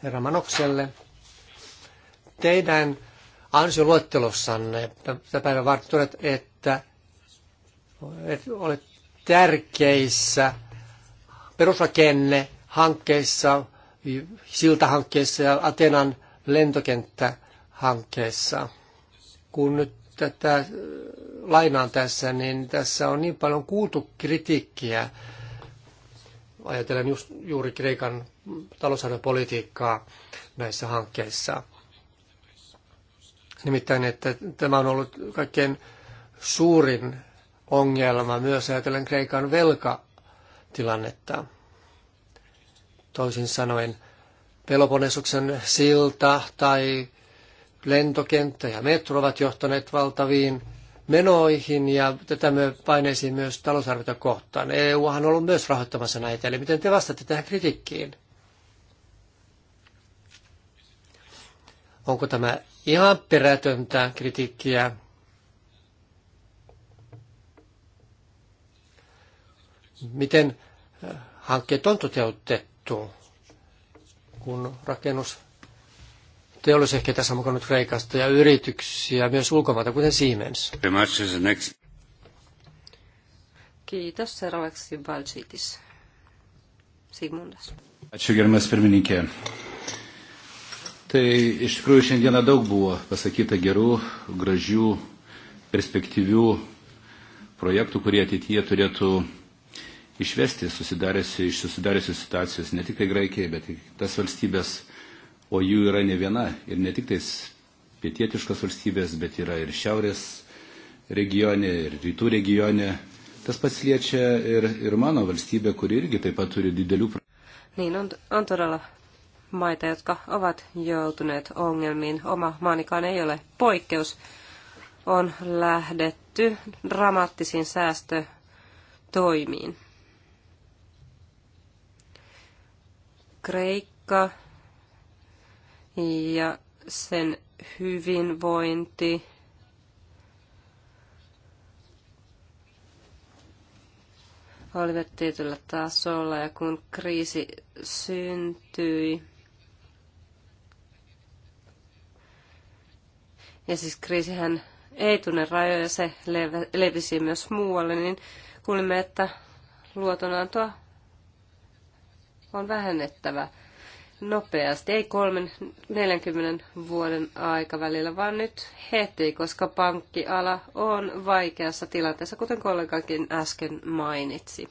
herra Manokselle. Teidän ansioluettelossanne tätä päivän varten että olet tärkeissä perusrakenne hankkeissa, siltahankkeissa ja Atenan lentokenttähankkeessa. Kun nyt tätä äh, lainaan tässä, niin tässä on niin paljon kuultu kritiikkiä. Ajatellen just, juuri Kreikan talousarvopolitiikkaa näissä hankkeissa. Nimittäin, että tämä on ollut kaikkein suurin ongelma myös ajatellen Kreikan velka tilannetta. Toisin sanoen Peloponesuksen silta tai lentokenttä ja metro ovat johtaneet valtaviin menoihin ja tätä me paineisiin myös talousarviota kohtaan. EU on ollut myös rahoittamassa näitä, eli miten te vastaatte tähän kritiikkiin? Onko tämä ihan perätöntä kritiikkiä miten äh, hankkeet on toteutettu, kun rakennus teollisuus ehkä tässä mukana nyt Kreikasta ja yrityksiä myös ulkomailta, kuten Siemens. Kiitos. Seuraavaksi Valsitis. Sigmundas. Ačiū gerbiamas pirmininkė. Tai iš tikrųjų šiandieną daug buvo pasakyta gerų, gražių, perspektyvių projektų, kurie ateityje turėtų išvesti iš susidariusios situacijos ne tik tai Graikijai, bet ir tas valstybės, o jų yra ne viena ir ne tik tais pietietiškas valstybės, bet yra ir šiaurės regionė, ir rytų regionė. Tas pats liečia ir, ir mano valstybė, kuri irgi taip pat turi didelių. Niin on, on todella maita, jotka ovat joutuneet ongelmiin. Oma maanikaan ei ole poikkeus. On lähdetty dramaattisiin säästötoimiin. Kreikka ja sen hyvinvointi. olivat tietyllä tasolla ja kun kriisi syntyi, ja siis kriisihän ei tunne rajoja, se levisi myös muualle, niin kuulimme, että luotonantoa on vähennettävä nopeasti, ei 30-40 vuoden aikavälillä, vaan nyt heti, koska pankkiala on vaikeassa tilanteessa, kuten kollegakin äsken mainitsi.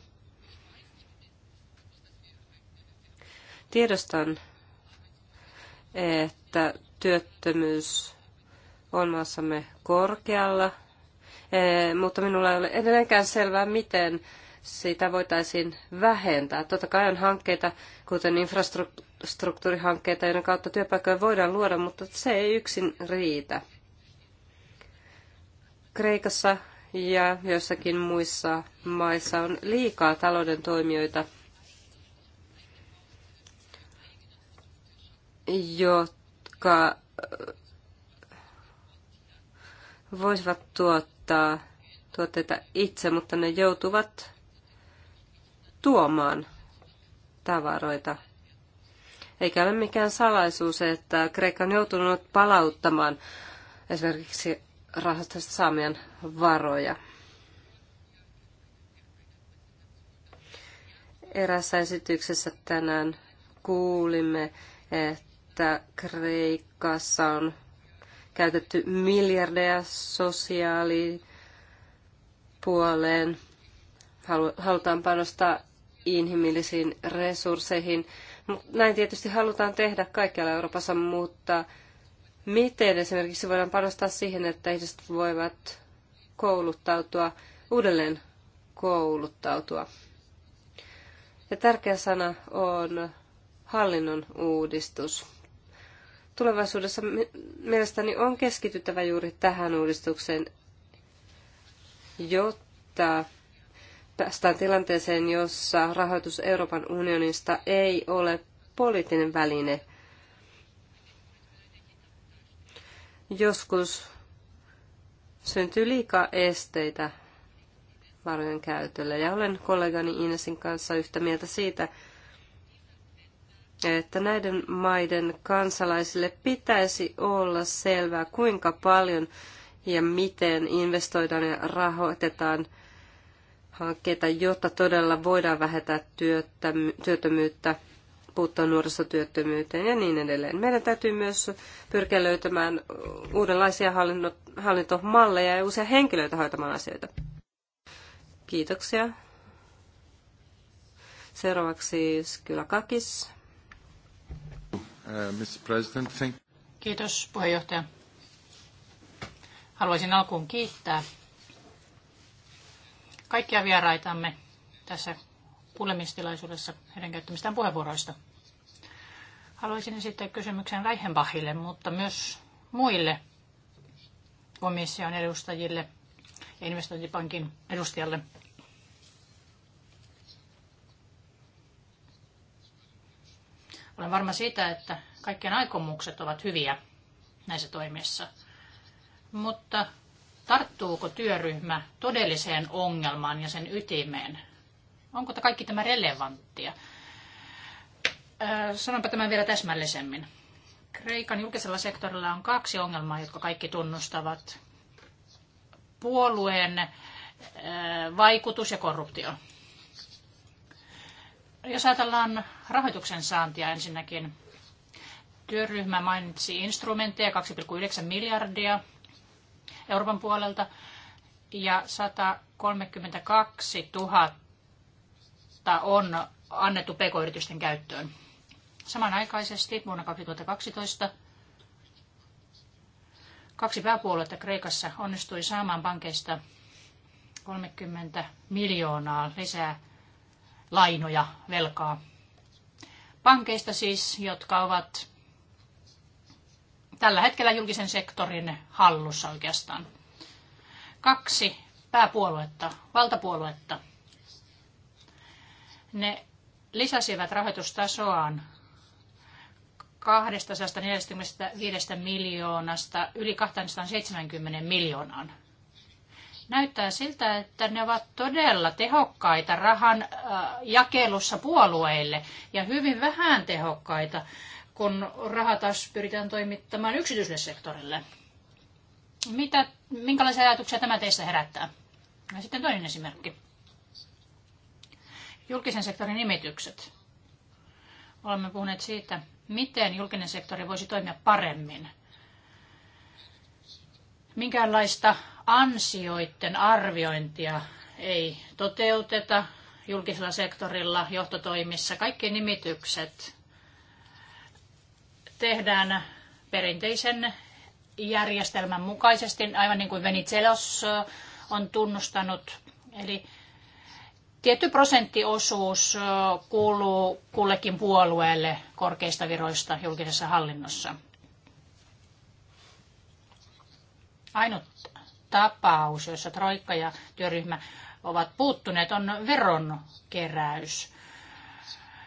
Tiedostan, että työttömyys on maassamme korkealla, eh, mutta minulla ei ole edelleenkään selvää, miten sitä voitaisiin vähentää. Totta kai on hankkeita, kuten infrastruktuurihankkeita, joiden kautta työpaikkoja voidaan luoda, mutta se ei yksin riitä. Kreikassa ja joissakin muissa maissa on liikaa talouden toimijoita, jotka äh, voisivat tuottaa tuotteita itse, mutta ne joutuvat tuomaan tavaroita. Eikä ole mikään salaisuus, että Kreikka on joutunut palauttamaan esimerkiksi rahastosta saamien varoja. Erässä esityksessä tänään kuulimme, että Kreikassa on käytetty miljardeja sosiaalipuoleen. Halutaan panostaa inhimillisiin resursseihin. Näin tietysti halutaan tehdä kaikkialla Euroopassa, mutta miten esimerkiksi voidaan panostaa siihen, että ihmiset voivat kouluttautua, uudelleen kouluttautua. Ja tärkeä sana on hallinnon uudistus. Tulevaisuudessa mielestäni on keskityttävä juuri tähän uudistukseen, jotta päästään tilanteeseen, jossa rahoitus Euroopan unionista ei ole poliittinen väline. Joskus syntyy liikaa esteitä varojen käytölle. Ja olen kollegani Inesin kanssa yhtä mieltä siitä, että näiden maiden kansalaisille pitäisi olla selvää, kuinka paljon ja miten investoidaan ja rahoitetaan – hankkeita, jotta todella voidaan vähentää työttömyyttä, puuttua nuorisotyöttömyyteen ja niin edelleen. Meidän täytyy myös pyrkiä löytämään uudenlaisia hallintomalleja ja uusia henkilöitä hoitamaan asioita. Kiitoksia. Seuraavaksi Skyla uh, Mr. President, thank... Kiitos puheenjohtaja. Haluaisin alkuun kiittää kaikkia vieraitamme tässä kuulemistilaisuudessa heidän käyttämistään puheenvuoroista. Haluaisin esittää kysymyksen Reichenbachille, mutta myös muille komission edustajille ja investointipankin edustajalle. Olen varma siitä, että kaikkien aikomukset ovat hyviä näissä toimissa. Mutta Tarttuuko työryhmä todelliseen ongelmaan ja sen ytimeen? Onko kaikki tämä relevanttia? Sanonpa tämän vielä täsmällisemmin. Kreikan julkisella sektorilla on kaksi ongelmaa, jotka kaikki tunnustavat. Puolueen vaikutus ja korruptio. Jos ajatellaan rahoituksen saantia ensinnäkin, työryhmä mainitsi instrumentteja 2,9 miljardia Euroopan puolelta ja 132 000 on annettu pk-yritysten käyttöön. Samanaikaisesti vuonna 2012 kaksi pääpuoluetta Kreikassa onnistui saamaan pankeista 30 miljoonaa lisää lainoja, velkaa. Pankeista siis, jotka ovat tällä hetkellä julkisen sektorin hallussa oikeastaan. Kaksi pääpuoluetta, valtapuoluetta. Ne lisäsivät rahoitustasoaan 245 miljoonasta yli 270 miljoonaan. Näyttää siltä, että ne ovat todella tehokkaita rahan äh, jakelussa puolueille ja hyvin vähän tehokkaita kun raha taas pyritään toimittamaan yksityiselle sektorille. Mitä, minkälaisia ajatuksia tämä teissä herättää? Ja sitten toinen esimerkki. Julkisen sektorin nimitykset. Olemme puhuneet siitä, miten julkinen sektori voisi toimia paremmin. Minkäänlaista ansioiden arviointia ei toteuteta julkisella sektorilla johtotoimissa. Kaikki nimitykset tehdään perinteisen järjestelmän mukaisesti, aivan niin kuin Venizelos äh, on tunnustanut. Eli tietty prosenttiosuus äh, kuuluu kullekin puolueelle korkeista viroista julkisessa hallinnossa. Ainut tapaus, jossa Troikka ja työryhmä ovat puuttuneet, on veronkeräys.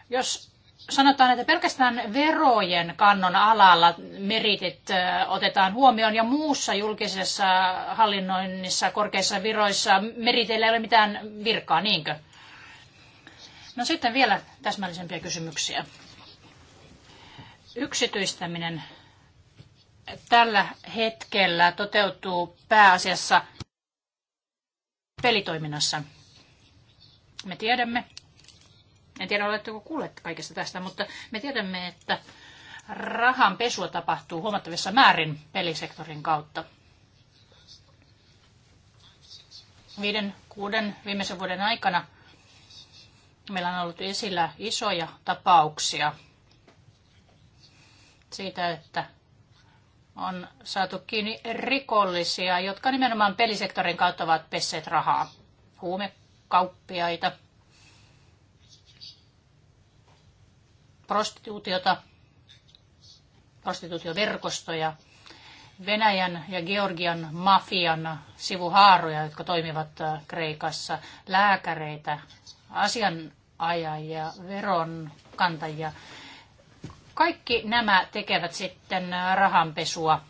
Jos sanotaan, että pelkästään verojen kannon alalla meritit otetaan huomioon ja muussa julkisessa hallinnoinnissa, korkeissa viroissa meriteillä ei ole mitään virkaa, niinkö? No sitten vielä täsmällisempiä kysymyksiä. Yksityistäminen tällä hetkellä toteutuu pääasiassa pelitoiminnassa. Me tiedämme, en tiedä, oletteko kuulleet kaikesta tästä, mutta me tiedämme, että rahan pesua tapahtuu huomattavissa määrin pelisektorin kautta. Viiden, kuuden viimeisen vuoden aikana meillä on ollut esillä isoja tapauksia siitä, että on saatu kiinni rikollisia, jotka nimenomaan pelisektorin kautta ovat pesseet rahaa. Huumekauppiaita, prostituutiota, prostituutioverkostoja, Venäjän ja Georgian mafian sivuhaaroja, jotka toimivat äh, Kreikassa, lääkäreitä, asianajajia, veronkantajia. Kaikki nämä tekevät sitten äh, rahanpesua.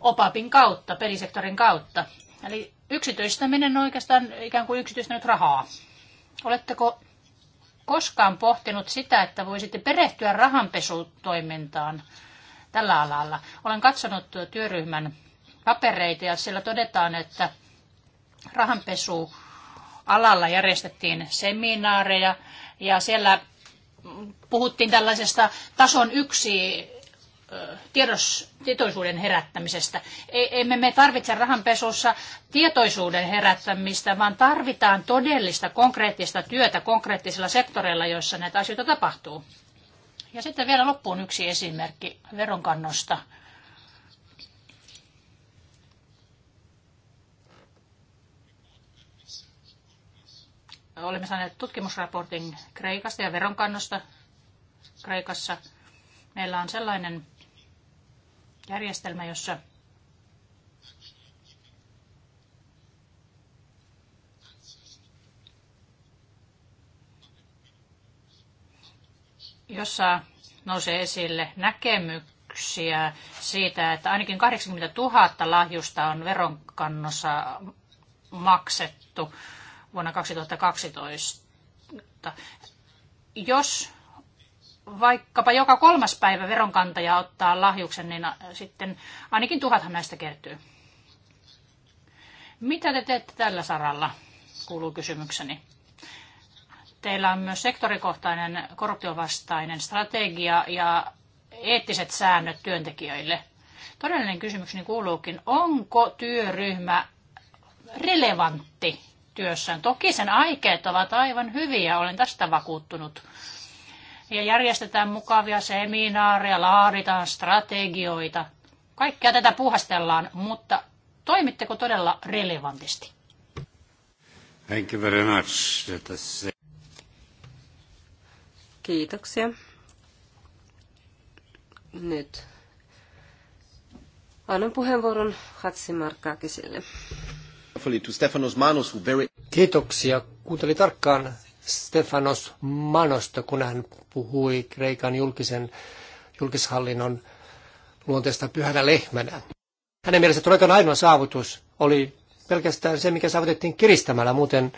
OPAPin kautta, pelisektorin kautta. Eli yksityistäminen on oikeastaan ikään kuin yksityistänyt rahaa. Oletteko koskaan pohtinut sitä, että voisitte perehtyä rahanpesutoimintaan tällä alalla? Olen katsonut työryhmän papereita ja siellä todetaan, että rahanpesu alalla järjestettiin seminaareja ja siellä puhuttiin tällaisesta tason yksi tiedos, tietoisuuden herättämisestä. E, emme me tarvitse rahanpesussa tietoisuuden herättämistä, vaan tarvitaan todellista konkreettista työtä konkreettisilla sektoreilla, joissa näitä asioita tapahtuu. Ja sitten vielä loppuun yksi esimerkki veronkannosta. Olemme saaneet tutkimusraportin Kreikasta ja veronkannosta Kreikassa. Meillä on sellainen järjestelmä, jossa jossa nousee esille näkemyksiä siitä, että ainakin 80 000 lahjusta on veronkannossa maksettu vuonna 2012. Jos vaikkapa joka kolmas päivä veronkantaja ottaa lahjuksen, niin äh, sitten ainakin tuhathan näistä kertyy. Mitä te teette tällä saralla, kuuluu kysymykseni. Teillä on myös sektorikohtainen korruptiovastainen strategia ja eettiset säännöt työntekijöille. Todellinen kysymykseni kuuluukin, onko työryhmä relevantti työssään? Toki sen aikeet ovat aivan hyviä, olen tästä vakuuttunut ja järjestetään mukavia seminaareja, laaditaan strategioita. Kaikkea tätä puhastellaan, mutta toimitteko todella relevantisti? Thank you very much. Kiitoksia. Nyt annan puheenvuoron Hatsimarkkaakisille. Kiitoksia. Kuuntelin tarkkaan Stefanos Manosta, kun hän puhui Kreikan julkisen, julkishallinnon luonteesta pyhänä lehmänä. Hänen mielestä Troikan ainoa saavutus oli pelkästään se, mikä saavutettiin kiristämällä muuten.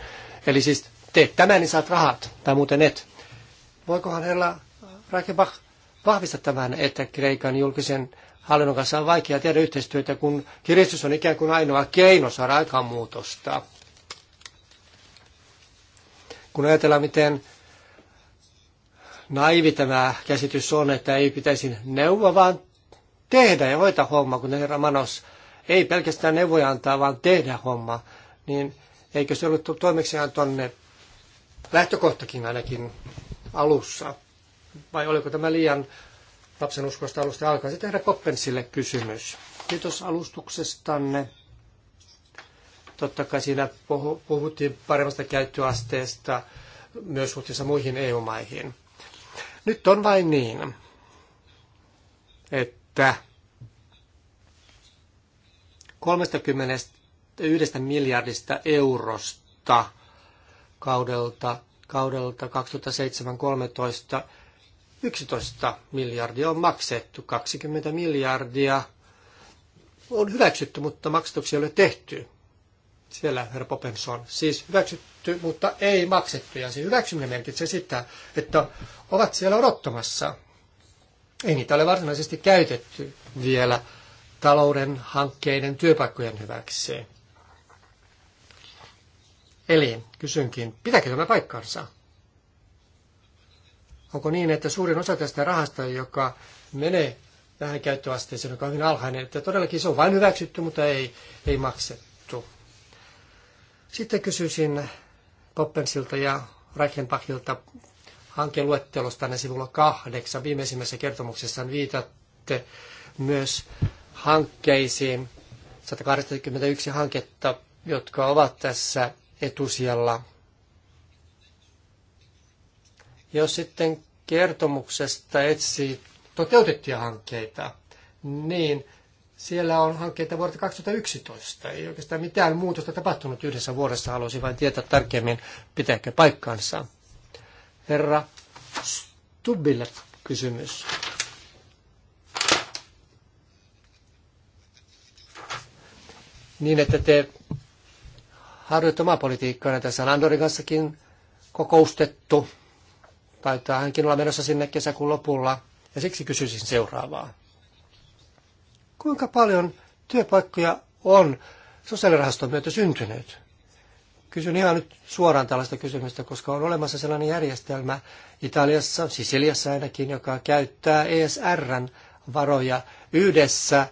Eli siis teet tämän, niin saat rahat, tai muuten et. Voikohan herra Rakebach vahvista tämän, että Kreikan julkisen hallinnon kanssa on vaikea tehdä yhteistyötä, kun kiristys on ikään kuin ainoa keino saada aikaan muutosta. Kun ajatellaan, miten naivi tämä käsitys on, että ei pitäisi neuvoa, vaan tehdä ja hoita homma, kun herra Manos ei pelkästään neuvoja antaa, vaan tehdä homma, niin eikö se ollut toimeksiaan tuonne lähtökohtakin ainakin alussa? Vai oliko tämä liian lapsen uskosta alusta alkaen? Se tehdä poppensille kysymys. Kiitos alustuksestanne. Totta kai siinä puhuttiin paremmasta käyttöasteesta myös suhteessa muihin EU-maihin. Nyt on vain niin, että 31 miljardista eurosta kaudelta, kaudelta 2007-2013 11 miljardia on maksettu, 20 miljardia on hyväksytty, mutta maksatuksia ei ole tehty. Siellä herra Popenson. Siis hyväksytty, mutta ei maksettu. Ja se hyväksyminen merkitsee sitä, että ovat siellä odottamassa. Ei niitä ole varsinaisesti käytetty vielä talouden, hankkeiden, työpaikkojen hyväksi. Eli kysynkin, pitääkö tämä paikkansa? Onko niin, että suurin osa tästä rahasta, joka menee tähän käyttöasteeseen, joka on hyvin alhainen, että todellakin se on vain hyväksytty, mutta ei, ei maksettu? Sitten kysyisin Poppensilta ja Reichenbachilta hankeluettelosta ne sivulla kahdeksan. Viimeisimmässä kertomuksessa viitatte myös hankkeisiin, 181 hanketta, jotka ovat tässä etusijalla. Jos sitten kertomuksesta etsii toteutettuja hankkeita, niin siellä on hankkeita vuodelta 2011. Ei oikeastaan mitään muutosta tapahtunut yhdessä vuodessa. Haluaisin vain tietää tarkemmin, pitääkö paikkansa. Herra Stubbille kysymys. Niin, että te harjoitte maapolitiikkaa. Tässä on Andorin kanssakin kokoustettu. Taitaa hänkin olla menossa sinne kesäkuun lopulla. Ja siksi kysyisin seuraavaa. Kuinka paljon työpaikkoja on sosiaalirahaston myötä syntynyt? Kysyn ihan nyt suoraan tällaista kysymystä, koska on olemassa sellainen järjestelmä Italiassa, Sisiliassa ainakin, joka käyttää ESRn varoja yhdessä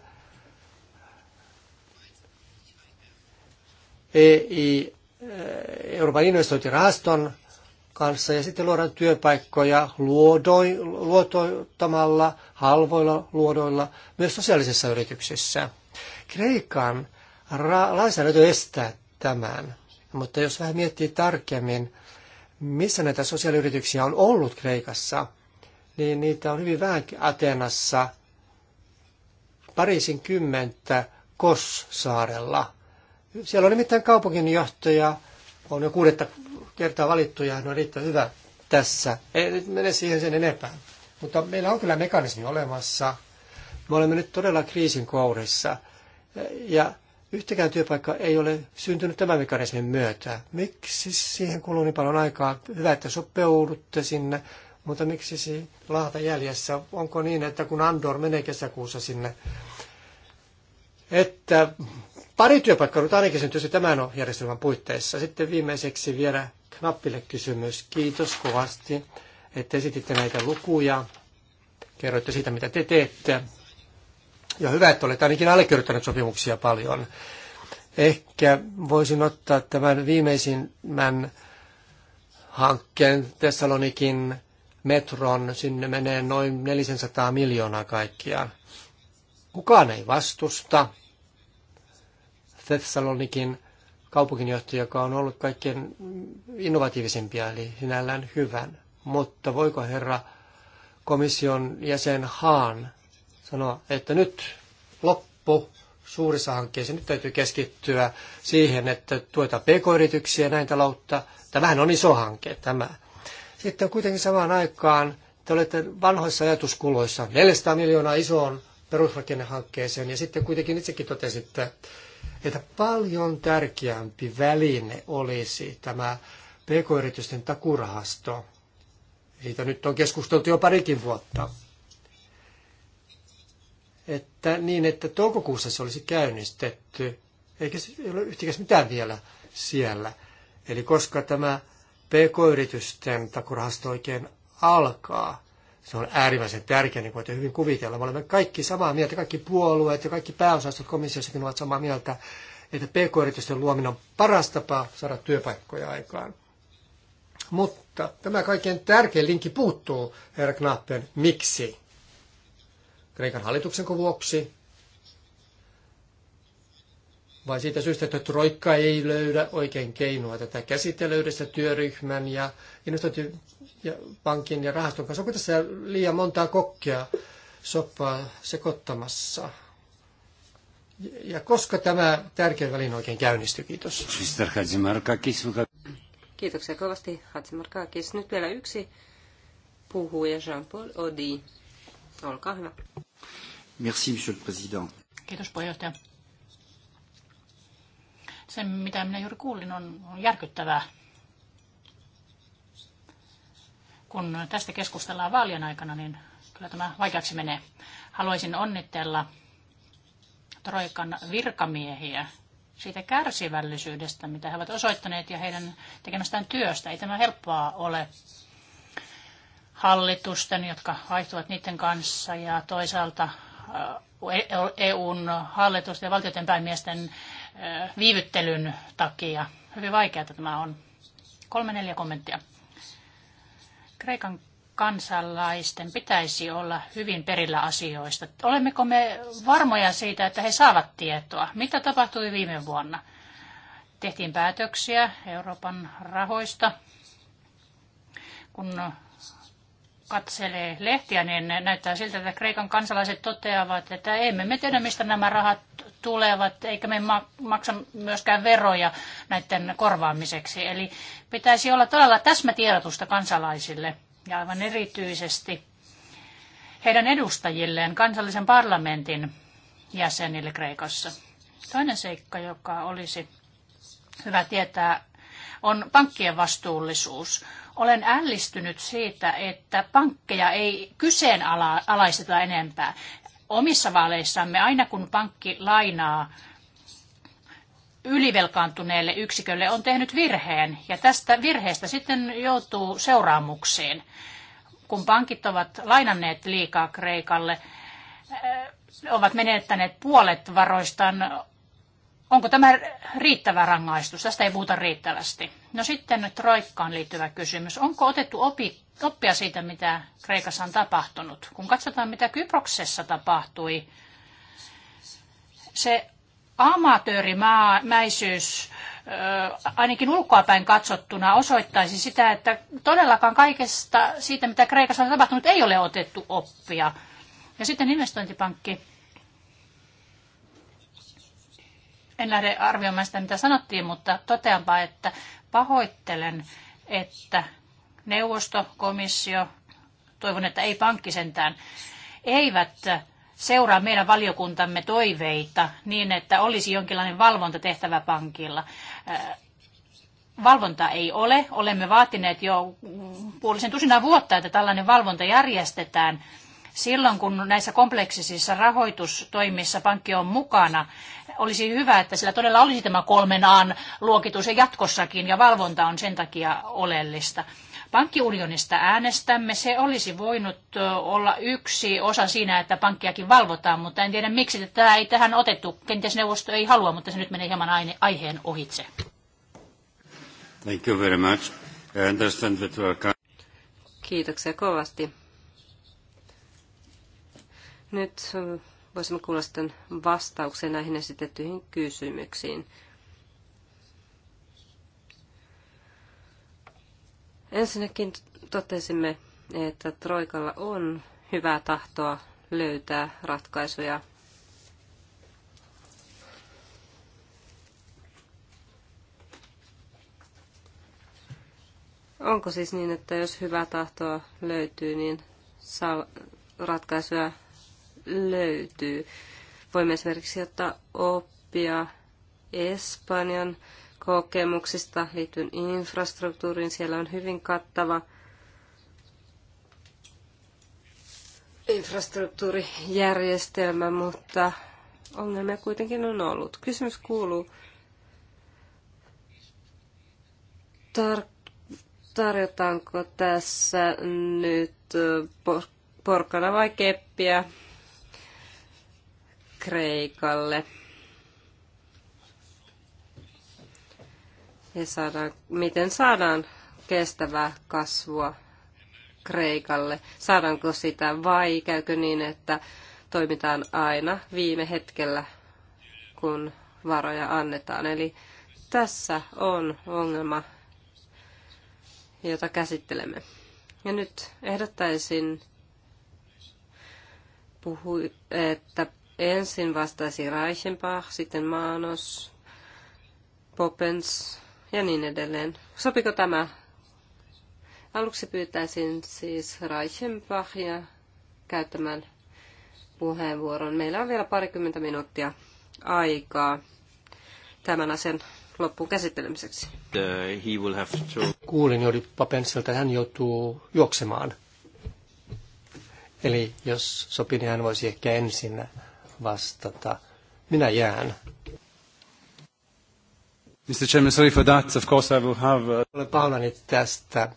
EI, Euroopan investointirahaston kanssa ja sitten luodaan työpaikkoja luodoi, luotoittamalla halvoilla luodoilla myös sosiaalisissa yrityksissä. Kreikan ra- lainsäädäntö estää tämän, mutta jos vähän miettii tarkemmin, missä näitä sosiaaliyrityksiä on ollut Kreikassa, niin niitä on hyvin vähän Atenassa, Pariisin kymmentä Kossaarella. Siellä on nimittäin kaupunginjohtaja, on jo kuudetta valittu ja hän no on riittävän hyvä tässä. Ei nyt mene siihen sen enempää. Mutta meillä on kyllä mekanismi olemassa. Me olemme nyt todella kriisin kourissa. Ja yhtäkään työpaikka ei ole syntynyt tämän mekanismin myötä. Miksi siihen kuluu niin paljon aikaa? Hyvä, että sopeudutte sinne, mutta miksi se lahta jäljessä? Onko niin, että kun Andor menee kesäkuussa sinne, että pari työpaikkaa on ainakin syntynyt tämän järjestelmän puitteissa. Sitten viimeiseksi vielä Knappille kysymys. Kiitos kovasti, että esititte näitä lukuja. Kerroitte siitä, mitä te teette. Ja hyvä, että olette ainakin allekirjoittaneet sopimuksia paljon. Ehkä voisin ottaa tämän viimeisimmän hankkeen Thessalonikin metron. Sinne menee noin 400 miljoonaa kaikkiaan. Kukaan ei vastusta Thessalonikin kaupunginjohtaja, joka on ollut kaikkein innovatiivisimpia, eli sinällään hyvän. Mutta voiko herra komission jäsen Haan sanoa, että nyt loppu suurissa hankkeissa, nyt täytyy keskittyä siihen, että tuetaan pk-yrityksiä näin taloutta. Tämähän on iso hanke tämä. Sitten kuitenkin samaan aikaan te olette vanhoissa ajatuskuloissa 400 miljoonaa isoon perusrakennehankkeeseen ja sitten kuitenkin itsekin totesitte, että paljon tärkeämpi väline olisi tämä pk-yritysten takurahasto. Siitä nyt on keskusteltu jo parikin vuotta. Että niin, että toukokuussa se olisi käynnistetty, eikä se ei ole yhtikäs mitään vielä siellä. Eli koska tämä pk-yritysten takurahasto oikein alkaa, se on äärimmäisen tärkeä, niin kuin voitte hyvin kuvitella. Me olemme kaikki samaa mieltä, kaikki puolueet ja kaikki pääosastot komissiossakin ovat samaa mieltä, että pk-yritysten luominen on paras tapa saada työpaikkoja aikaan. Mutta tämä kaikkein tärkein linkki puuttuu, herra Knappen. Miksi? Kreikan hallituksen vuoksi, vai siitä syystä, että Troikka ei löydä oikein keinoa tätä käsitellä yhdessä työryhmän ja investointipankin ja rahaston kanssa. Onko tässä liian montaa kokkea soppaa sekoittamassa? Ja koska tämä tärkeä väline oikein käynnistyi? Kiitos. Kiitoksia kovasti, Hatsimarkakis. Nyt vielä yksi puhuja, Jean-Paul Odi. Olkaa hyvä. Merci, monsieur le président. Kiitos, puheenjohtaja. Se, mitä minä juuri kuulin, on, on järkyttävää. Kun tästä keskustellaan vaalien aikana, niin kyllä tämä vaikeaksi menee. Haluaisin onnitella Troikan virkamiehiä siitä kärsivällisyydestä, mitä he ovat osoittaneet ja heidän tekemästään työstä. Ei tämä helppoa ole hallitusten, jotka vaihtuvat niiden kanssa ja toisaalta EUn hallitusten ja valtioiden päämiesten viivyttelyn takia. Hyvin vaikeaa tämä on. Kolme neljä kommenttia. Kreikan kansalaisten pitäisi olla hyvin perillä asioista. Olemmeko me varmoja siitä, että he saavat tietoa? Mitä tapahtui viime vuonna? Tehtiin päätöksiä Euroopan rahoista, kun katselee lehtiä, niin näyttää siltä, että Kreikan kansalaiset toteavat, että emme me tiedä, mistä nämä rahat tulevat, eikä me maksa myöskään veroja näiden korvaamiseksi. Eli pitäisi olla todella täsmätiedotusta kansalaisille ja aivan erityisesti heidän edustajilleen, kansallisen parlamentin jäsenille Kreikassa. Toinen seikka, joka olisi hyvä tietää, on pankkien vastuullisuus olen ällistynyt siitä, että pankkeja ei kyseenalaisteta enempää. Omissa vaaleissamme aina kun pankki lainaa ylivelkaantuneelle yksikölle on tehnyt virheen ja tästä virheestä sitten joutuu seuraamuksiin. Kun pankit ovat lainanneet liikaa Kreikalle, eh, ovat menettäneet puolet varoistaan onko tämä riittävä rangaistus? Tästä ei puhuta riittävästi. No sitten nyt Troikkaan liittyvä kysymys. Onko otettu opi, oppia siitä, mitä Kreikassa on tapahtunut? Kun katsotaan, mitä Kyproksessa tapahtui, se amatöörimäisyys ainakin ulkoapäin katsottuna osoittaisi sitä, että todellakaan kaikesta siitä, mitä Kreikassa on tapahtunut, ei ole otettu oppia. Ja sitten investointipankki En lähde arvioimaan sitä, mitä sanottiin, mutta toteanpa, että pahoittelen, että neuvosto, komissio, toivon, että ei pankki sentään, eivät seuraa meidän valiokuntamme toiveita niin, että olisi jonkinlainen valvonta tehtävä pankilla. Äh, valvonta ei ole. Olemme vaatineet jo puolisen tusinaa vuotta, että tällainen valvonta järjestetään. Silloin kun näissä kompleksisissa rahoitustoimissa pankki on mukana, olisi hyvä, että sillä todella olisi tämä kolmen an luokitus ja jatkossakin, ja valvonta on sen takia oleellista. Pankkiunionista äänestämme, se olisi voinut olla yksi osa siinä, että pankkiakin valvotaan, mutta en tiedä miksi tätä ei tähän otettu. Kenties neuvosto ei halua, mutta se nyt menee hieman aiheen ohitse. Thank you very much. I understand that we are... Kiitoksia kovasti. Nyt voisimme kuulla sitten vastauksia näihin esitettyihin kysymyksiin. Ensinnäkin totesimme, että Troikalla on hyvää tahtoa löytää ratkaisuja. Onko siis niin, että jos hyvää tahtoa löytyy, niin ratkaisuja löytyy. Voimme esimerkiksi ottaa oppia Espanjan kokemuksista liittyen infrastruktuuriin. Siellä on hyvin kattava infrastruktuurijärjestelmä, mutta ongelmia kuitenkin on ollut. Kysymys kuuluu, tar- tarjotaanko tässä nyt por- porkana vai keppiä Kreikalle. Ja saadaan, miten saadaan kestävää kasvua Kreikalle? Saadaanko sitä vai käykö niin, että toimitaan aina viime hetkellä, kun varoja annetaan? Eli tässä on ongelma, jota käsittelemme. Ja nyt ehdottaisin, puhui, että Ensin vastasi Reichenbach, sitten Maanos, Popens ja niin edelleen. Sopiko tämä? Aluksi pyytäisin siis Reichenbachia käyttämään puheenvuoron. Meillä on vielä parikymmentä minuuttia aikaa tämän asian loppuun käsittelemiseksi. Kuulin juuri Papensilta, hän joutuu juoksemaan. Eli jos sopii, niin hän voisi ehkä ensin vastata. Minä jään. Mr. Chairman, sorry for that. Of course I will have... A... Uh, Olen pahoillani tästä.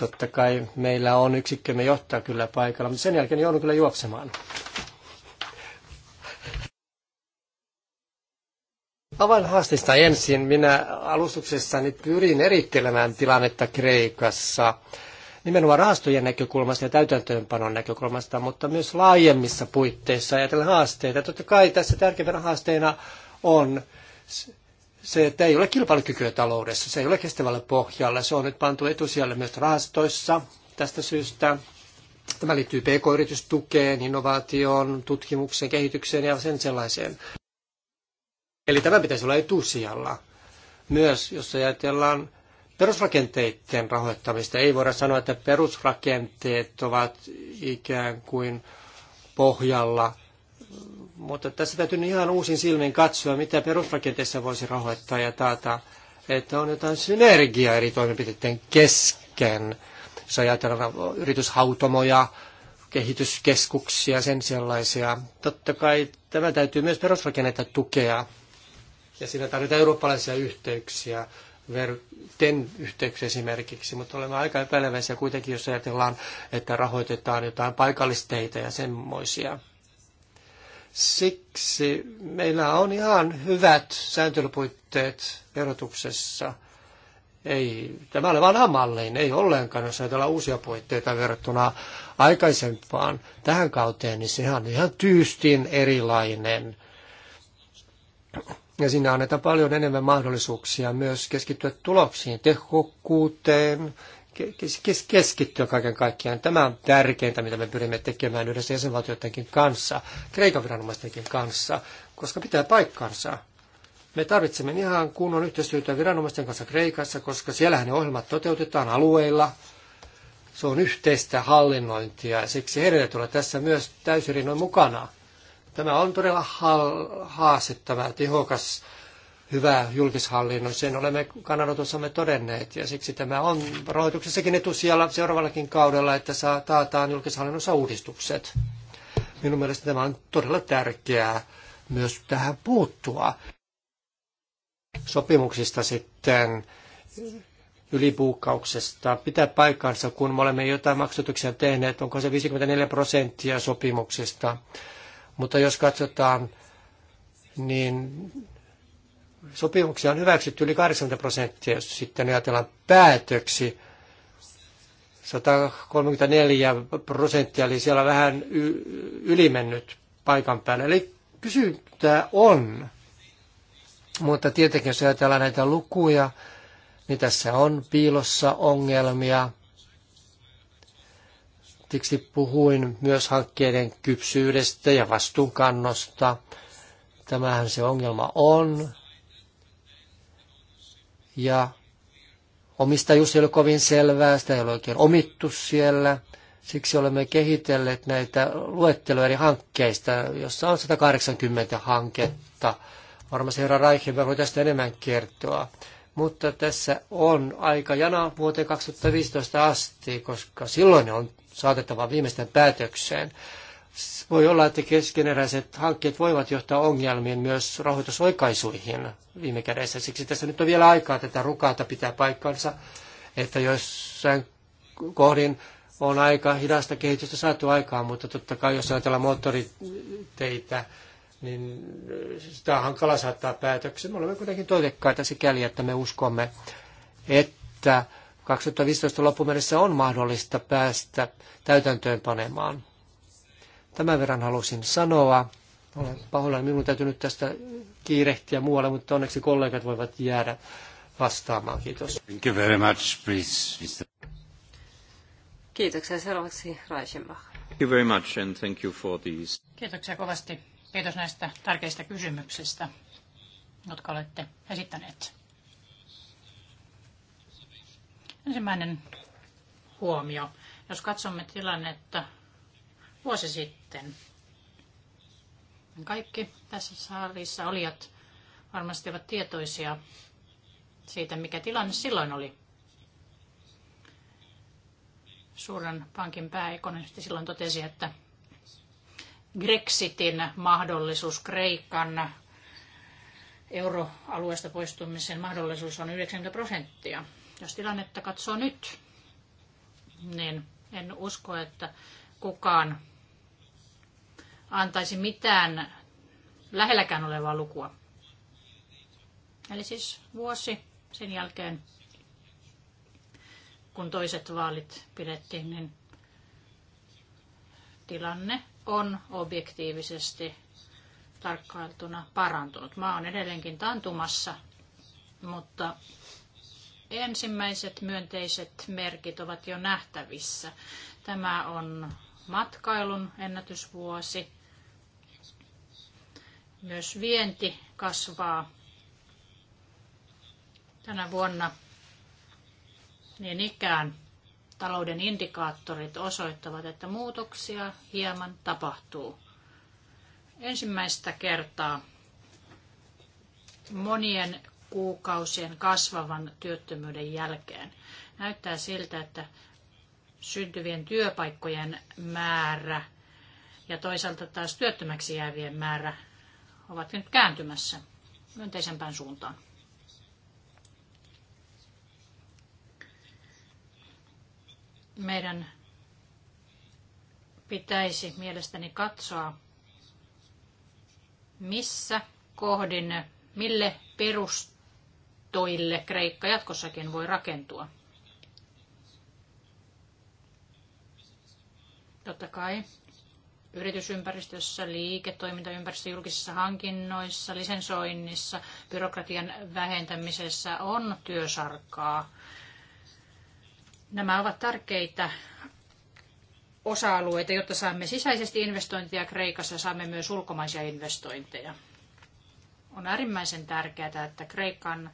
Totta kai meillä on yksikkömme johtaa kyllä paikalla, mutta sen jälkeen joudun kyllä juoksemaan. Avainhaasteista ensin. Minä alustuksessani pyrin erittelemään tilannetta Kreikassa – nimenomaan rahastojen näkökulmasta ja täytäntöönpanon näkökulmasta, mutta myös laajemmissa puitteissa ajatellen haasteita. Totta kai tässä tärkeimpänä haasteena on se, että ei ole kilpailukykyä taloudessa, se ei ole kestävällä pohjalla. Se on nyt pantu etusijalle myös rahastoissa tästä syystä. Tämä liittyy pk-yritystukeen, innovaatioon, tutkimukseen, kehitykseen ja sen sellaiseen. Eli tämä pitäisi olla etusijalla. Myös jos ajatellaan perusrakenteiden rahoittamista. Ei voida sanoa, että perusrakenteet ovat ikään kuin pohjalla, mutta tässä täytyy ihan uusin silmin katsoa, mitä perusrakenteessa voisi rahoittaa ja taata, että on jotain synergiaa eri toimenpiteiden kesken. Jos ajatellaan yrityshautomoja, kehityskeskuksia, sen sellaisia. Totta kai tämä täytyy myös perusrakenneita tukea ja siinä tarvitaan eurooppalaisia yhteyksiä ten yhteyksiä esimerkiksi, mutta olemme aika epäileväisiä kuitenkin, jos ajatellaan, että rahoitetaan jotain paikallisteitä ja semmoisia. Siksi meillä on ihan hyvät sääntelypuitteet verotuksessa. Ei, tämä oli vanha mallein, ei ollenkaan, jos ajatellaan uusia puitteita verrattuna aikaisempaan tähän kauteen, niin se on ihan tyystin erilainen ja siinä annetaan paljon enemmän mahdollisuuksia myös keskittyä tuloksiin, tehokkuuteen, kes- keskittyä kaiken kaikkiaan. Tämä on tärkeintä, mitä me pyrimme tekemään yhdessä jäsenvaltioidenkin kanssa, Kreikan viranomaistenkin kanssa, koska pitää paikkansa. Me tarvitsemme ihan kunnon yhteistyötä viranomaisten kanssa Kreikassa, koska siellähän ne ohjelmat toteutetaan alueilla. Se on yhteistä hallinnointia ja siksi heidän tulee tässä myös täysin mukana. Tämä on todella haastettava, tehokas, hyvä julkishallinnon. Sen olemme kannanotossamme todenneet ja siksi tämä on rahoituksessakin etusijalla seuraavallakin kaudella, että saa taataan julkishallinnossa uudistukset. Minun mielestä tämä on todella tärkeää myös tähän puuttua. Sopimuksista sitten ylipuukkauksesta pitää paikkansa, kun me olemme jotain maksatuksia tehneet, onko se 54 prosenttia sopimuksista mutta jos katsotaan, niin sopimuksia on hyväksytty yli 80 prosenttia, jos sitten ajatellaan päätöksi. 134 prosenttia, eli siellä vähän ylimennyt paikan päällä. Eli kysyntää on. Mutta tietenkin, jos ajatellaan näitä lukuja, niin tässä on piilossa ongelmia. Ammattiksi puhuin myös hankkeiden kypsyydestä ja vastuunkannosta. Tämähän se ongelma on. Ja omistajuus ei ole kovin selvää, sitä ei ole oikein omittu siellä. Siksi olemme kehitelleet näitä luetteloja eri hankkeista, jossa on 180 hanketta. Varmasti herra Reichenberg voi tästä enemmän kertoa. Mutta tässä on aika jana vuoteen 2015 asti, koska silloin on saatettava viimeisten päätökseen. Voi olla, että keskeneräiset hankkeet voivat johtaa ongelmiin myös rahoitusoikaisuihin viime kädessä. Siksi tässä nyt on vielä aikaa tätä rukaata pitää paikkansa, että jossain kohdin on aika hidasta kehitystä saatu aikaan, mutta totta kai jos ajatellaan moottoriteitä, niin sitä on hankala saattaa päätöksen. Me olemme kuitenkin toiveikkaita sikäli, että me uskomme, että 2015 loppuun mennessä on mahdollista päästä täytäntöön panemaan. Tämän verran halusin sanoa. Olen pahoillani, minun täytyy nyt tästä kiirehtiä muualle, mutta onneksi kollegat voivat jäädä vastaamaan. Kiitos. Thank you very much, please, Mr. Kiitoksia. Seuraavaksi Reichenbach. Thank you very much and thank you for these. Kiitoksia kovasti. Kiitos näistä tärkeistä kysymyksistä, jotka olette esittäneet. Ensimmäinen huomio. Jos katsomme tilannetta vuosi sitten, niin kaikki tässä saarissa olijat varmasti ovat tietoisia siitä, mikä tilanne silloin oli. Suuren pankin pääekonomisti silloin totesi, että Grexitin mahdollisuus, Kreikan euroalueesta poistumisen mahdollisuus on 90 prosenttia. Jos tilannetta katsoo nyt, niin en usko, että kukaan antaisi mitään lähelläkään olevaa lukua. Eli siis vuosi sen jälkeen, kun toiset vaalit pidettiin, niin tilanne on objektiivisesti tarkkailtuna parantunut. Maa on edelleenkin tantumassa, mutta ensimmäiset myönteiset merkit ovat jo nähtävissä. Tämä on matkailun ennätysvuosi. Myös vienti kasvaa tänä vuonna. Niin ikään talouden indikaattorit osoittavat, että muutoksia hieman tapahtuu. Ensimmäistä kertaa monien kuukausien kasvavan työttömyyden jälkeen. Näyttää siltä, että syntyvien työpaikkojen määrä ja toisaalta taas työttömäksi jäävien määrä ovat nyt kääntymässä myönteisempään suuntaan. Meidän pitäisi mielestäni katsoa, missä kohdin, mille perustuu toille Kreikka jatkossakin voi rakentua. Totta kai yritysympäristössä, liiketoimintaympäristössä, julkisissa hankinnoissa, lisensoinnissa, byrokratian vähentämisessä on työsarkaa. Nämä ovat tärkeitä osa-alueita, jotta saamme sisäisesti investointeja Kreikassa ja saamme myös ulkomaisia investointeja. On äärimmäisen tärkeää, että Kreikan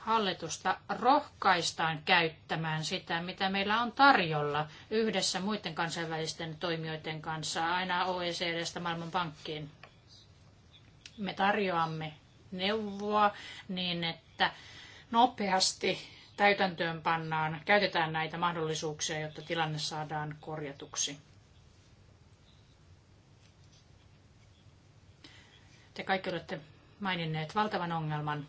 hallitusta rohkaistaan käyttämään sitä, mitä meillä on tarjolla yhdessä muiden kansainvälisten toimijoiden kanssa, aina OECDstä Maailmanpankkiin. Me tarjoamme neuvoa niin, että nopeasti täytäntöön pannaan, käytetään näitä mahdollisuuksia, jotta tilanne saadaan korjatuksi. Te kaikki olette maininneet valtavan ongelman,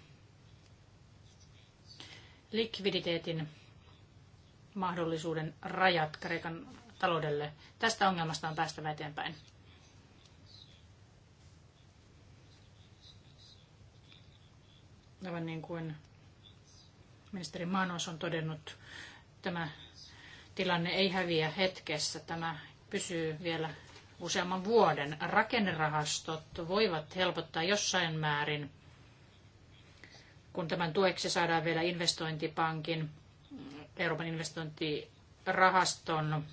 likviditeetin mahdollisuuden rajat Kreikan taloudelle. Tästä ongelmasta on päästävä eteenpäin. Aivan niin kuin ministeri Manos on todennut, tämä tilanne ei häviä hetkessä. Tämä pysyy vielä useamman vuoden. Rakennerahastot voivat helpottaa jossain määrin kun tämän tueksi saadaan vielä investointipankin, Euroopan investointirahaston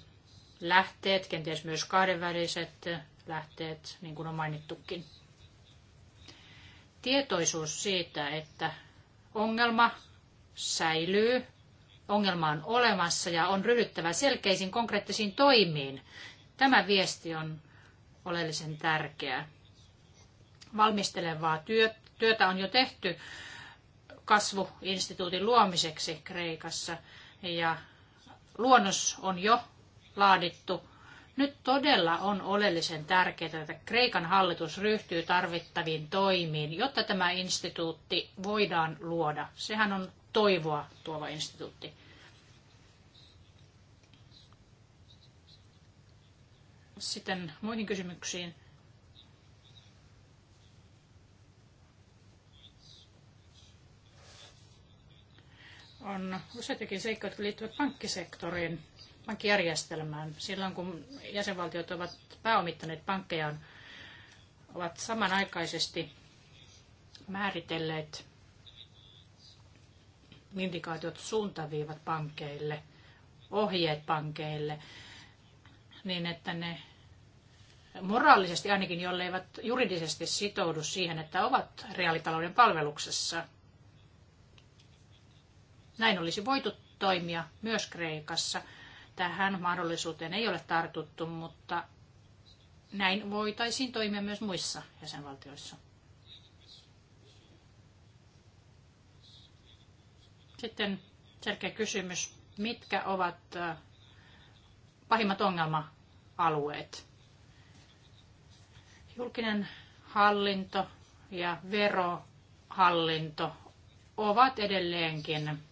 lähteet, kenties myös kahdenväliset lähteet, niin kuin on mainittukin. Tietoisuus siitä, että ongelma säilyy, ongelma on olemassa ja on ryhdyttävä selkeisiin konkreettisiin toimiin. Tämä viesti on oleellisen tärkeä. Valmistelevaa työtä on jo tehty kasvuinstituutin luomiseksi Kreikassa ja luonnos on jo laadittu. Nyt todella on oleellisen tärkeää, että Kreikan hallitus ryhtyy tarvittaviin toimiin, jotta tämä instituutti voidaan luoda. Sehän on toivoa tuova instituutti. Sitten muihin kysymyksiin. on useitakin seikkoja, jotka liittyvät pankkisektoriin, pankkijärjestelmään. Silloin kun jäsenvaltiot ovat pääomittaneet pankkejaan, ovat samanaikaisesti määritelleet indikaatiot suuntaviivat pankeille, ohjeet pankeille, niin että ne moraalisesti ainakin, jolleivät juridisesti sitoudu siihen, että ovat reaalitalouden palveluksessa – näin olisi voitu toimia myös Kreikassa. Tähän mahdollisuuteen ei ole tartuttu, mutta näin voitaisiin toimia myös muissa jäsenvaltioissa. Sitten selkeä kysymys, mitkä ovat pahimmat ongelma-alueet? Julkinen hallinto ja verohallinto ovat edelleenkin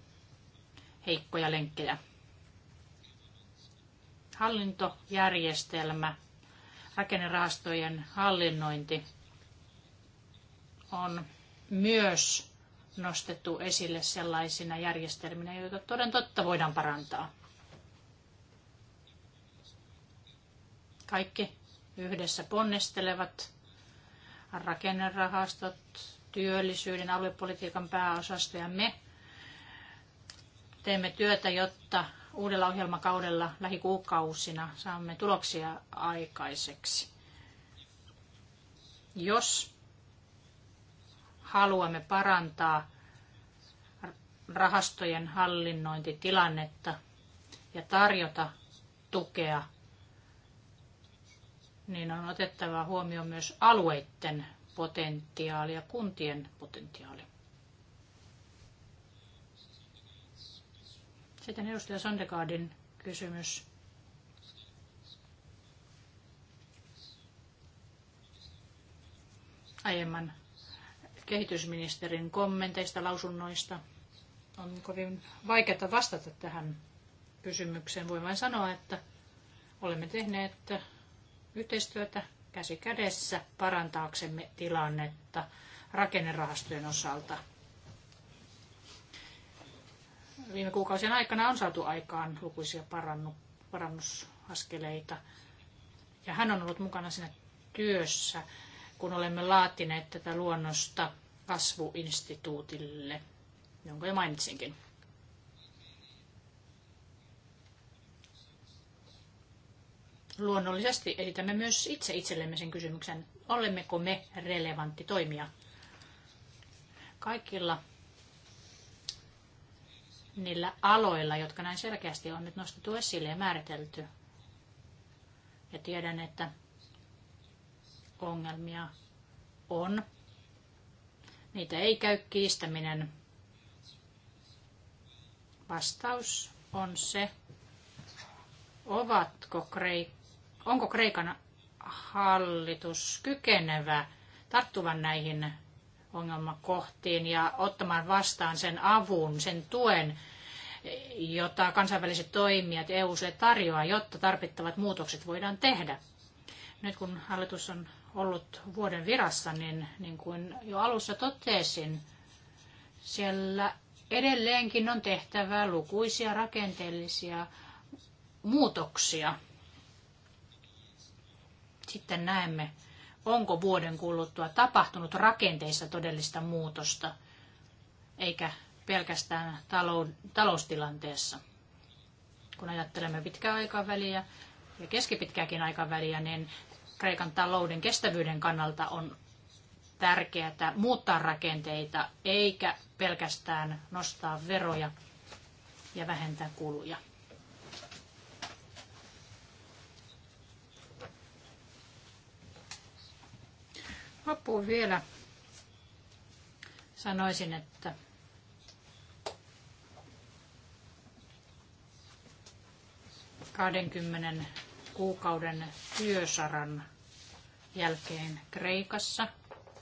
heikkoja lenkkejä. Hallintojärjestelmä, rakennerahastojen hallinnointi on myös nostettu esille sellaisina järjestelminä, joita toden totta voidaan parantaa. Kaikki yhdessä ponnistelevat rakennerahastot, työllisyyden, aluepolitiikan pääosasto ja me Teemme työtä, jotta uudella ohjelmakaudella lähikuukausina saamme tuloksia aikaiseksi. Jos haluamme parantaa rahastojen hallinnointitilannetta ja tarjota tukea, niin on otettava huomioon myös alueiden potentiaali ja kuntien potentiaali. Sitten edustaja Sandegaardin kysymys. Aiemman kehitysministerin kommenteista, lausunnoista. On kovin vaikeaa vastata tähän kysymykseen. Voin vain sanoa, että olemme tehneet yhteistyötä käsi kädessä parantaaksemme tilannetta rakennerahastojen osalta – viime kuukausien aikana on saatu aikaan lukuisia parannu, parannusaskeleita. Ja hän on ollut mukana siinä työssä, kun olemme laatineet tätä luonnosta kasvuinstituutille, jonka jo mainitsinkin. Luonnollisesti esitämme myös itse itsellemme sen kysymyksen, olemmeko me relevantti toimija. Kaikilla niillä aloilla, jotka näin selkeästi on nyt nostettu esille ja määritelty. Ja tiedän, että ongelmia on. Niitä ei käy kiistäminen. Vastaus on se, ovatko Kreik- onko Kreikan hallitus kykenevä tarttuvan näihin ongelmakohtiin ja ottamaan vastaan sen avun, sen tuen, jota kansainväliset toimijat EUlle tarjoaa, jotta tarvittavat muutokset voidaan tehdä. Nyt kun hallitus on ollut vuoden virassa, niin, niin kuin jo alussa totesin, siellä edelleenkin on tehtävä lukuisia rakenteellisia muutoksia. Sitten näemme, onko vuoden kuluttua tapahtunut rakenteissa todellista muutosta, eikä pelkästään taloustilanteessa. Kun ajattelemme pitkää aikaväliä ja keskipitkääkin aikaväliä, niin Kreikan talouden kestävyyden kannalta on tärkeää muuttaa rakenteita, eikä pelkästään nostaa veroja ja vähentää kuluja. Loppuun vielä sanoisin, että kahdenkymmenen kuukauden työsaran jälkeen Kreikassa.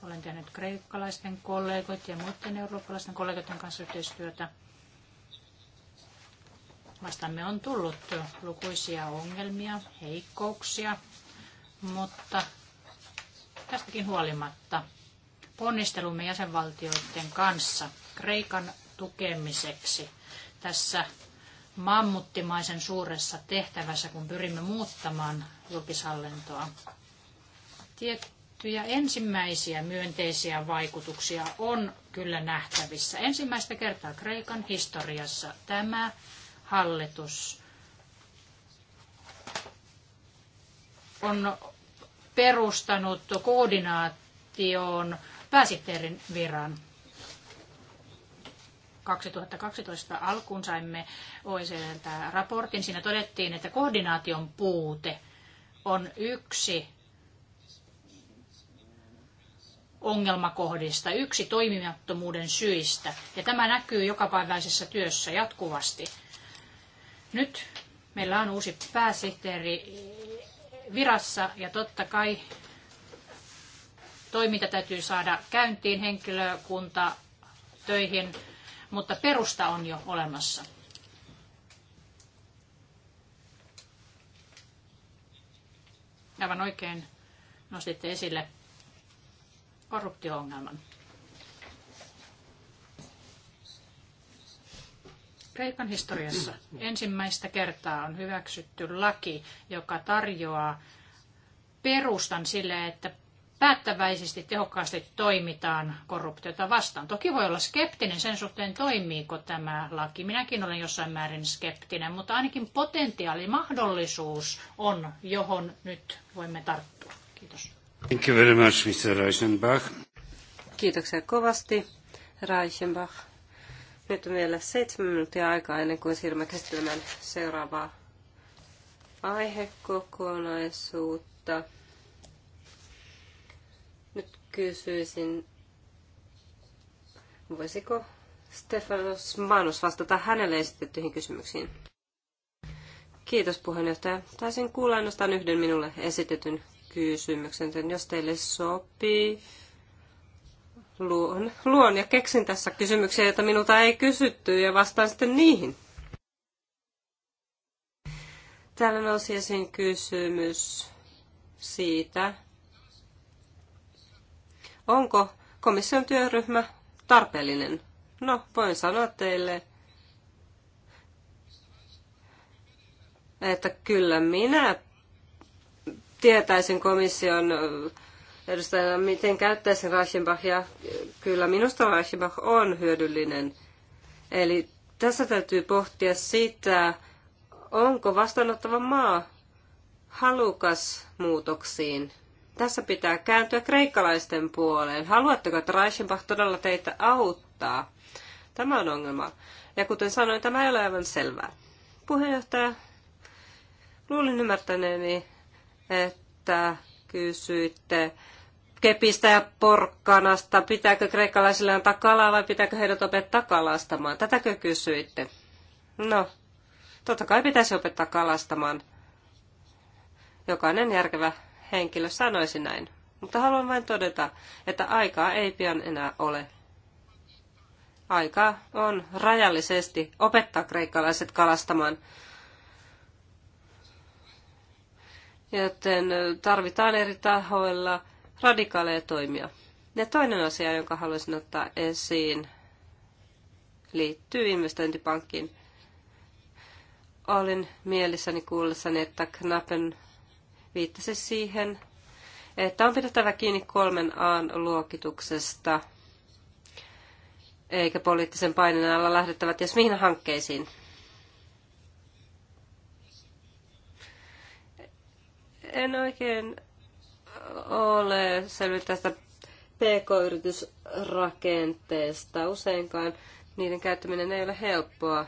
Olen tehnyt kreikkalaisten kollegoit ja muiden eurooppalaisten kollegoiden kanssa yhteistyötä. Vastamme on tullut lukuisia ongelmia, heikkouksia, mutta Tästäkin huolimatta ponnistelumme jäsenvaltioiden kanssa Kreikan tukemiseksi tässä mammuttimaisen suuressa tehtävässä, kun pyrimme muuttamaan julkishallintoa. Tiettyjä ensimmäisiä myönteisiä vaikutuksia on kyllä nähtävissä. Ensimmäistä kertaa Kreikan historiassa tämä hallitus on perustanut koordinaation pääsihteerin viran. 2012 alkuun saimme OECDltä raportin. Siinä todettiin, että koordinaation puute on yksi ongelmakohdista, yksi toimimattomuuden syistä. Ja tämä näkyy jokapäiväisessä työssä jatkuvasti. Nyt meillä on uusi pääsihteeri virassa ja totta kai toiminta täytyy saada käyntiin henkilökunta töihin, mutta perusta on jo olemassa. Aivan oikein nostitte esille korruptioongelman. Kreikan historiassa ensimmäistä kertaa on hyväksytty laki, joka tarjoaa perustan sille, että päättäväisesti, tehokkaasti toimitaan korruptiota vastaan. Toki voi olla skeptinen sen suhteen, toimiiko tämä laki. Minäkin olen jossain määrin skeptinen, mutta ainakin potentiaali, mahdollisuus on, johon nyt voimme tarttua. Kiitos. Thank you very much, Mr. Reichenbach. Kiitoksia kovasti, Reichenbach. Nyt on vielä seitsemän minuuttia aikaa ennen kuin siirrymme käsittelemään seuraavaa aihekokonaisuutta. Nyt kysyisin, voisiko Stefanos Manus vastata hänelle esitettyihin kysymyksiin? Kiitos puheenjohtaja. Taisin kuulla ainoastaan yhden minulle esitetyn kysymyksen, jos teille sopii luon, luon ja keksin tässä kysymyksiä, joita minulta ei kysytty ja vastaan sitten niihin. Täällä nousi esiin kysymys siitä, onko komission työryhmä tarpeellinen. No, voin sanoa teille, että kyllä minä tietäisin komission edustajana, miten käyttäisin Reichenbachia. Kyllä minusta Reichenbach on hyödyllinen. Eli tässä täytyy pohtia sitä, onko vastaanottava maa halukas muutoksiin. Tässä pitää kääntyä kreikkalaisten puoleen. Haluatteko, että Reichenbach todella teitä auttaa? Tämä on ongelma. Ja kuten sanoin, tämä ei ole aivan selvää. Puheenjohtaja, luulin ymmärtäneeni, että kysyitte kepistä ja porkkanasta. Pitääkö kreikkalaisille antaa kalaa vai pitääkö heidät opettaa kalastamaan? Tätäkö kysyitte? No, totta kai pitäisi opettaa kalastamaan. Jokainen järkevä henkilö sanoisi näin. Mutta haluan vain todeta, että aikaa ei pian enää ole. Aikaa on rajallisesti opettaa kreikkalaiset kalastamaan. Joten tarvitaan eri tahoilla – radikaaleja toimia. Ja toinen asia, jonka haluaisin ottaa esiin, liittyy investointipankkiin. Olin mielissäni kuullessani, että Knappen viittasi siihen, että on pidettävä kiinni kolmen A-luokituksesta, eikä poliittisen paineen alla lähdettävät jos mihin hankkeisiin. En oikein ole selvitä tästä pk-yritysrakenteesta. Useinkaan niiden käyttäminen ei ole helppoa,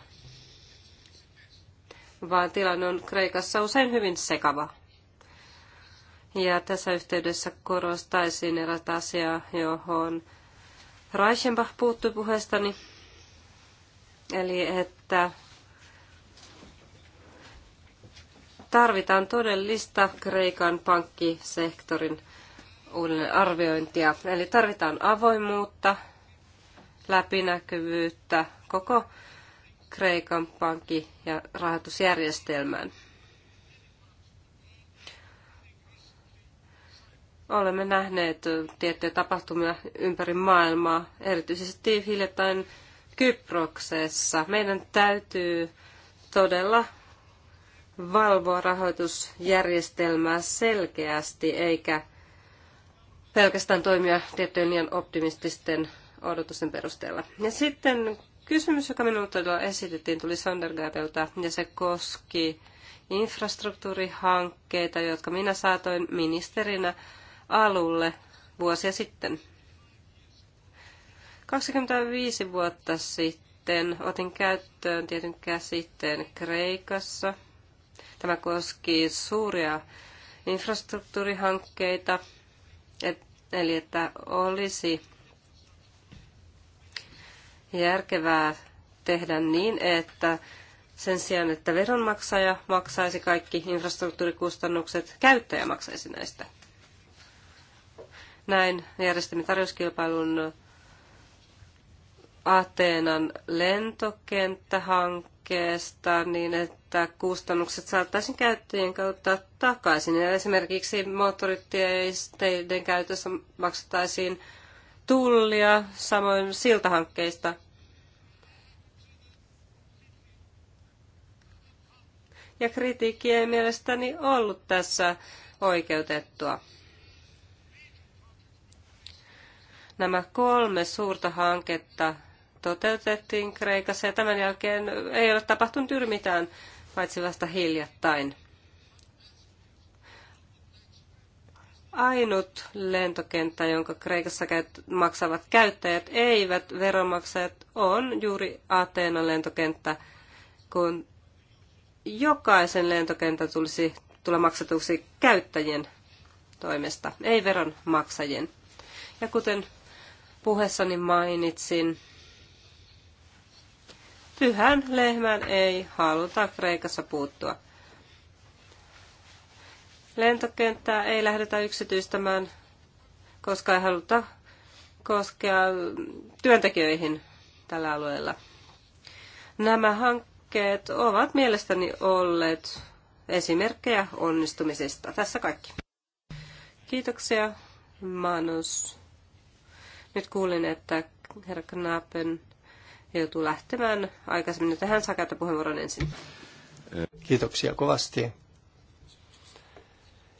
vaan tilanne on Kreikassa usein hyvin sekava. Ja tässä yhteydessä korostaisin erät asiaa, johon Reichenbach puuttui puheestani, eli että tarvitaan todellista Kreikan pankkisektorin uudelleen arviointia. Eli tarvitaan avoimuutta, läpinäkyvyyttä koko Kreikan pankki- ja rahoitusjärjestelmään. Olemme nähneet tiettyjä tapahtumia ympäri maailmaa, erityisesti hiljattain Kyproksessa. Meidän täytyy todella valvoa rahoitusjärjestelmää selkeästi, eikä pelkästään toimia tiettyjen liian optimististen odotusten perusteella. Ja sitten kysymys, joka minulle todella esitettiin, tuli Sondergaardelta, ja se koski infrastruktuurihankkeita, jotka minä saatoin ministerinä alulle vuosia sitten. 25 vuotta sitten otin käyttöön tietyn käsitteen Kreikassa – Tämä koski suuria infrastruktuurihankkeita, et, eli että olisi järkevää tehdä niin, että sen sijaan, että veronmaksaja maksaisi kaikki infrastruktuurikustannukset, käyttäjä maksaisi näistä. Näin järjestämme tarjouskilpailun Ateenan lentokenttähankkeesta niin, että kustannukset saataisiin käyttäjien kautta takaisin. Ja esimerkiksi moottoritieisteiden käytössä maksettaisiin tullia, samoin siltahankkeista. Ja kritiikki ei mielestäni ollut tässä oikeutettua. Nämä kolme suurta hanketta toteutettiin Kreikassa ja tämän jälkeen ei ole tapahtunut juuri mitään, paitsi vasta hiljattain. Ainut lentokenttä, jonka Kreikassa maksavat käyttäjät, eivät veronmaksajat, on juuri Ateenan lentokenttä, kun jokaisen lentokentän tulisi tulla maksatuksi käyttäjien toimesta, ei veronmaksajien. Ja kuten puheessani mainitsin, pyhän lehmän ei haluta Kreikassa puuttua. Lentokenttää ei lähdetä yksityistämään, koska ei haluta koskea työntekijöihin tällä alueella. Nämä hankkeet ovat mielestäni olleet esimerkkejä onnistumisesta. Tässä kaikki. Kiitoksia, Manus. Nyt kuulin, että herra Knappen joutuu lähtemään aikaisemmin, joten hän saa käyttää puheenvuoron ensin. Kiitoksia kovasti.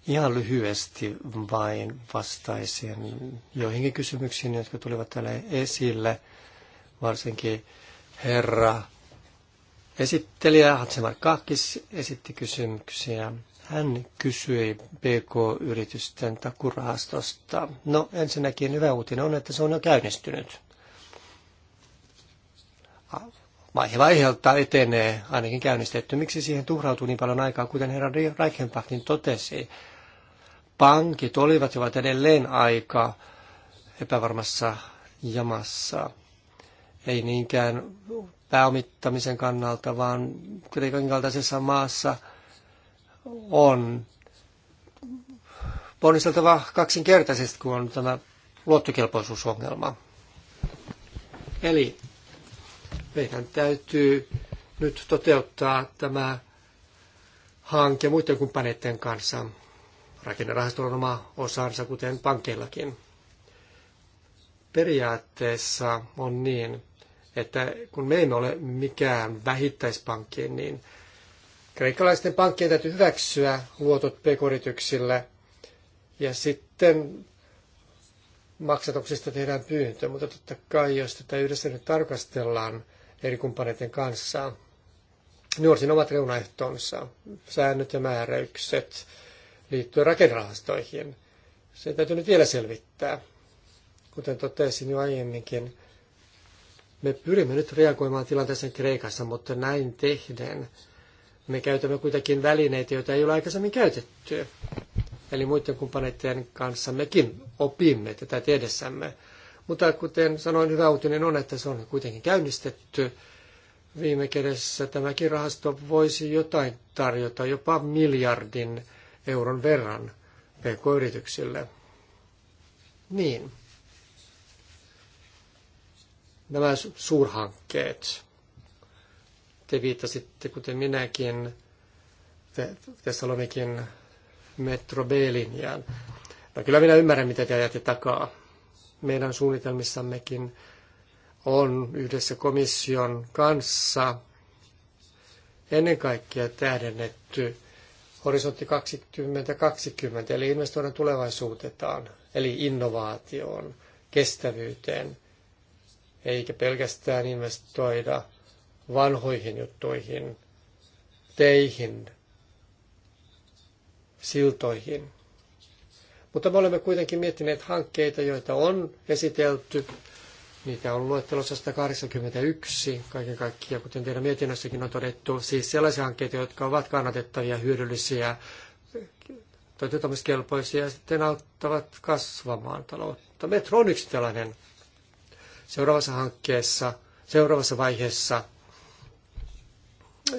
Ihan lyhyesti vain vastaisin joihinkin kysymyksiin, jotka tulivat täällä esille, varsinkin herra esittelijä Hatsemar Kaakis esitti kysymyksiä. Hän kysyi PK-yritysten takurahastosta. No ensinnäkin hyvä uutinen on, että se on jo käynnistynyt. vaihe vaiheelta etenee, ainakin käynnistetty. Miksi siihen tuhrautuu niin paljon aikaa, kuten herra Reichenbachin totesi? Pankit olivat jo edelleen aika epävarmassa jamassa. Ei niinkään pääomittamisen kannalta, vaan kuitenkin kaltaisessa maassa on ponnisteltava kaksinkertaisesti, kun on tämä luottokelpoisuusongelma. Eli meidän täytyy nyt toteuttaa tämä hanke muiden kumppaneiden kanssa. Rakennerahasto on oma osansa, kuten pankeillakin. Periaatteessa on niin, että kun me emme ole mikään vähittäispankki, niin kreikkalaisten pankkien täytyy hyväksyä luotot pk ja sitten maksatuksista tehdään pyyntö. Mutta totta kai, jos tätä yhdessä nyt tarkastellaan, eri kumppaneiden kanssa. Nuorsin omat reunaehtonsa, säännöt ja määräykset liittyen rakennerahastoihin. Se täytyy nyt vielä selvittää. Kuten totesin jo aiemminkin, me pyrimme nyt reagoimaan tilanteeseen Kreikassa, mutta näin tehden me käytämme kuitenkin välineitä, joita ei ole aikaisemmin käytetty. Eli muiden kumppaneiden kanssa mekin opimme tätä tiedessämme. Mutta kuten sanoin, hyvä uutinen on, että se on kuitenkin käynnistetty. Viime kädessä tämäkin rahasto voisi jotain tarjota, jopa miljardin euron verran pk-yrityksille. Niin. Nämä suurhankkeet. Te viittasitte, kuten minäkin, Tessalonikin metro B-linjaan. No kyllä minä ymmärrän, mitä te ajatte takaa meidän suunnitelmissammekin on yhdessä komission kanssa ennen kaikkea tähdennetty horisontti 2020, eli investoida tulevaisuutetaan, eli innovaatioon, kestävyyteen, eikä pelkästään investoida vanhoihin juttuihin, teihin, siltoihin. Mutta me olemme kuitenkin miettineet hankkeita, joita on esitelty. Niitä on luettelossa 181 kaiken kaikkiaan, kuten teidän mietinnössäkin on todettu. Siis sellaisia hankkeita, jotka ovat kannatettavia, hyödyllisiä, toteuttamiskelpoisia ja sitten auttavat kasvamaan taloutta. Metro on yksi tällainen seuraavassa hankkeessa, seuraavassa vaiheessa,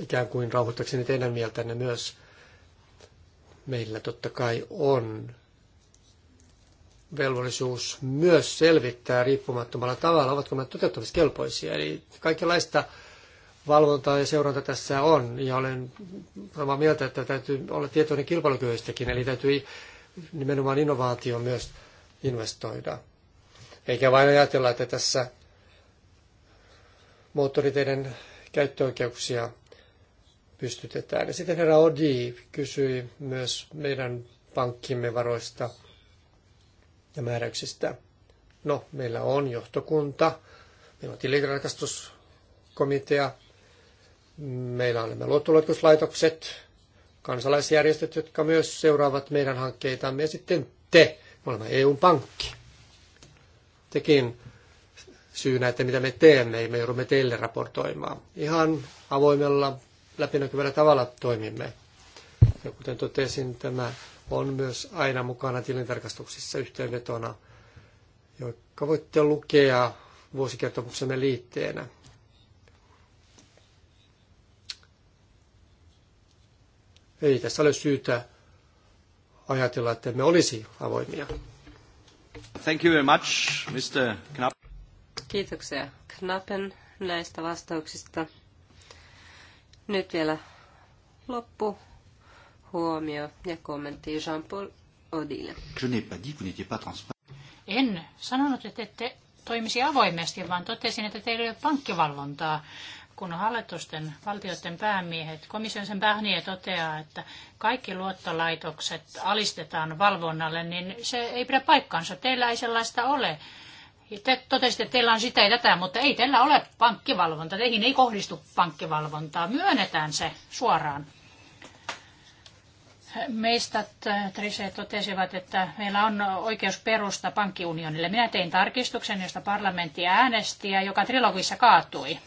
ikään kuin rauhoittakseni teidän mieltänne myös, meillä totta kai on velvollisuus myös selvittää riippumattomalla tavalla, ovatko nämä toteuttamiskelpoisia. Eli kaikenlaista valvontaa ja seuranta tässä on, ja olen samaa mieltä, että täytyy olla tietoinen kilpailukyvystäkin, eli täytyy nimenomaan innovaatio myös investoida. Eikä vain ajatella, että tässä moottoriteiden käyttöoikeuksia pystytetään. Ja sitten herra Odi kysyi myös meidän pankkimme varoista – ja määräyksistä. No, meillä on johtokunta, meillä on tilintarkastuskomitea, meillä on nämä luottoluokituslaitokset, kansalaisjärjestöt, jotka myös seuraavat meidän hankkeitamme, ja sitten te, me olemme EU-pankki. Tekin syynä, että mitä me teemme, me joudumme teille raportoimaan. Ihan avoimella, läpinäkyvällä tavalla toimimme. Ja kuten totesin, tämä on myös aina mukana tilintarkastuksissa yhteenvetona, joka voitte lukea vuosikertomuksemme liitteenä. Ei tässä ole syytä ajatella, että me olisi avoimia. Thank you very much, Mr. Knapp. Kiitoksia Knappen näistä vastauksista. Nyt vielä loppu huomio ja kommentti Jean-Paul Odille. En sanonut, että ette toimisi avoimesti, vaan totesin, että teillä ei ole pankkivalvontaa, kun hallitusten, valtioiden päämiehet, komission sen päämiehet toteaa, että kaikki luottolaitokset alistetaan valvonnalle, niin se ei pidä paikkaansa. Teillä ei sellaista ole. Te totesitte, että teillä on sitä ja tätä, mutta ei teillä ole pankkivalvonta. Teihin ei kohdistu pankkivalvontaa. Myönnetään se suoraan meistat Trise totesivat, että meillä on oikeus perusta pankkiunionille. Minä tein tarkistuksen, josta parlamentti äänesti ja joka trilogissa kaatui.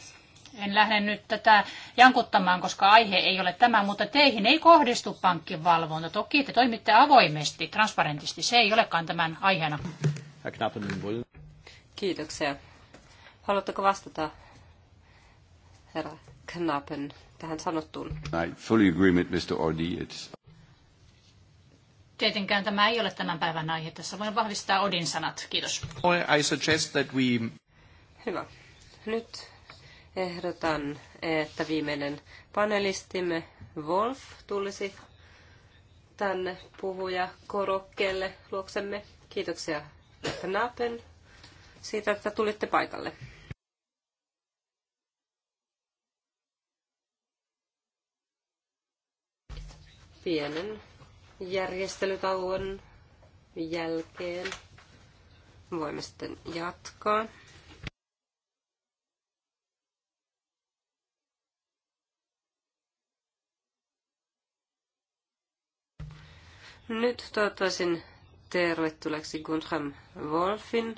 En lähde nyt tätä jankuttamaan, koska aihe ei ole tämä, mutta teihin ei kohdistu pankkivalvonta. Toki te toimitte avoimesti, transparentisti. Se ei olekaan tämän aiheena. Kiitoksia. Haluatteko vastata, herra Knappen, tähän sanottuun? I fully agree with Mr. Ordi. It's... Tietenkään tämä ei ole tämän päivän aihe. Tässä voin vahvistaa Odin sanat. Kiitos. I suggest that we... Hyvä. Nyt ehdotan, että viimeinen panelistimme Wolf tulisi tänne puhuja korokkeelle luoksemme. Kiitoksia Napen siitä, että tulitte paikalle. Pienen järjestelytauon jälkeen voimme sitten jatkaa. Nyt toivottaisin tervetulleeksi Guntram Wolfin,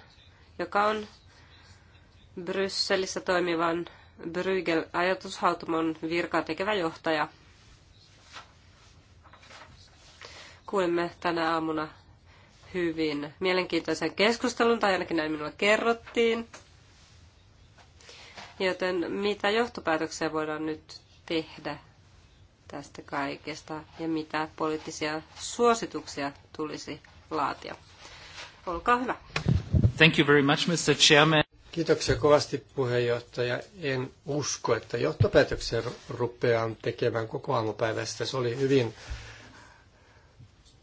joka on Brysselissä toimivan Brygel-ajatushautumon virkaa tekevä johtaja – Nukuimme tänä aamuna hyvin mielenkiintoisen keskustelun, tai ainakin näin minulle kerrottiin. Joten mitä johtopäätöksiä voidaan nyt tehdä tästä kaikesta ja mitä poliittisia suosituksia tulisi laatia? Olkaa hyvä. Thank you very much, Mr. Chairman. Kiitoksia kovasti puheenjohtaja. En usko, että johtopäätöksiä rupeaa tekemään koko aamupäivästä. Se oli hyvin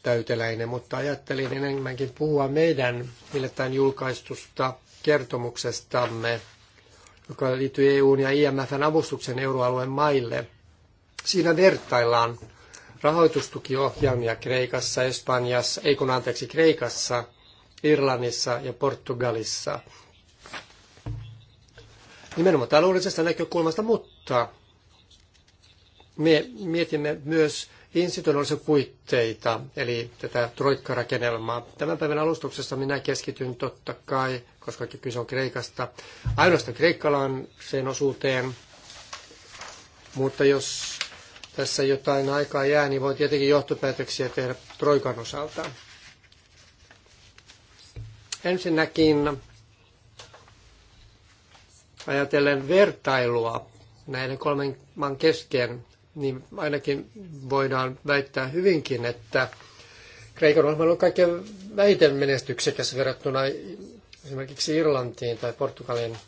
täyteläinen, mutta ajattelin enemmänkin puhua meidän hiljattain julkaistusta kertomuksestamme, joka liittyy EUn ja IMFn avustuksen euroalueen maille. Siinä vertaillaan rahoitustukiohjelmia Kreikassa, Espanjassa, ei kun anteeksi Kreikassa, Irlannissa ja Portugalissa. Nimenomaan taloudellisesta näkökulmasta, mutta me mietimme myös institutionaalisia puitteita, eli tätä troikkarakennelmaa. Tämän päivän alustuksessa minä keskityn totta kai, koska kyse on Kreikasta, ainoastaan kreikkalaiseen osuuteen. Mutta jos tässä jotain aikaa jää, niin voi tietenkin johtopäätöksiä tehdä troikan osalta. Ensinnäkin ajatellen vertailua näiden kolmen maan kesken niin ainakin voidaan väittää hyvinkin, että Kreikan ohjelma on ollut kaikkein vähiten menestyksekäs verrattuna esimerkiksi Irlantiin tai Portugaliin.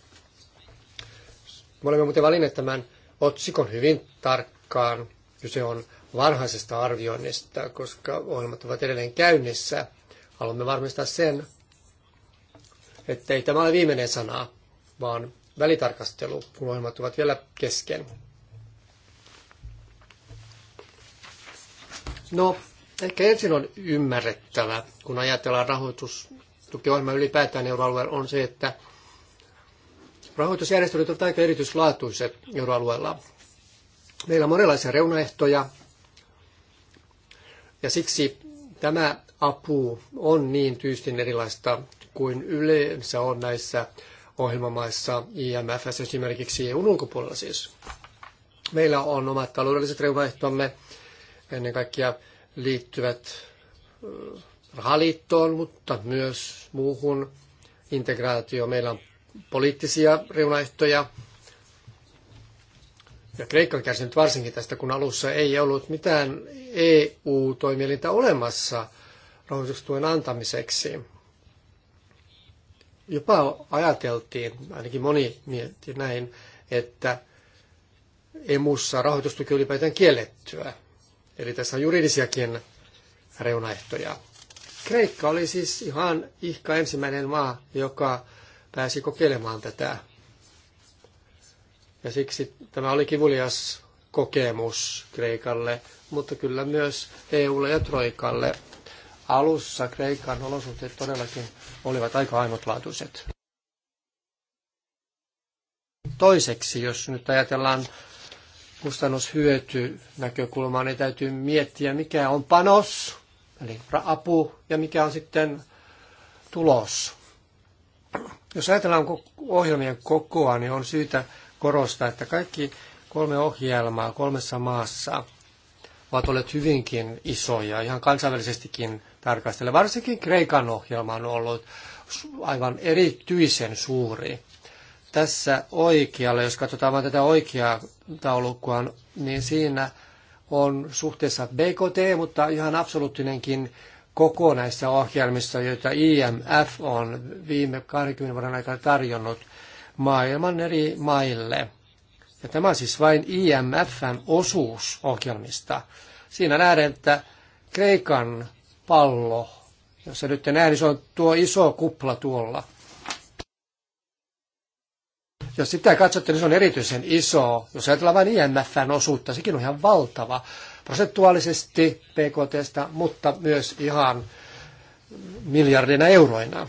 Me olemme muuten valinneet tämän otsikon hyvin tarkkaan. Kyse on varhaisesta arvioinnista, koska ohjelmat ovat edelleen käynnissä. Haluamme varmistaa sen, että ei tämä ole viimeinen sana, vaan välitarkastelu, kun ohjelmat ovat vielä kesken. No, ehkä ensin on ymmärrettävä, kun ajatellaan rahoitustukiohjelma ylipäätään euroalueella, on se, että rahoitusjärjestelyt ovat aika erityislaatuiset euroalueella. Meillä on monenlaisia reunaehtoja, ja siksi tämä apu on niin tyystin erilaista kuin yleensä on näissä ohjelmamaissa, IMF esimerkiksi EUn ulkopuolella siis. Meillä on omat taloudelliset reunaehtomme, ennen kaikkea liittyvät äh, rahaliittoon, mutta myös muuhun integraatioon. Meillä on poliittisia reunaehtoja. Ja Kreikka on kärsinyt varsinkin tästä, kun alussa ei ollut mitään EU-toimielintä olemassa rahoitustuen antamiseksi. Jopa ajateltiin, ainakin moni mietti näin, että emussa rahoitustuki ylipäätään kiellettyä. Eli tässä on juridisiakin reunaehtoja. Kreikka oli siis ihan ihka ensimmäinen maa, joka pääsi kokeilemaan tätä. Ja siksi tämä oli kivulias kokemus Kreikalle, mutta kyllä myös EUlle ja Troikalle. Alussa Kreikan olosuhteet todellakin olivat aika ainutlaatuiset. Toiseksi, jos nyt ajatellaan kustannushyöty-näkökulmaa, niin täytyy miettiä, mikä on panos, eli apu, ja mikä on sitten tulos. Jos ajatellaan ohjelmien kokoa, niin on syytä korostaa, että kaikki kolme ohjelmaa kolmessa maassa ovat olleet hyvinkin isoja, ihan kansainvälisestikin tarkastella. Varsinkin Kreikan ohjelma on ollut aivan erityisen suuri tässä oikealla, jos katsotaan vain tätä oikeaa taulukkoa, niin siinä on suhteessa BKT, mutta ihan absoluuttinenkin koko näissä ohjelmissa, joita IMF on viime 20 vuoden aikana tarjonnut maailman eri maille. Ja tämä on siis vain IMFn osuus ohjelmista. Siinä nähdään, että Kreikan pallo, jossa nyt näen, niin se on tuo iso kupla tuolla – jos sitä katsotte, niin se on erityisen iso. Jos ajatellaan vain IMFn osuutta, sekin on ihan valtava prosentuaalisesti PKTstä, mutta myös ihan miljardina euroina.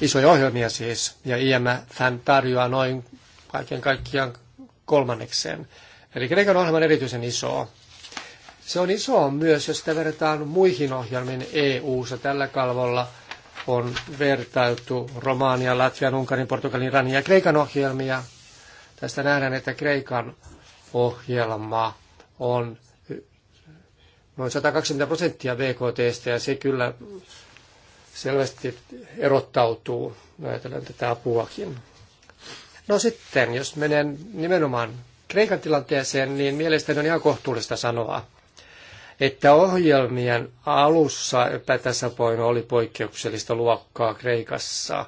Isoja ohjelmia siis, ja IMF tarjoaa noin kaiken kaikkiaan kolmannekseen. Eli Kreikan ohjelma on erityisen iso. Se on iso myös, jos sitä verrataan muihin ohjelmiin EU-ssa tällä kalvolla – on vertailtu Romania, Latvian, Unkarin, Portugalin, Ranin ja Kreikan ohjelmia. Tästä nähdään, että Kreikan ohjelma on noin 120 prosenttia BKTstä ja se kyllä selvästi erottautuu, no ajatellaan tätä apuakin. No sitten, jos menen nimenomaan Kreikan tilanteeseen, niin mielestäni on ihan kohtuullista sanoa, että ohjelmien alussa epätasapaino oli poikkeuksellista luokkaa Kreikassa.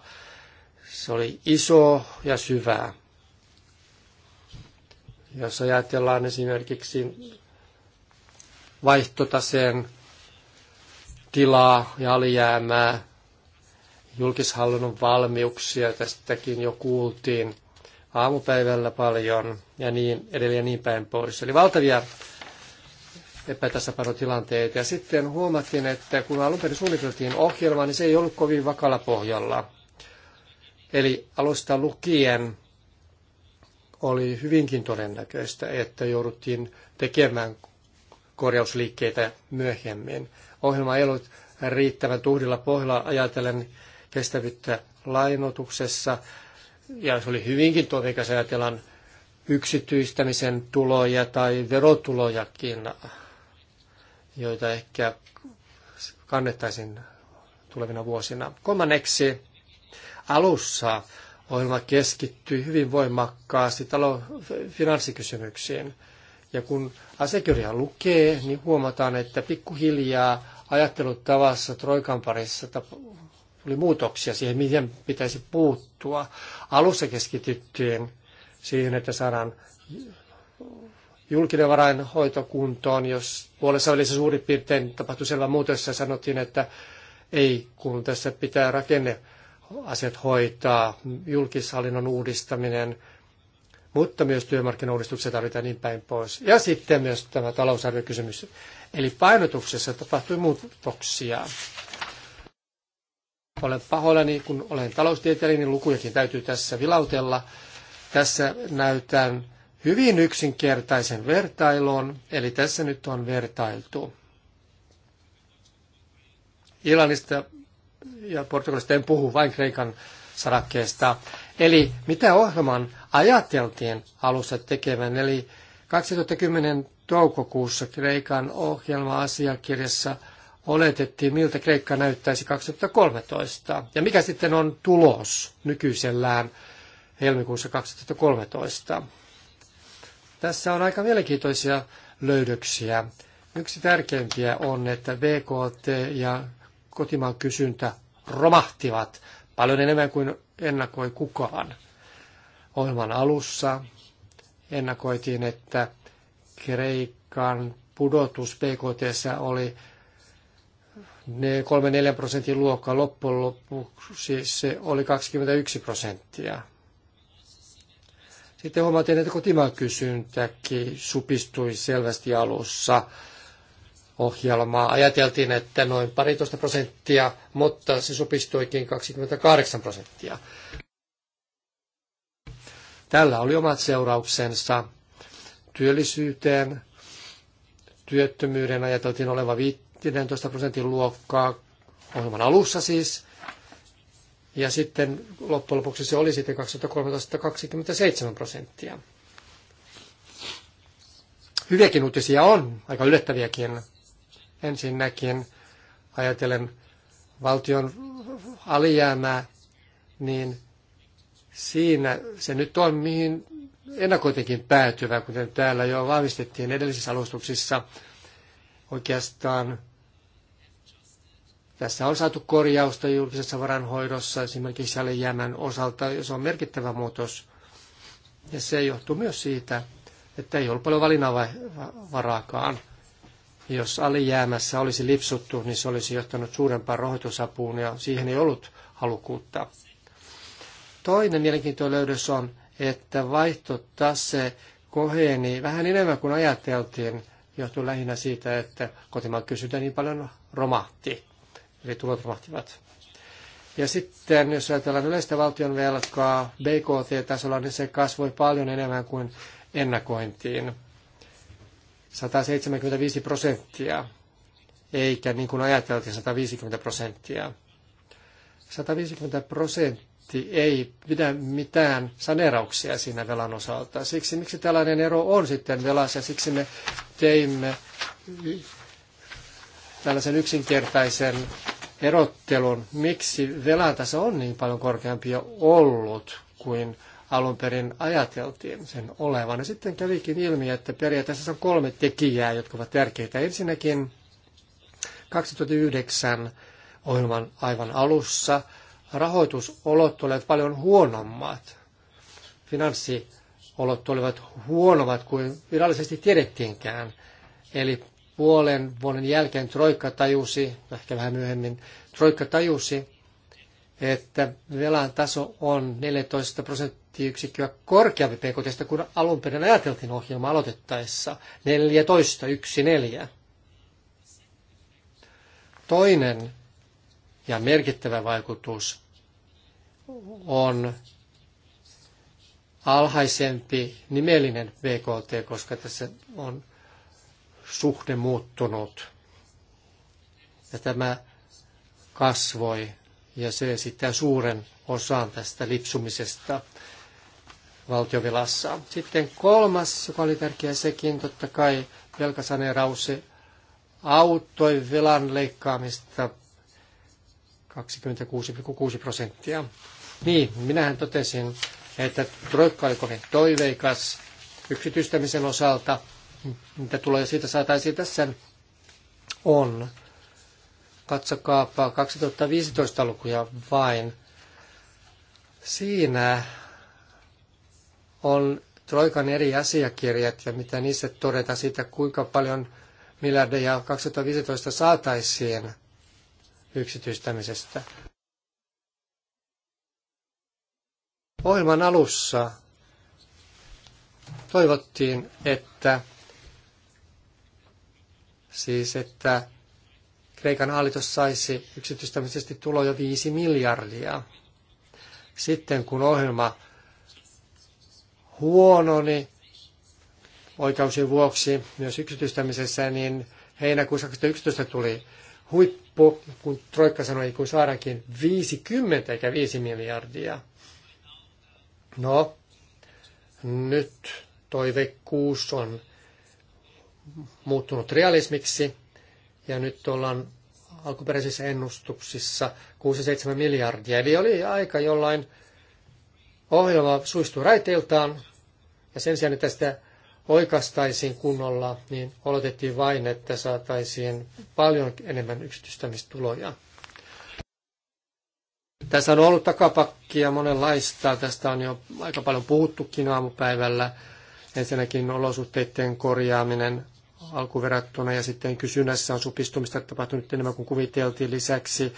Se oli iso ja syvää. Jos ajatellaan esimerkiksi vaihtotaseen tilaa ja alijäämää, julkishallinnon valmiuksia, tästäkin jo kuultiin aamupäivällä paljon ja niin edelleen niin päin pois. Eli valtavia epätasapainotilanteita. Ja sitten huomattiin, että kun alun perin suunniteltiin ohjelmaa, niin se ei ollut kovin vakalla pohjalla. Eli alusta lukien oli hyvinkin todennäköistä, että jouduttiin tekemään korjausliikkeitä myöhemmin. Ohjelma ei ollut riittävän tuhdilla pohjalla ajatellen kestävyyttä lainotuksessa, ja se oli hyvinkin todennäköistä ajatellaan yksityistämisen tuloja tai verotulojakin joita ehkä kannettaisiin tulevina vuosina. Kolmanneksi alussa ohjelma keskittyi hyvin voimakkaasti talo- finanssikysymyksiin. Ja kun asiakirja lukee, niin huomataan, että pikkuhiljaa ajattelutavassa Troikan parissa tuli muutoksia siihen, miten pitäisi puuttua. Alussa keskityttiin siihen, että saadaan julkinen varainhoito kuntoon, jos puolessa välissä suurin piirtein tapahtui selvä muutos ja sanottiin, että ei, kun tässä pitää rakenne asiat hoitaa, julkishallinnon uudistaminen, mutta myös työmarkkinauudistuksia tarvitaan niin päin pois. Ja sitten myös tämä talousarviokysymys. Eli painotuksessa tapahtui muutoksia. Olen pahoillani, kun olen taloustieteilijä, niin lukujakin täytyy tässä vilautella. Tässä näytän hyvin yksinkertaisen vertailun, eli tässä nyt on vertailtu. Irlannista ja Portugalista en puhu, vain Kreikan sarakkeesta. Eli mitä ohjelman ajateltiin alussa tekevän, eli 2010 toukokuussa Kreikan ohjelma-asiakirjassa oletettiin, miltä Kreikka näyttäisi 2013. Ja mikä sitten on tulos nykyisellään helmikuussa 2013. Tässä on aika mielenkiintoisia löydöksiä. Yksi tärkeimpiä on, että BKT ja kotimaan kysyntä romahtivat paljon enemmän kuin ennakoi kukaan. Ohjelman alussa ennakoitiin, että Kreikan pudotus BKT oli 3-4 prosentin luokka, loppujen lopuksi se oli 21 prosenttia. Sitten huomaatiin, että kotimaan kysyntäkin supistui selvästi alussa ohjelmaa. Ajateltiin, että noin paritoista prosenttia, mutta se supistuikin 28 prosenttia. Tällä oli omat seurauksensa työllisyyteen. Työttömyyden ajateltiin olevan 15 prosentin luokkaa ohjelman alussa siis, ja sitten loppujen lopuksi se oli sitten 2013 27 prosenttia. Hyviäkin uutisia on, aika yllättäviäkin. Ensinnäkin ajatellen valtion alijäämää, niin siinä se nyt on, mihin ennakoitenkin päätyvä, kuten täällä jo vahvistettiin edellisissä alustuksissa. Oikeastaan tässä on saatu korjausta julkisessa varanhoidossa esimerkiksi alijäämän osalta, ja se on merkittävä muutos. Ja se johtuu myös siitä, että ei ollut paljon valinnanvaraakaan. Jos alijäämässä olisi lipsuttu, niin se olisi johtanut suurempaan rahoitusapuun ja siihen ei ollut halukkuutta. Toinen mielenkiintoinen löydös on, että vaihtotase koheni vähän enemmän kuin ajateltiin, johtuu lähinnä siitä, että kotimaan kysyntä niin paljon romahti eli tulot romahtivat. Ja sitten, jos ajatellaan yleistä valtion velkaa BKT-tasolla, niin se kasvoi paljon enemmän kuin ennakointiin. 175 prosenttia, eikä niin kuin ajateltiin 150 prosenttia. 150 prosentti ei pidä mitään saneerauksia siinä velan osalta. Siksi miksi tällainen ero on sitten velassa, siksi me teimme tällaisen yksinkertaisen erottelun, miksi velan taso on niin paljon korkeampi jo ollut kuin alun perin ajateltiin sen olevan. Ja sitten kävikin ilmi, että periaatteessa on kolme tekijää, jotka ovat tärkeitä. Ensinnäkin 2009 ohjelman aivan alussa rahoitusolot olivat paljon huonommat. Finanssiolot olivat huonommat kuin virallisesti tiedettiinkään. Eli puolen vuoden jälkeen Troikka tajusi, ehkä vähän myöhemmin, Troikka tajusi, että velan taso on 14 prosenttiyksikköä korkeampi PKT kuin alun perin ajateltiin ohjelma aloitettaessa. 14, 1, 4. Toinen ja merkittävä vaikutus on alhaisempi nimellinen BKT, koska tässä on suhde muuttunut. Ja tämä kasvoi ja se esittää suuren osan tästä lipsumisesta valtiovilassa. Sitten kolmas, joka oli tärkeä sekin, totta kai velkasaneeraus auttoi velan leikkaamista 26,6 prosenttia. Niin, minähän totesin, että Troikka oli kovin toiveikas yksityistämisen osalta – mitä tulee siitä saataisiin tässä niin on. Katsokaapa 2015 lukuja vain. Siinä on Troikan eri asiakirjat ja mitä niissä todeta siitä, kuinka paljon miljardeja 2015 saataisiin yksityistämisestä. Ohjelman alussa toivottiin, että Siis, että Kreikan hallitus saisi yksityistämisesti tuloja 5 miljardia. Sitten kun ohjelma huononi oikeusin vuoksi myös yksityistämisessä, niin heinäkuussa 2011 tuli huippu, kun Troikka sanoi, kun saadaankin 50 eikä 5 miljardia. No, nyt toiveikkuus on muuttunut realismiksi ja nyt ollaan alkuperäisissä ennustuksissa 6-7 miljardia. Eli oli aika jollain ohjelma suistui raiteiltaan ja sen sijaan, että sitä oikastaisiin kunnolla, niin oletettiin vain, että saataisiin paljon enemmän yksityistämistuloja. Tässä on ollut takapakkia monenlaista. Tästä on jo aika paljon puhuttukin aamupäivällä. Ensinnäkin olosuhteiden korjaaminen alkuverrattuna ja sitten kysynnässä on supistumista tapahtunut enemmän kuin kuviteltiin. Lisäksi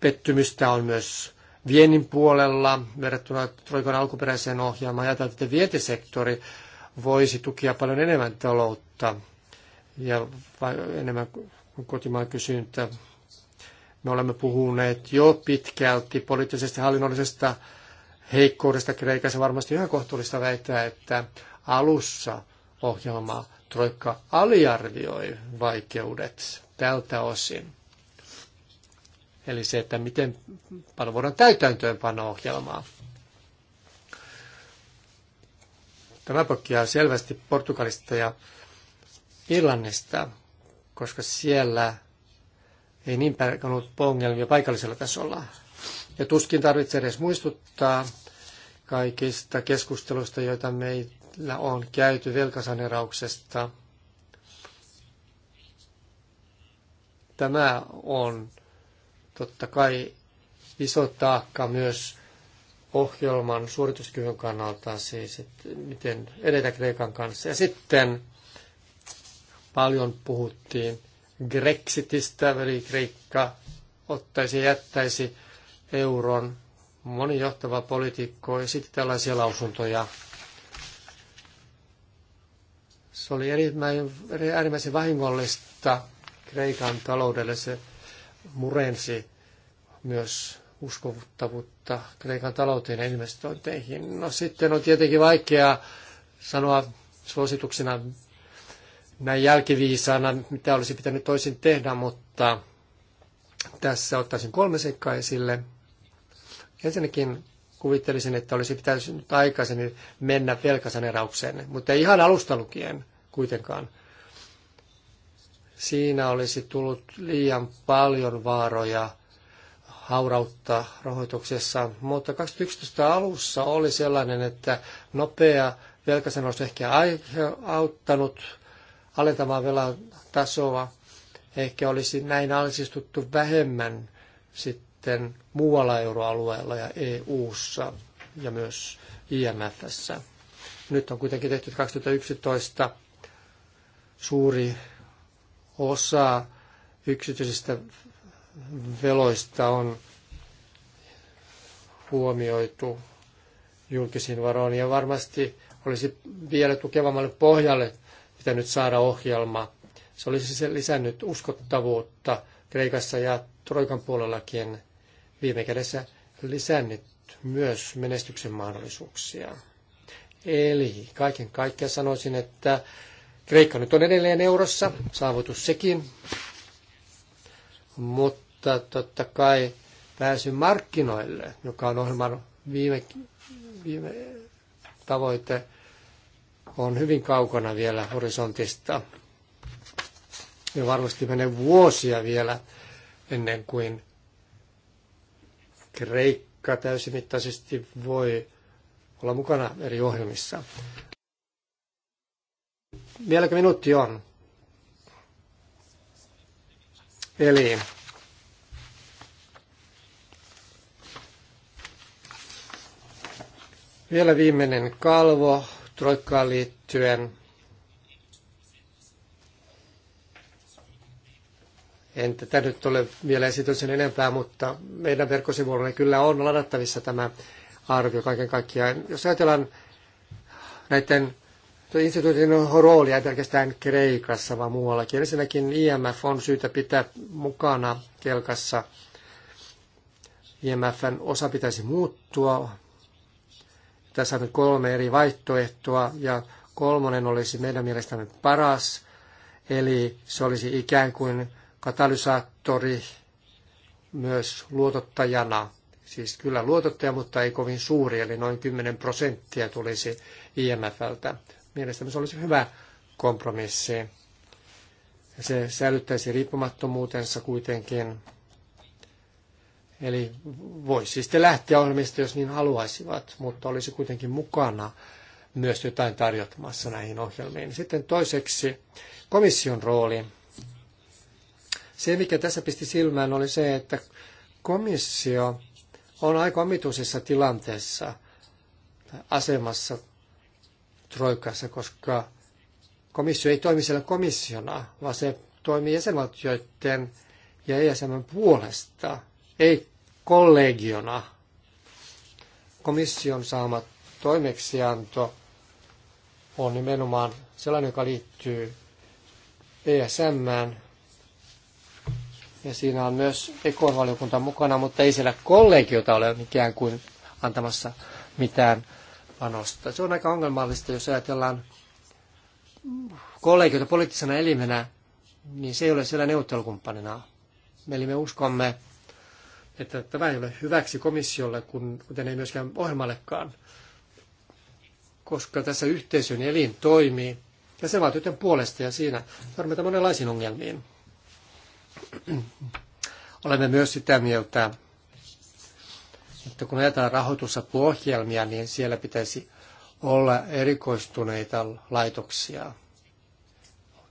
pettymystä on myös viennin puolella verrattuna Troikan alkuperäiseen ohjelmaan. Ajateltiin, että vientisektori voisi tukia paljon enemmän taloutta ja enemmän kuin kotimaan kysyntä. Me olemme puhuneet jo pitkälti poliittisesta hallinnollisesta heikkoudesta Kreikassa. Varmasti ihan kohtuullista väittää, että alussa ohjelma Troikka aliarvioi vaikeudet tältä osin. Eli se, että miten paljon voidaan täytäntöönpanna ohjelmaa. Tämä poikkeaa selvästi Portugalista ja Irlannista, koska siellä ei niin paljon ollut ongelmia paikallisella tasolla. Ja tuskin tarvitsee edes muistuttaa kaikista keskusteluista, joita me täällä on käyty velkasanerauksesta. Tämä on totta kai iso taakka myös ohjelman suorituskyvyn kannalta, siis että miten edetä Kreikan kanssa. Ja sitten paljon puhuttiin Grexitistä, eli Kreikka ottaisi ja jättäisi euron. Moni johtava poliitikko esitti tällaisia lausuntoja. Se oli äärimmäisen vahingollista Kreikan taloudelle. Se murensi myös uskovuttavuutta Kreikan talouteen ja investointeihin. No sitten on tietenkin vaikea sanoa suosituksena näin jälkiviisaana, mitä olisi pitänyt toisin tehdä, mutta tässä ottaisin kolme seikkaa esille. Ensinnäkin kuvittelisin, että olisi pitänyt aikaisemmin mennä velkasaneraukseen, mutta ei ihan alusta lukien kuitenkaan. Siinä olisi tullut liian paljon vaaroja haurautta rahoituksessa, mutta 2011 alussa oli sellainen, että nopea velkasen olisi ehkä auttanut alentamaan velan tasoa. Ehkä olisi näin alisistuttu vähemmän sitten sitten muualla euroalueella ja EU:ssa ja myös IMFssä. Nyt on kuitenkin tehty 2011 suuri osa yksityisistä veloista on huomioitu julkisiin varoihin ja varmasti olisi vielä tukevammalle pohjalle pitänyt saada ohjelma. Se olisi lisännyt uskottavuutta Kreikassa ja Troikan puolellakin viime kädessä lisännyt myös menestyksen mahdollisuuksia. Eli kaiken kaikkiaan sanoisin, että Kreikka nyt on edelleen eurossa, saavutus sekin, mutta totta kai pääsy markkinoille, joka on ohjelman viime, viime tavoite, on hyvin kaukana vielä horisontista. Ja varmasti menee vuosia vielä ennen kuin Kreikka täysimittaisesti voi olla mukana eri ohjelmissa. Vieläkö minuutti on? Eli vielä viimeinen kalvo troikkaan liittyen. En tätä nyt ole vielä esitellyt sen enempää, mutta meidän verkkosivuillamme kyllä on ladattavissa tämä arvio kaiken kaikkiaan. Jos ajatellaan näiden instituutin roolia ei pelkästään Kreikassa, vaan muuallakin. Ensinnäkin IMF on syytä pitää mukana kelkassa. IMFn osa pitäisi muuttua. Tässä on kolme eri vaihtoehtoa ja kolmonen olisi meidän mielestämme paras. Eli se olisi ikään kuin katalysaattori myös luotottajana. Siis kyllä luotottaja, mutta ei kovin suuri, eli noin 10 prosenttia tulisi IMFltä. Mielestäni se olisi hyvä kompromissi. Se säilyttäisi riippumattomuutensa kuitenkin. Eli voisi sitten siis lähteä ohjelmista, jos niin haluaisivat, mutta olisi kuitenkin mukana myös jotain tarjottamassa näihin ohjelmiin. Sitten toiseksi komission rooli se, mikä tässä pisti silmään, oli se, että komissio on aika omituisessa tilanteessa asemassa Troikassa, koska komissio ei toimi siellä komissiona, vaan se toimii jäsenvaltioiden ja ESMn puolesta, ei kollegiona. Komission saama toimeksianto on nimenomaan sellainen, joka liittyy ESMään ja siinä on myös ekonvaliokunta mukana, mutta ei siellä kollegiota ole mikään kuin antamassa mitään panosta. Se on aika ongelmallista, jos ajatellaan kollegiota poliittisena elimenä, niin se ei ole siellä neuvottelukumppanina. Eli me uskomme, että tämä ei ole hyväksi komissiolle, kun, kuten ei myöskään ohjelmallekaan, koska tässä yhteisön elin toimii ja se valtioiden puolesta ja siinä tarvitaan monenlaisiin ongelmiin. Olemme myös sitä mieltä, että kun ajatellaan rahoitusapuohjelmia, niin siellä pitäisi olla erikoistuneita laitoksia.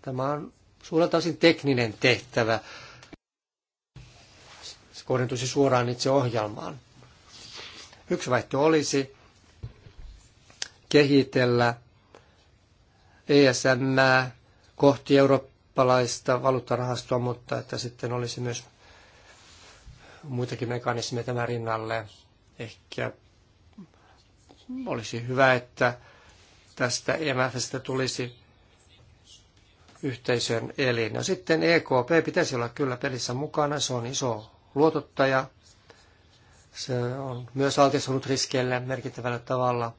Tämä on suurelta osin tekninen tehtävä. Se kohdentuisi suoraan itse ohjelmaan. Yksi vaihtoehto olisi kehitellä ESM kohti Eurooppaa eurooppalaista valuuttarahastoa, mutta että sitten olisi myös muitakin mekanismeja tämän rinnalle. Ehkä olisi hyvä, että tästä EMFstä tulisi yhteisön elin. No sitten EKP pitäisi olla kyllä pelissä mukana, se on iso luotottaja. Se on myös altistunut riskeille merkittävällä tavalla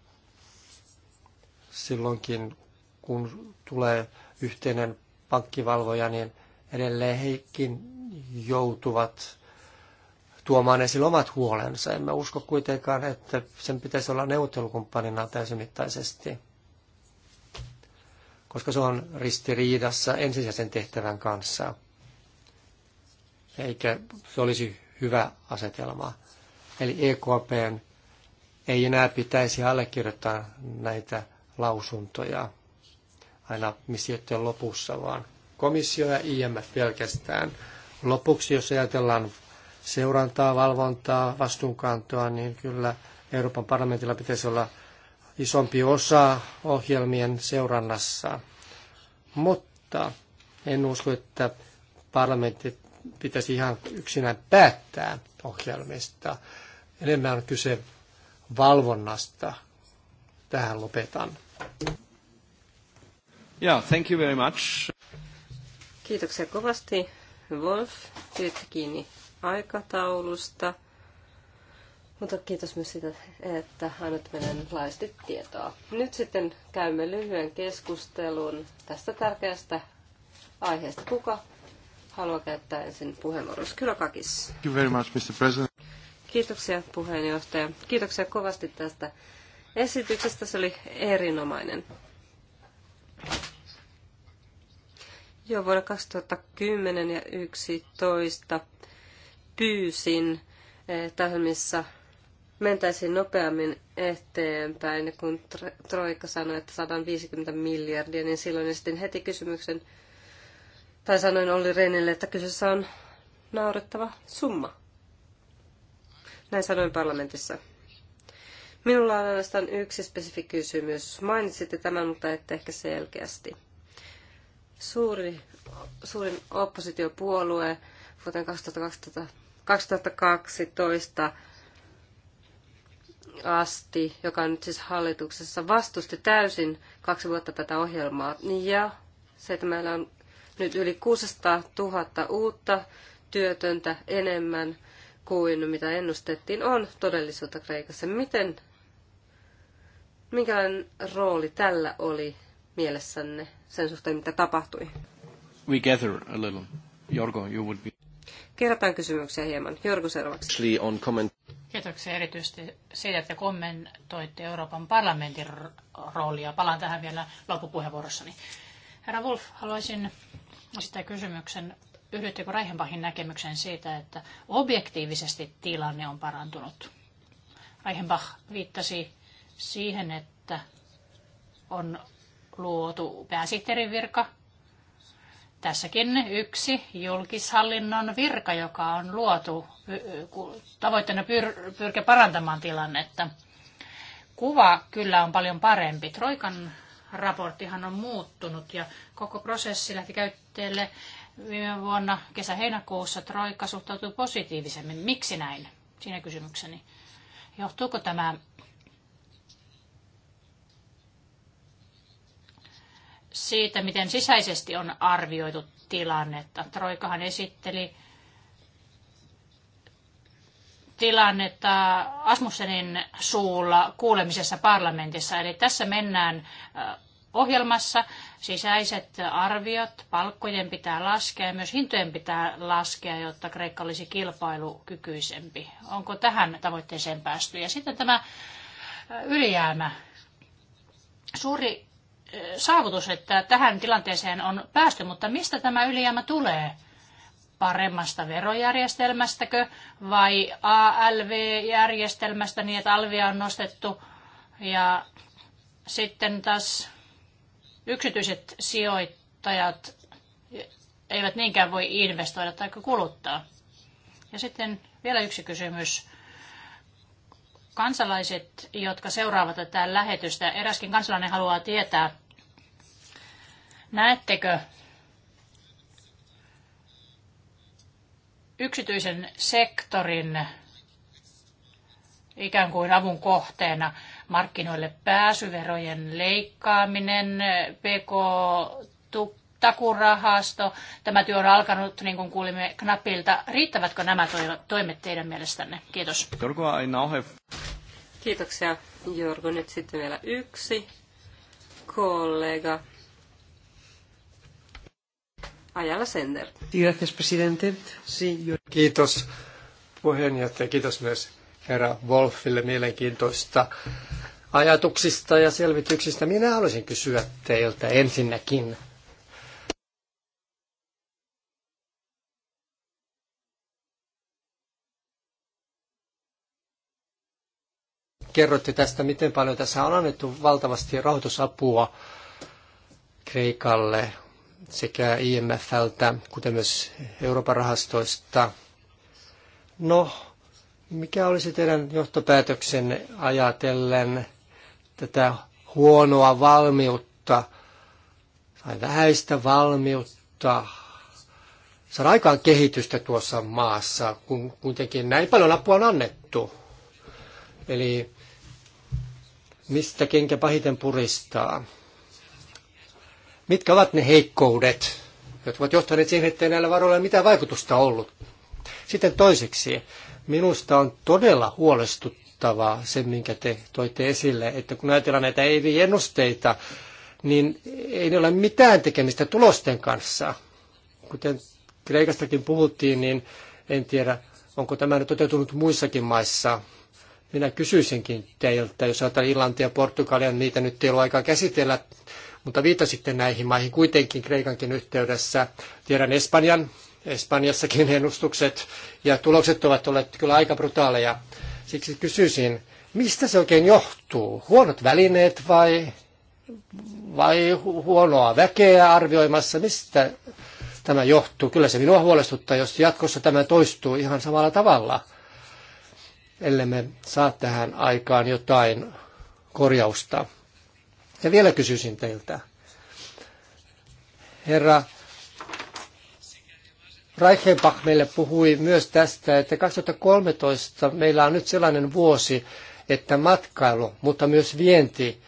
silloinkin, kun tulee yhteinen pankkivalvoja, niin edelleen heikin joutuvat tuomaan esille omat huolensa. Emme usko kuitenkaan, että sen pitäisi olla neuvottelukumppanina täysimittaisesti, koska se on ristiriidassa ensisijaisen tehtävän kanssa. Eikä se olisi hyvä asetelma. Eli EKP ei enää pitäisi allekirjoittaa näitä lausuntoja aina missioiden lopussa, vaan komissio ja IMF pelkästään. Lopuksi, jos ajatellaan seurantaa, valvontaa, vastuunkantoa, niin kyllä Euroopan parlamentilla pitäisi olla isompi osa ohjelmien seurannassa. Mutta en usko, että parlamentti pitäisi ihan yksinään päättää ohjelmista. Enemmän on kyse valvonnasta. Tähän lopetan. Yeah, thank you very much. Kiitoksia kovasti, Wolf. pidätte kiinni aikataulusta. Mutta kiitos myös siitä, että annat meidän laajasti tietoa. Nyt sitten käymme lyhyen keskustelun tästä tärkeästä aiheesta. Kuka haluaa käyttää ensin puheenvuoron? Kylakakis. Thank you very much, Mr. President. Kiitoksia puheenjohtaja. Kiitoksia kovasti tästä esityksestä. Se oli erinomainen. Joo, vuonna 2010 ja 2011 pyysin, eh, tähän, missä mentäisiin nopeammin eteenpäin, kun Troika sanoi, että 150 miljardia, niin silloin esitin heti kysymyksen, tai sanoin Olli Reinille, että kyseessä on naurettava summa. Näin sanoin parlamentissa. Minulla on ainoastaan yksi spesifi kysymys. Mainitsitte tämän, mutta ette ehkä selkeästi suuri, suurin oppositiopuolue vuoteen 2012, asti, joka on nyt siis hallituksessa, vastusti täysin kaksi vuotta tätä ohjelmaa. Ja se, että meillä on nyt yli 600 000 uutta työtöntä enemmän kuin mitä ennustettiin, on todellisuutta Kreikassa. Miten, minkälainen rooli tällä oli mielessänne sen suhteen, mitä tapahtui? We gather a little. Jorgo, you would be... Kerätään kysymyksiä hieman. Jorgo seuraavaksi. On comment... Kiitoksia erityisesti siitä, että kommentoitte Euroopan parlamentin roolia. Palaan tähän vielä loppupuheenvuorossani. Herra Wolf, haluaisin esittää kysymyksen. Yhdyttekö Raihenbachin näkemyksen siitä, että objektiivisesti tilanne on parantunut? Raihenbach viittasi siihen, että on luotu pääsihteerin virka. Tässäkin yksi julkishallinnon virka, joka on luotu tavoitteena pyr- pyrkiä parantamaan tilannetta. Kuva kyllä on paljon parempi. Troikan raporttihan on muuttunut ja koko prosessi lähti käyttäjälle viime vuonna kesä-heinäkuussa Troika suhtautui positiivisemmin. Miksi näin? Siinä kysymykseni. Johtuuko tämä siitä, miten sisäisesti on arvioitu tilannetta. Troikahan esitteli tilannetta Asmussenin suulla kuulemisessa parlamentissa. Eli tässä mennään ohjelmassa. Sisäiset arviot, palkkojen pitää laskea ja myös hintojen pitää laskea, jotta Kreikka olisi kilpailukykyisempi. Onko tähän tavoitteeseen päästy? Ja sitten tämä ylijäämä. Suuri saavutus, että tähän tilanteeseen on päästy, mutta mistä tämä ylijäämä tulee? Paremmasta verojärjestelmästäkö vai ALV-järjestelmästä niin, että alvia on nostettu ja sitten taas yksityiset sijoittajat eivät niinkään voi investoida tai kuluttaa. Ja sitten vielä yksi kysymys kansalaiset, jotka seuraavat tätä lähetystä. Eräskin kansalainen haluaa tietää, Näettekö yksityisen sektorin ikään kuin avun kohteena markkinoille pääsyverojen leikkaaminen, PK-takurahasto. Tämä työ on alkanut, niin kuin kuulimme Knapilta. Riittävätkö nämä toimet teidän mielestänne? Kiitos. Kiitoksia, Jorgo. Nyt sitten vielä yksi kollega Ajalla Sender. Gracias, presidente. Kiitos puheenjohtaja. Kiitos myös herra Wolfille mielenkiintoista ajatuksista ja selvityksistä. Minä haluaisin kysyä teiltä ensinnäkin. Kerroitte tästä, miten paljon tässä on annettu valtavasti rahoitusapua Kreikalle sekä IMFltä, kuten myös Euroopan rahastoista. No, mikä olisi teidän johtopäätöksen ajatellen tätä huonoa valmiutta tai vähäistä valmiutta saada aikaan kehitystä tuossa maassa, kun kuitenkin näin paljon apua on annettu? Eli mistä kenkä pahiten puristaa? Mitkä ovat ne heikkoudet, jotka ovat johtaneet siihen, ettei näillä varoilla mitään vaikutusta ollut? Sitten toiseksi, minusta on todella huolestuttavaa se, minkä te toitte esille, että kun ajatellaan näitä ei ennusteita niin ei ne ole mitään tekemistä tulosten kanssa. Kuten Kreikastakin puhuttiin, niin en tiedä, onko tämä nyt toteutunut muissakin maissa. Minä kysyisinkin teiltä, jos ajatellaan Irlantia ja Portugalia, niin niitä nyt ei ole aikaa käsitellä mutta viittasitte näihin maihin kuitenkin Kreikankin yhteydessä. Tiedän Espanjan, Espanjassakin ennustukset ja tulokset ovat olleet kyllä aika brutaaleja. Siksi kysyisin, mistä se oikein johtuu? Huonot välineet vai, vai huonoa väkeä arvioimassa? Mistä tämä johtuu? Kyllä se minua huolestuttaa, jos jatkossa tämä toistuu ihan samalla tavalla ellei me saa tähän aikaan jotain korjausta. Ja vielä kysyisin teiltä. Herra Reichenbach meille puhui myös tästä, että 2013 meillä on nyt sellainen vuosi, että matkailu, mutta myös vienti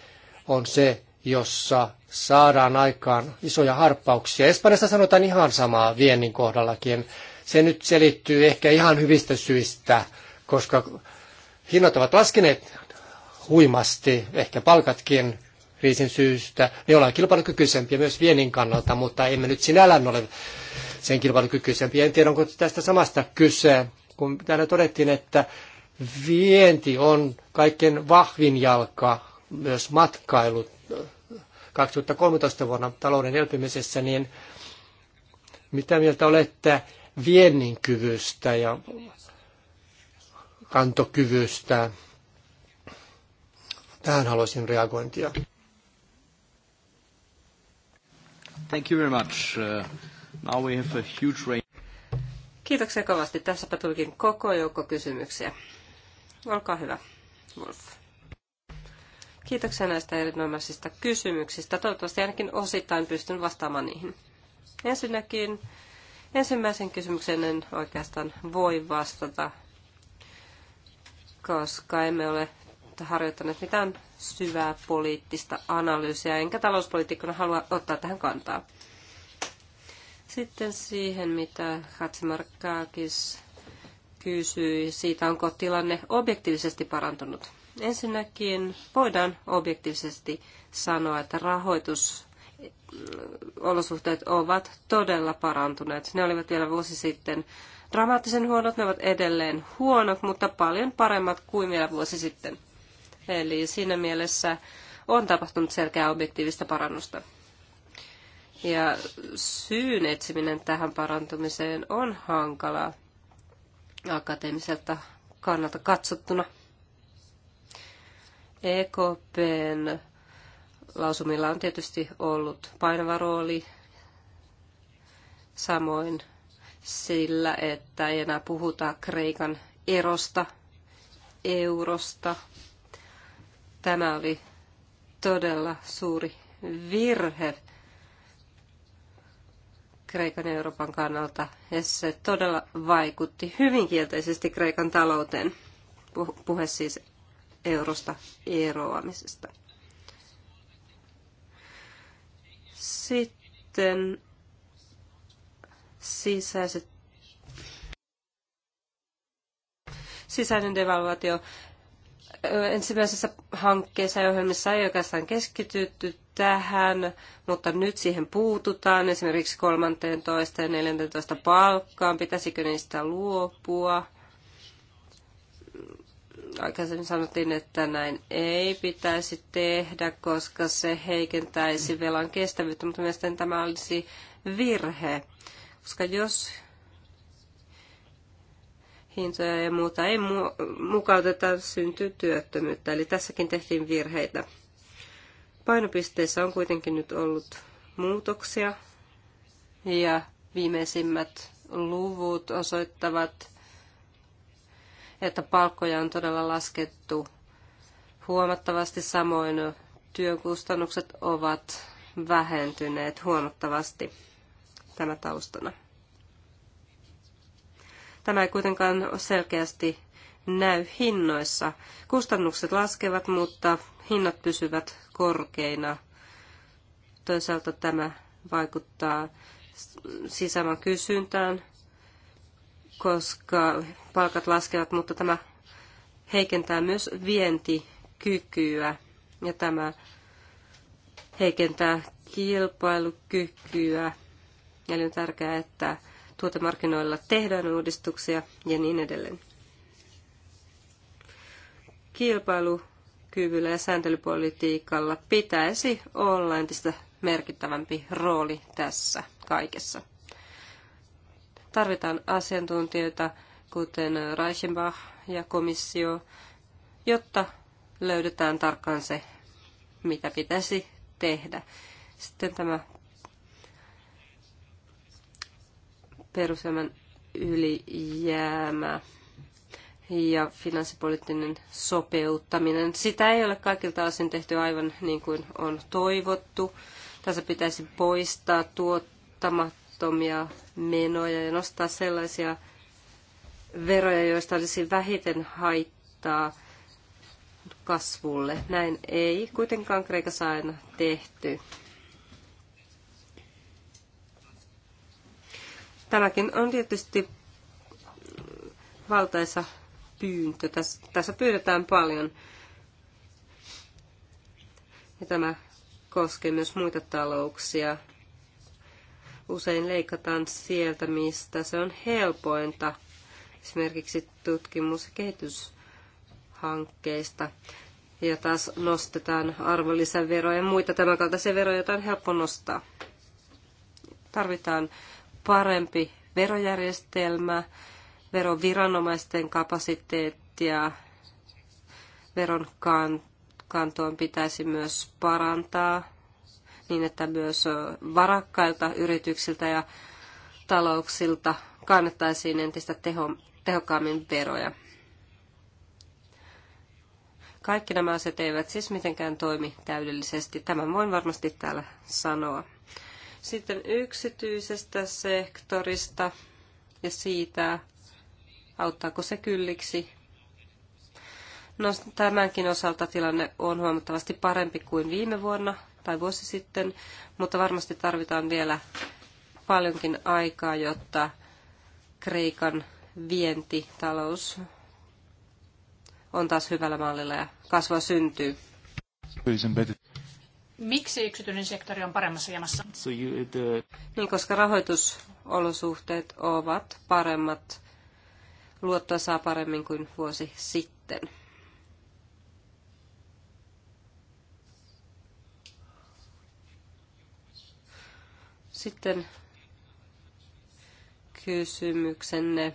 on se, jossa saadaan aikaan isoja harppauksia. Espanjassa sanotaan ihan samaa viennin kohdallakin. Se nyt selittyy ehkä ihan hyvistä syistä, koska hinnat ovat laskeneet huimasti, ehkä palkatkin, talouskriisin syystä, niin ollaan kilpailukykyisempiä myös viennin kannalta, mutta emme nyt sinällään ole sen kilpailukykyisempiä. En tiedä, onko tästä samasta kyse, kun täällä todettiin, että vienti on kaiken vahvin jalka, myös matkailu 2013 vuonna talouden elpymisessä, niin mitä mieltä olette viennin kyvystä ja kantokyvystä? Tähän haluaisin reagointia. Thank you very much. Uh, now we have a huge range. Kiitoksia kovasti. Tässäpä tulikin koko joukko kysymyksiä. Olkaa hyvä, Wolf. Kiitoksia näistä erinomaisista kysymyksistä. Toivottavasti ainakin osittain pystyn vastaamaan niihin. Ensinnäkin ensimmäisen kysymyksen en oikeastaan voi vastata, koska emme ole harjoittaneet mitään syvää poliittista analyysiä, enkä talouspolitiikkona halua ottaa tähän kantaa. Sitten siihen, mitä Hatsimarkkaakis kysyi siitä, onko tilanne objektiivisesti parantunut. Ensinnäkin voidaan objektiivisesti sanoa, että äh, olosuhteet ovat todella parantuneet. Ne olivat vielä vuosi sitten dramaattisen huonot, ne ovat edelleen huonot, mutta paljon paremmat kuin vielä vuosi sitten. Eli siinä mielessä on tapahtunut selkeää objektiivista parannusta. Ja syyn etsiminen tähän parantumiseen on hankalaa akateemiselta kannalta katsottuna. EKPn lausumilla on tietysti ollut painava rooli, samoin sillä, että ei enää puhuta Kreikan erosta, eurosta, Tämä oli todella suuri virhe Kreikan ja Euroopan kannalta. Ja se todella vaikutti hyvin kielteisesti Kreikan talouteen. Puhe siis eurosta eroamisesta. Sitten sisäiset sisäinen devalvaatio ensimmäisessä hankkeessa ja ohjelmissa ei oikeastaan keskitytty tähän, mutta nyt siihen puututaan esimerkiksi 13 ja 14 palkkaan, pitäisikö niistä luopua. Aikaisemmin sanottiin, että näin ei pitäisi tehdä, koska se heikentäisi velan kestävyyttä, mutta mielestäni tämä olisi virhe, koska jos hintoja ja muuta ei mu- mukauteta, syntyy työttömyyttä. Eli tässäkin tehtiin virheitä. Painopisteissä on kuitenkin nyt ollut muutoksia ja viimeisimmät luvut osoittavat, että palkkoja on todella laskettu huomattavasti, samoin työkustannukset ovat vähentyneet huomattavasti tämä taustana. Tämä ei kuitenkaan selkeästi näy hinnoissa. Kustannukset laskevat, mutta hinnat pysyvät korkeina. Toisaalta tämä vaikuttaa sisämaan kysyntään, koska palkat laskevat, mutta tämä heikentää myös vientikykyä ja tämä heikentää kilpailukykyä. Eli on tärkeää, että tuotemarkkinoilla tehdään uudistuksia ja niin edelleen. Kilpailukyvyllä ja sääntelypolitiikalla pitäisi olla entistä merkittävämpi rooli tässä kaikessa. Tarvitaan asiantuntijoita, kuten Reichenbach ja komissio, jotta löydetään tarkkaan se, mitä pitäisi tehdä. Sitten tämä perusjäämän ylijäämä ja finanssipoliittinen sopeuttaminen. Sitä ei ole kaikilta osin tehty aivan niin kuin on toivottu. Tässä pitäisi poistaa tuottamattomia menoja ja nostaa sellaisia veroja, joista olisi vähiten haittaa kasvulle. Näin ei kuitenkaan Kreikassa aina tehty. Tämäkin on tietysti valtaisa pyyntö. Tässä pyydetään paljon. Ja tämä koskee myös muita talouksia. Usein leikataan sieltä, mistä se on helpointa, esimerkiksi tutkimus- ja kehityshankkeista. Ja taas nostetaan arvonlisäveroja ja muita tämänkaltaisia veroja, joita on helppo nostaa. Tarvitaan parempi verojärjestelmä, veroviranomaisten kapasiteettia, veron kantoon pitäisi myös parantaa niin, että myös varakkailta yrityksiltä ja talouksilta kannettaisiin entistä teho, tehokkaammin veroja. Kaikki nämä asiat eivät siis mitenkään toimi täydellisesti. Tämän voin varmasti täällä sanoa. Sitten yksityisestä sektorista ja siitä, auttaako se kylliksi. No, tämänkin osalta tilanne on huomattavasti parempi kuin viime vuonna tai vuosi sitten, mutta varmasti tarvitaan vielä paljonkin aikaa, jotta Kreikan vientitalous on taas hyvällä mallilla ja kasvua syntyy. Miksi yksityinen sektori on paremmassa jamassa? So you, the... niin, koska rahoitusolosuhteet ovat paremmat. Luottoa saa paremmin kuin vuosi sitten. Sitten kysymyksenne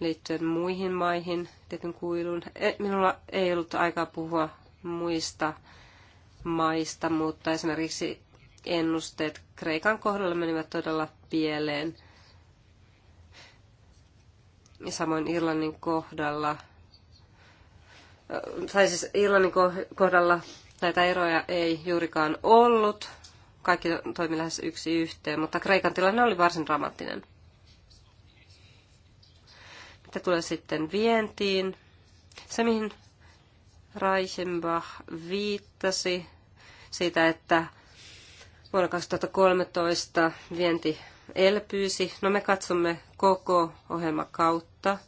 liittyen muihin maihin, tietyn kuiluun. E, minulla ei ollut aikaa puhua muista maista, mutta esimerkiksi ennusteet Kreikan kohdalla menivät todella pieleen. Ja samoin Irlannin kohdalla, tai siis Irlannin kohdalla näitä eroja ei juurikaan ollut. Kaikki toimi lähes yksi yhteen, mutta Kreikan tilanne oli varsin dramaattinen. Mitä tulee sitten vientiin? Se, mihin Reichenbach viittasi, siitä, että vuonna 2013 vienti elpyisi. No me katsomme koko ohjelma kautta.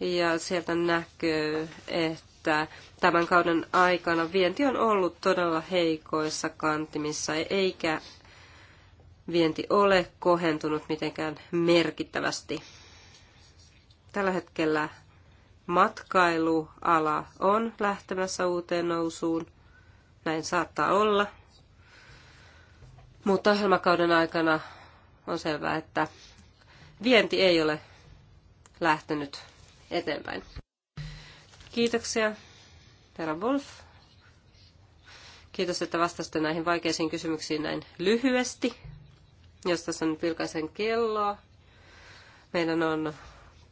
Ja sieltä näkyy, että tämän kauden aikana vienti on ollut todella heikoissa kantimissa, eikä vienti ole kohentunut mitenkään merkittävästi. Tällä hetkellä matkailuala on lähtemässä uuteen nousuun. Näin saattaa olla. Mutta ohjelmakauden aikana on selvää, että vienti ei ole lähtenyt eteenpäin. Kiitoksia, herra Wolf. Kiitos, että vastasitte näihin vaikeisiin kysymyksiin näin lyhyesti. Jos tässä nyt vilkaisen kelloa, meidän on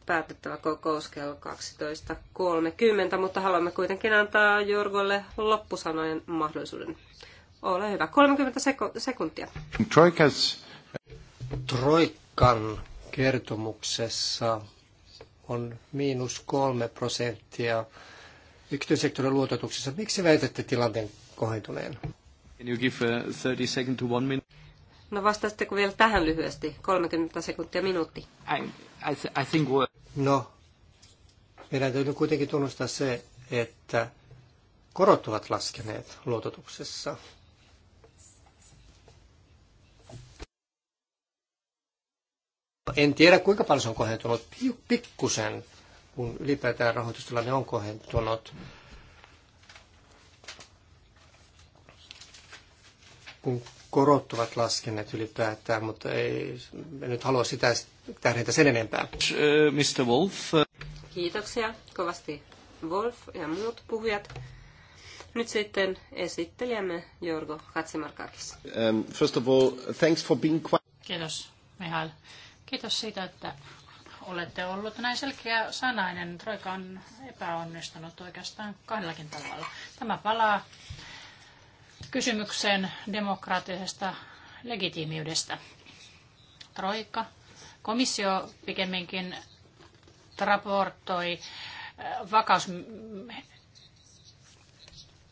päätettävä kokous kello 12.30, mutta haluamme kuitenkin antaa Jorgolle loppusanojen mahdollisuuden. Ole hyvä. 30 sek- sekuntia. Troikas. Troikan kertomuksessa on miinus kolme prosenttia yksityissektorin luototuksessa. Miksi väitätte tilanteen kohentuneen? Can you give 30 uh, second to one minute? No vastaisitteko vielä tähän lyhyesti, 30 sekuntia minuutti? I'm... I, th I think we're... No, meidän täytyy kuitenkin tunnustaa se, että korot ovat laskeneet luototuksessa. En tiedä, kuinka paljon se on kohentunut. Pikkusen, kun ylipäätään rahoitustilanne on kohentunut. Kun korot ovat laskeneet ylipäätään, mutta ei, en nyt halua sitä tähdentä sen enempää. Mr. Wolf. Kiitoksia kovasti Wolf ja muut puhujat. Nyt sitten esittelijämme Jorgo Hatsimarkakis. Um, first of all, thanks for being quite... Kiitos, Mihail. Kiitos siitä, että olette ollut näin selkeä sanainen. Troika on epäonnistunut oikeastaan kahdellakin tavalla. Tämä palaa kysymykseen demokraattisesta legitiimiydestä. Troika Komissio pikemminkin raportoi äh,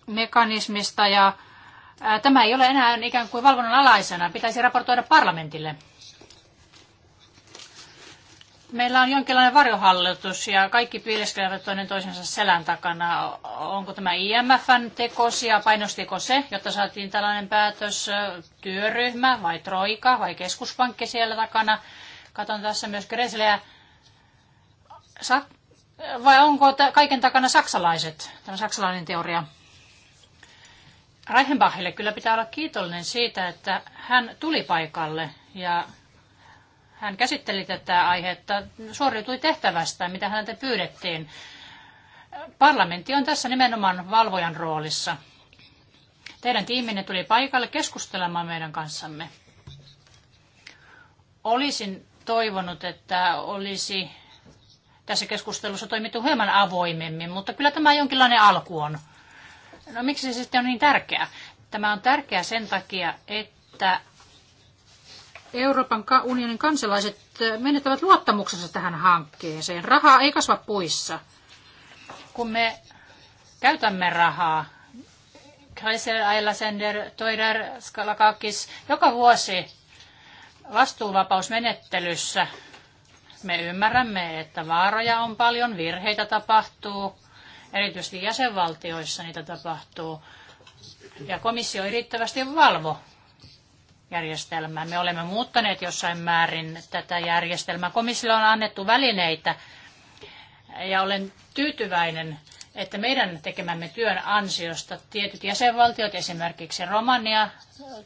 vakausmekanismista ja äh, tämä ei ole enää ikään kuin valvonnan alaisena. Pitäisi raportoida parlamentille. Meillä on jonkinlainen varjohallitus ja kaikki piileskelevät toinen toisensa selän takana. Onko tämä IMFn tekosia, painostiko se, jotta saatiin tällainen päätös, äh, työryhmä vai troika vai keskuspankki siellä takana? Katon tässä myös Gresleä. vai onko kaiken takana saksalaiset, tämä saksalainen teoria? Reichenbachille kyllä pitää olla kiitollinen siitä, että hän tuli paikalle ja hän käsitteli tätä aihetta, suoriutui tehtävästä, mitä häneltä pyydettiin. Parlamentti on tässä nimenomaan valvojan roolissa. Teidän tiiminne tuli paikalle keskustelemaan meidän kanssamme. Olisin toivonut, että olisi tässä keskustelussa toimittu hieman avoimemmin, mutta kyllä tämä jonkinlainen alku on. No miksi se sitten on niin tärkeää? Tämä on tärkeää sen takia, että Euroopan unionin kansalaiset äh, menettävät luottamuksensa tähän hankkeeseen. Rahaa ei kasva puissa. Kun me käytämme rahaa, Kaiser, Eilasender, Toider, Skalakakis, joka vuosi Vastuuvapausmenettelyssä me ymmärrämme, että vaaroja on paljon, virheitä tapahtuu, erityisesti jäsenvaltioissa niitä tapahtuu, ja komissio ei riittävästi valvo järjestelmää. Me olemme muuttaneet jossain määrin tätä järjestelmää. Komissiolle on annettu välineitä, ja olen tyytyväinen että meidän tekemämme työn ansiosta tietyt jäsenvaltiot, esimerkiksi Romania,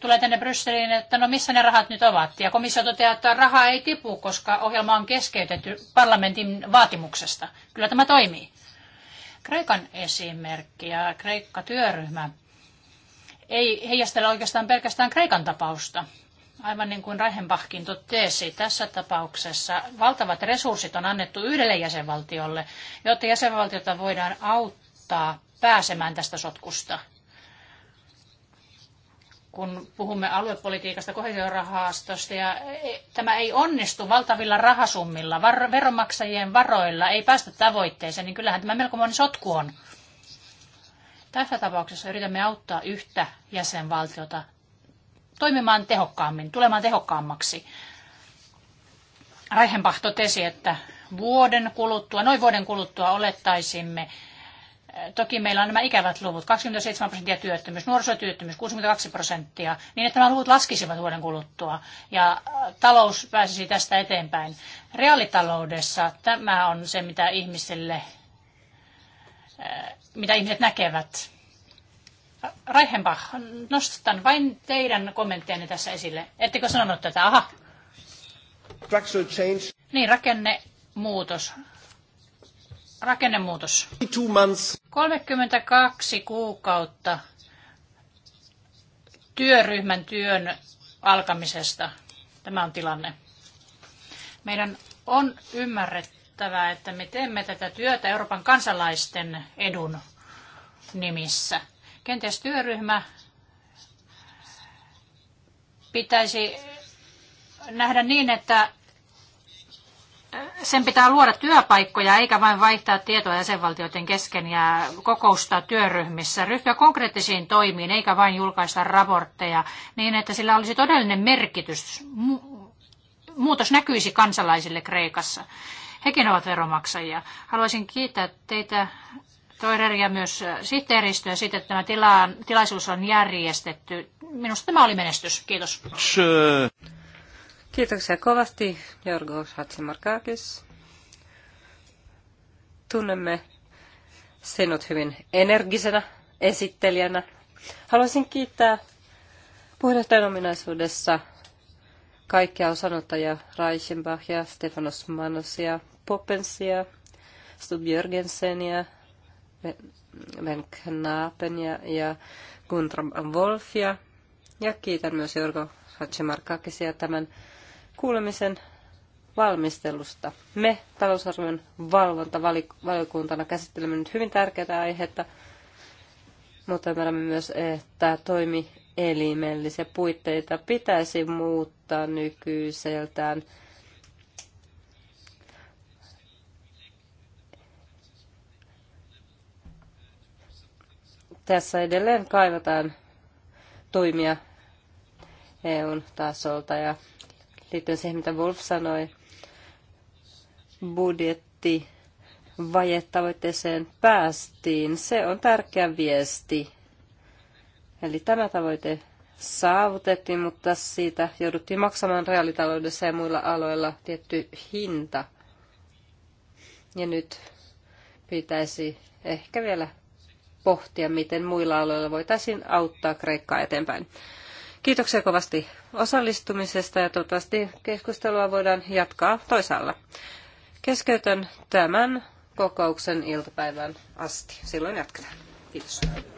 tulee tänne Brysseliin, että no missä ne rahat nyt ovat. Ja komissio toteaa, että raha ei tipu, koska ohjelma on keskeytetty parlamentin vaatimuksesta. Kyllä tämä toimii. Kreikan esimerkki ja Kreikka-työryhmä ei heijastele oikeastaan pelkästään Kreikan tapausta, aivan niin kuin Reichenbachkin totesi, tässä tapauksessa valtavat resurssit on annettu yhdelle jäsenvaltiolle, jotta jäsenvaltiota voidaan auttaa pääsemään tästä sotkusta. Kun puhumme aluepolitiikasta, kohesiorahastosta, ja e, tämä ei onnistu valtavilla rahasummilla, var- veronmaksajien varoilla, ei päästä tavoitteeseen, niin kyllähän tämä melkoinen sotku on. Tässä tapauksessa yritämme auttaa yhtä jäsenvaltiota toimimaan tehokkaammin, tulemaan tehokkaammaksi. Reichenbach totesi, että vuoden kuluttua, noin vuoden kuluttua olettaisimme, äh, toki meillä on nämä ikävät luvut, 27 prosenttia työttömyys, nuorisotyöttömyys 62 prosenttia, niin että nämä luvut laskisivat vuoden kuluttua ja äh, talous pääsisi tästä eteenpäin. Reaalitaloudessa tämä on se, mitä ihmisille, äh, mitä ihmiset näkevät. Reichenbach, nostan vain teidän kommenttianne tässä esille. Ettekö sanonut tätä? Aha. Structural change. Niin, rakennemuutos. Rakennemuutos. 32 kuukautta työryhmän työn alkamisesta. Tämä on tilanne. Meidän on ymmärrettävä, että me teemme tätä työtä Euroopan kansalaisten edun nimissä – Kenties työryhmä pitäisi nähdä niin, että sen pitää luoda työpaikkoja eikä vain vaihtaa tietoa jäsenvaltioiden kesken ja kokoustaa työryhmissä, ryhtyä konkreettisiin toimiin eikä vain julkaista raportteja niin, että sillä olisi todellinen merkitys. Muutos näkyisi kansalaisille Kreikassa. Hekin ovat veromaksajia. Haluaisin kiittää teitä Toireria myös äh, sihteeristöä siitä, että tämä tila, tilaisuus on järjestetty. Minusta tämä oli menestys. Kiitos. Kiitoksia kovasti, Jorgos Hatsimarkakis. Tunnemme sinut hyvin energisenä esittelijänä. Haluaisin kiittää puheenjohtajan ominaisuudessa kaikkia osanottajia, Reichenbachia, Stefanos Manosia, Poppensia, Stub Jörgensenia, Ben Knappen ja Guntra Wolfia. Ja kiitän myös Jorgo Hatsimarkakisia tämän kuulemisen valmistelusta. Me talousarvion valvontavaliokuntana käsittelemme nyt hyvin tärkeää aihetta, mutta ymmärrämme myös, että toimielimellisiä puitteita pitäisi muuttaa nykyiseltään – Tässä edelleen kaivataan toimia EUn tasolta ja liittyen siihen, mitä Wolf sanoi, budjetti vajetavoitteeseen päästiin. Se on tärkeä viesti. Eli tämä tavoite saavutettiin, mutta siitä jouduttiin maksamaan reaalitaloudessa ja muilla aloilla tietty hinta. Ja nyt pitäisi ehkä vielä pohtia, miten muilla aloilla voitaisiin auttaa Kreikkaa eteenpäin. Kiitoksia kovasti osallistumisesta ja toivottavasti keskustelua voidaan jatkaa toisaalla. Keskeytän tämän kokouksen iltapäivän asti. Silloin jatketaan. Kiitos.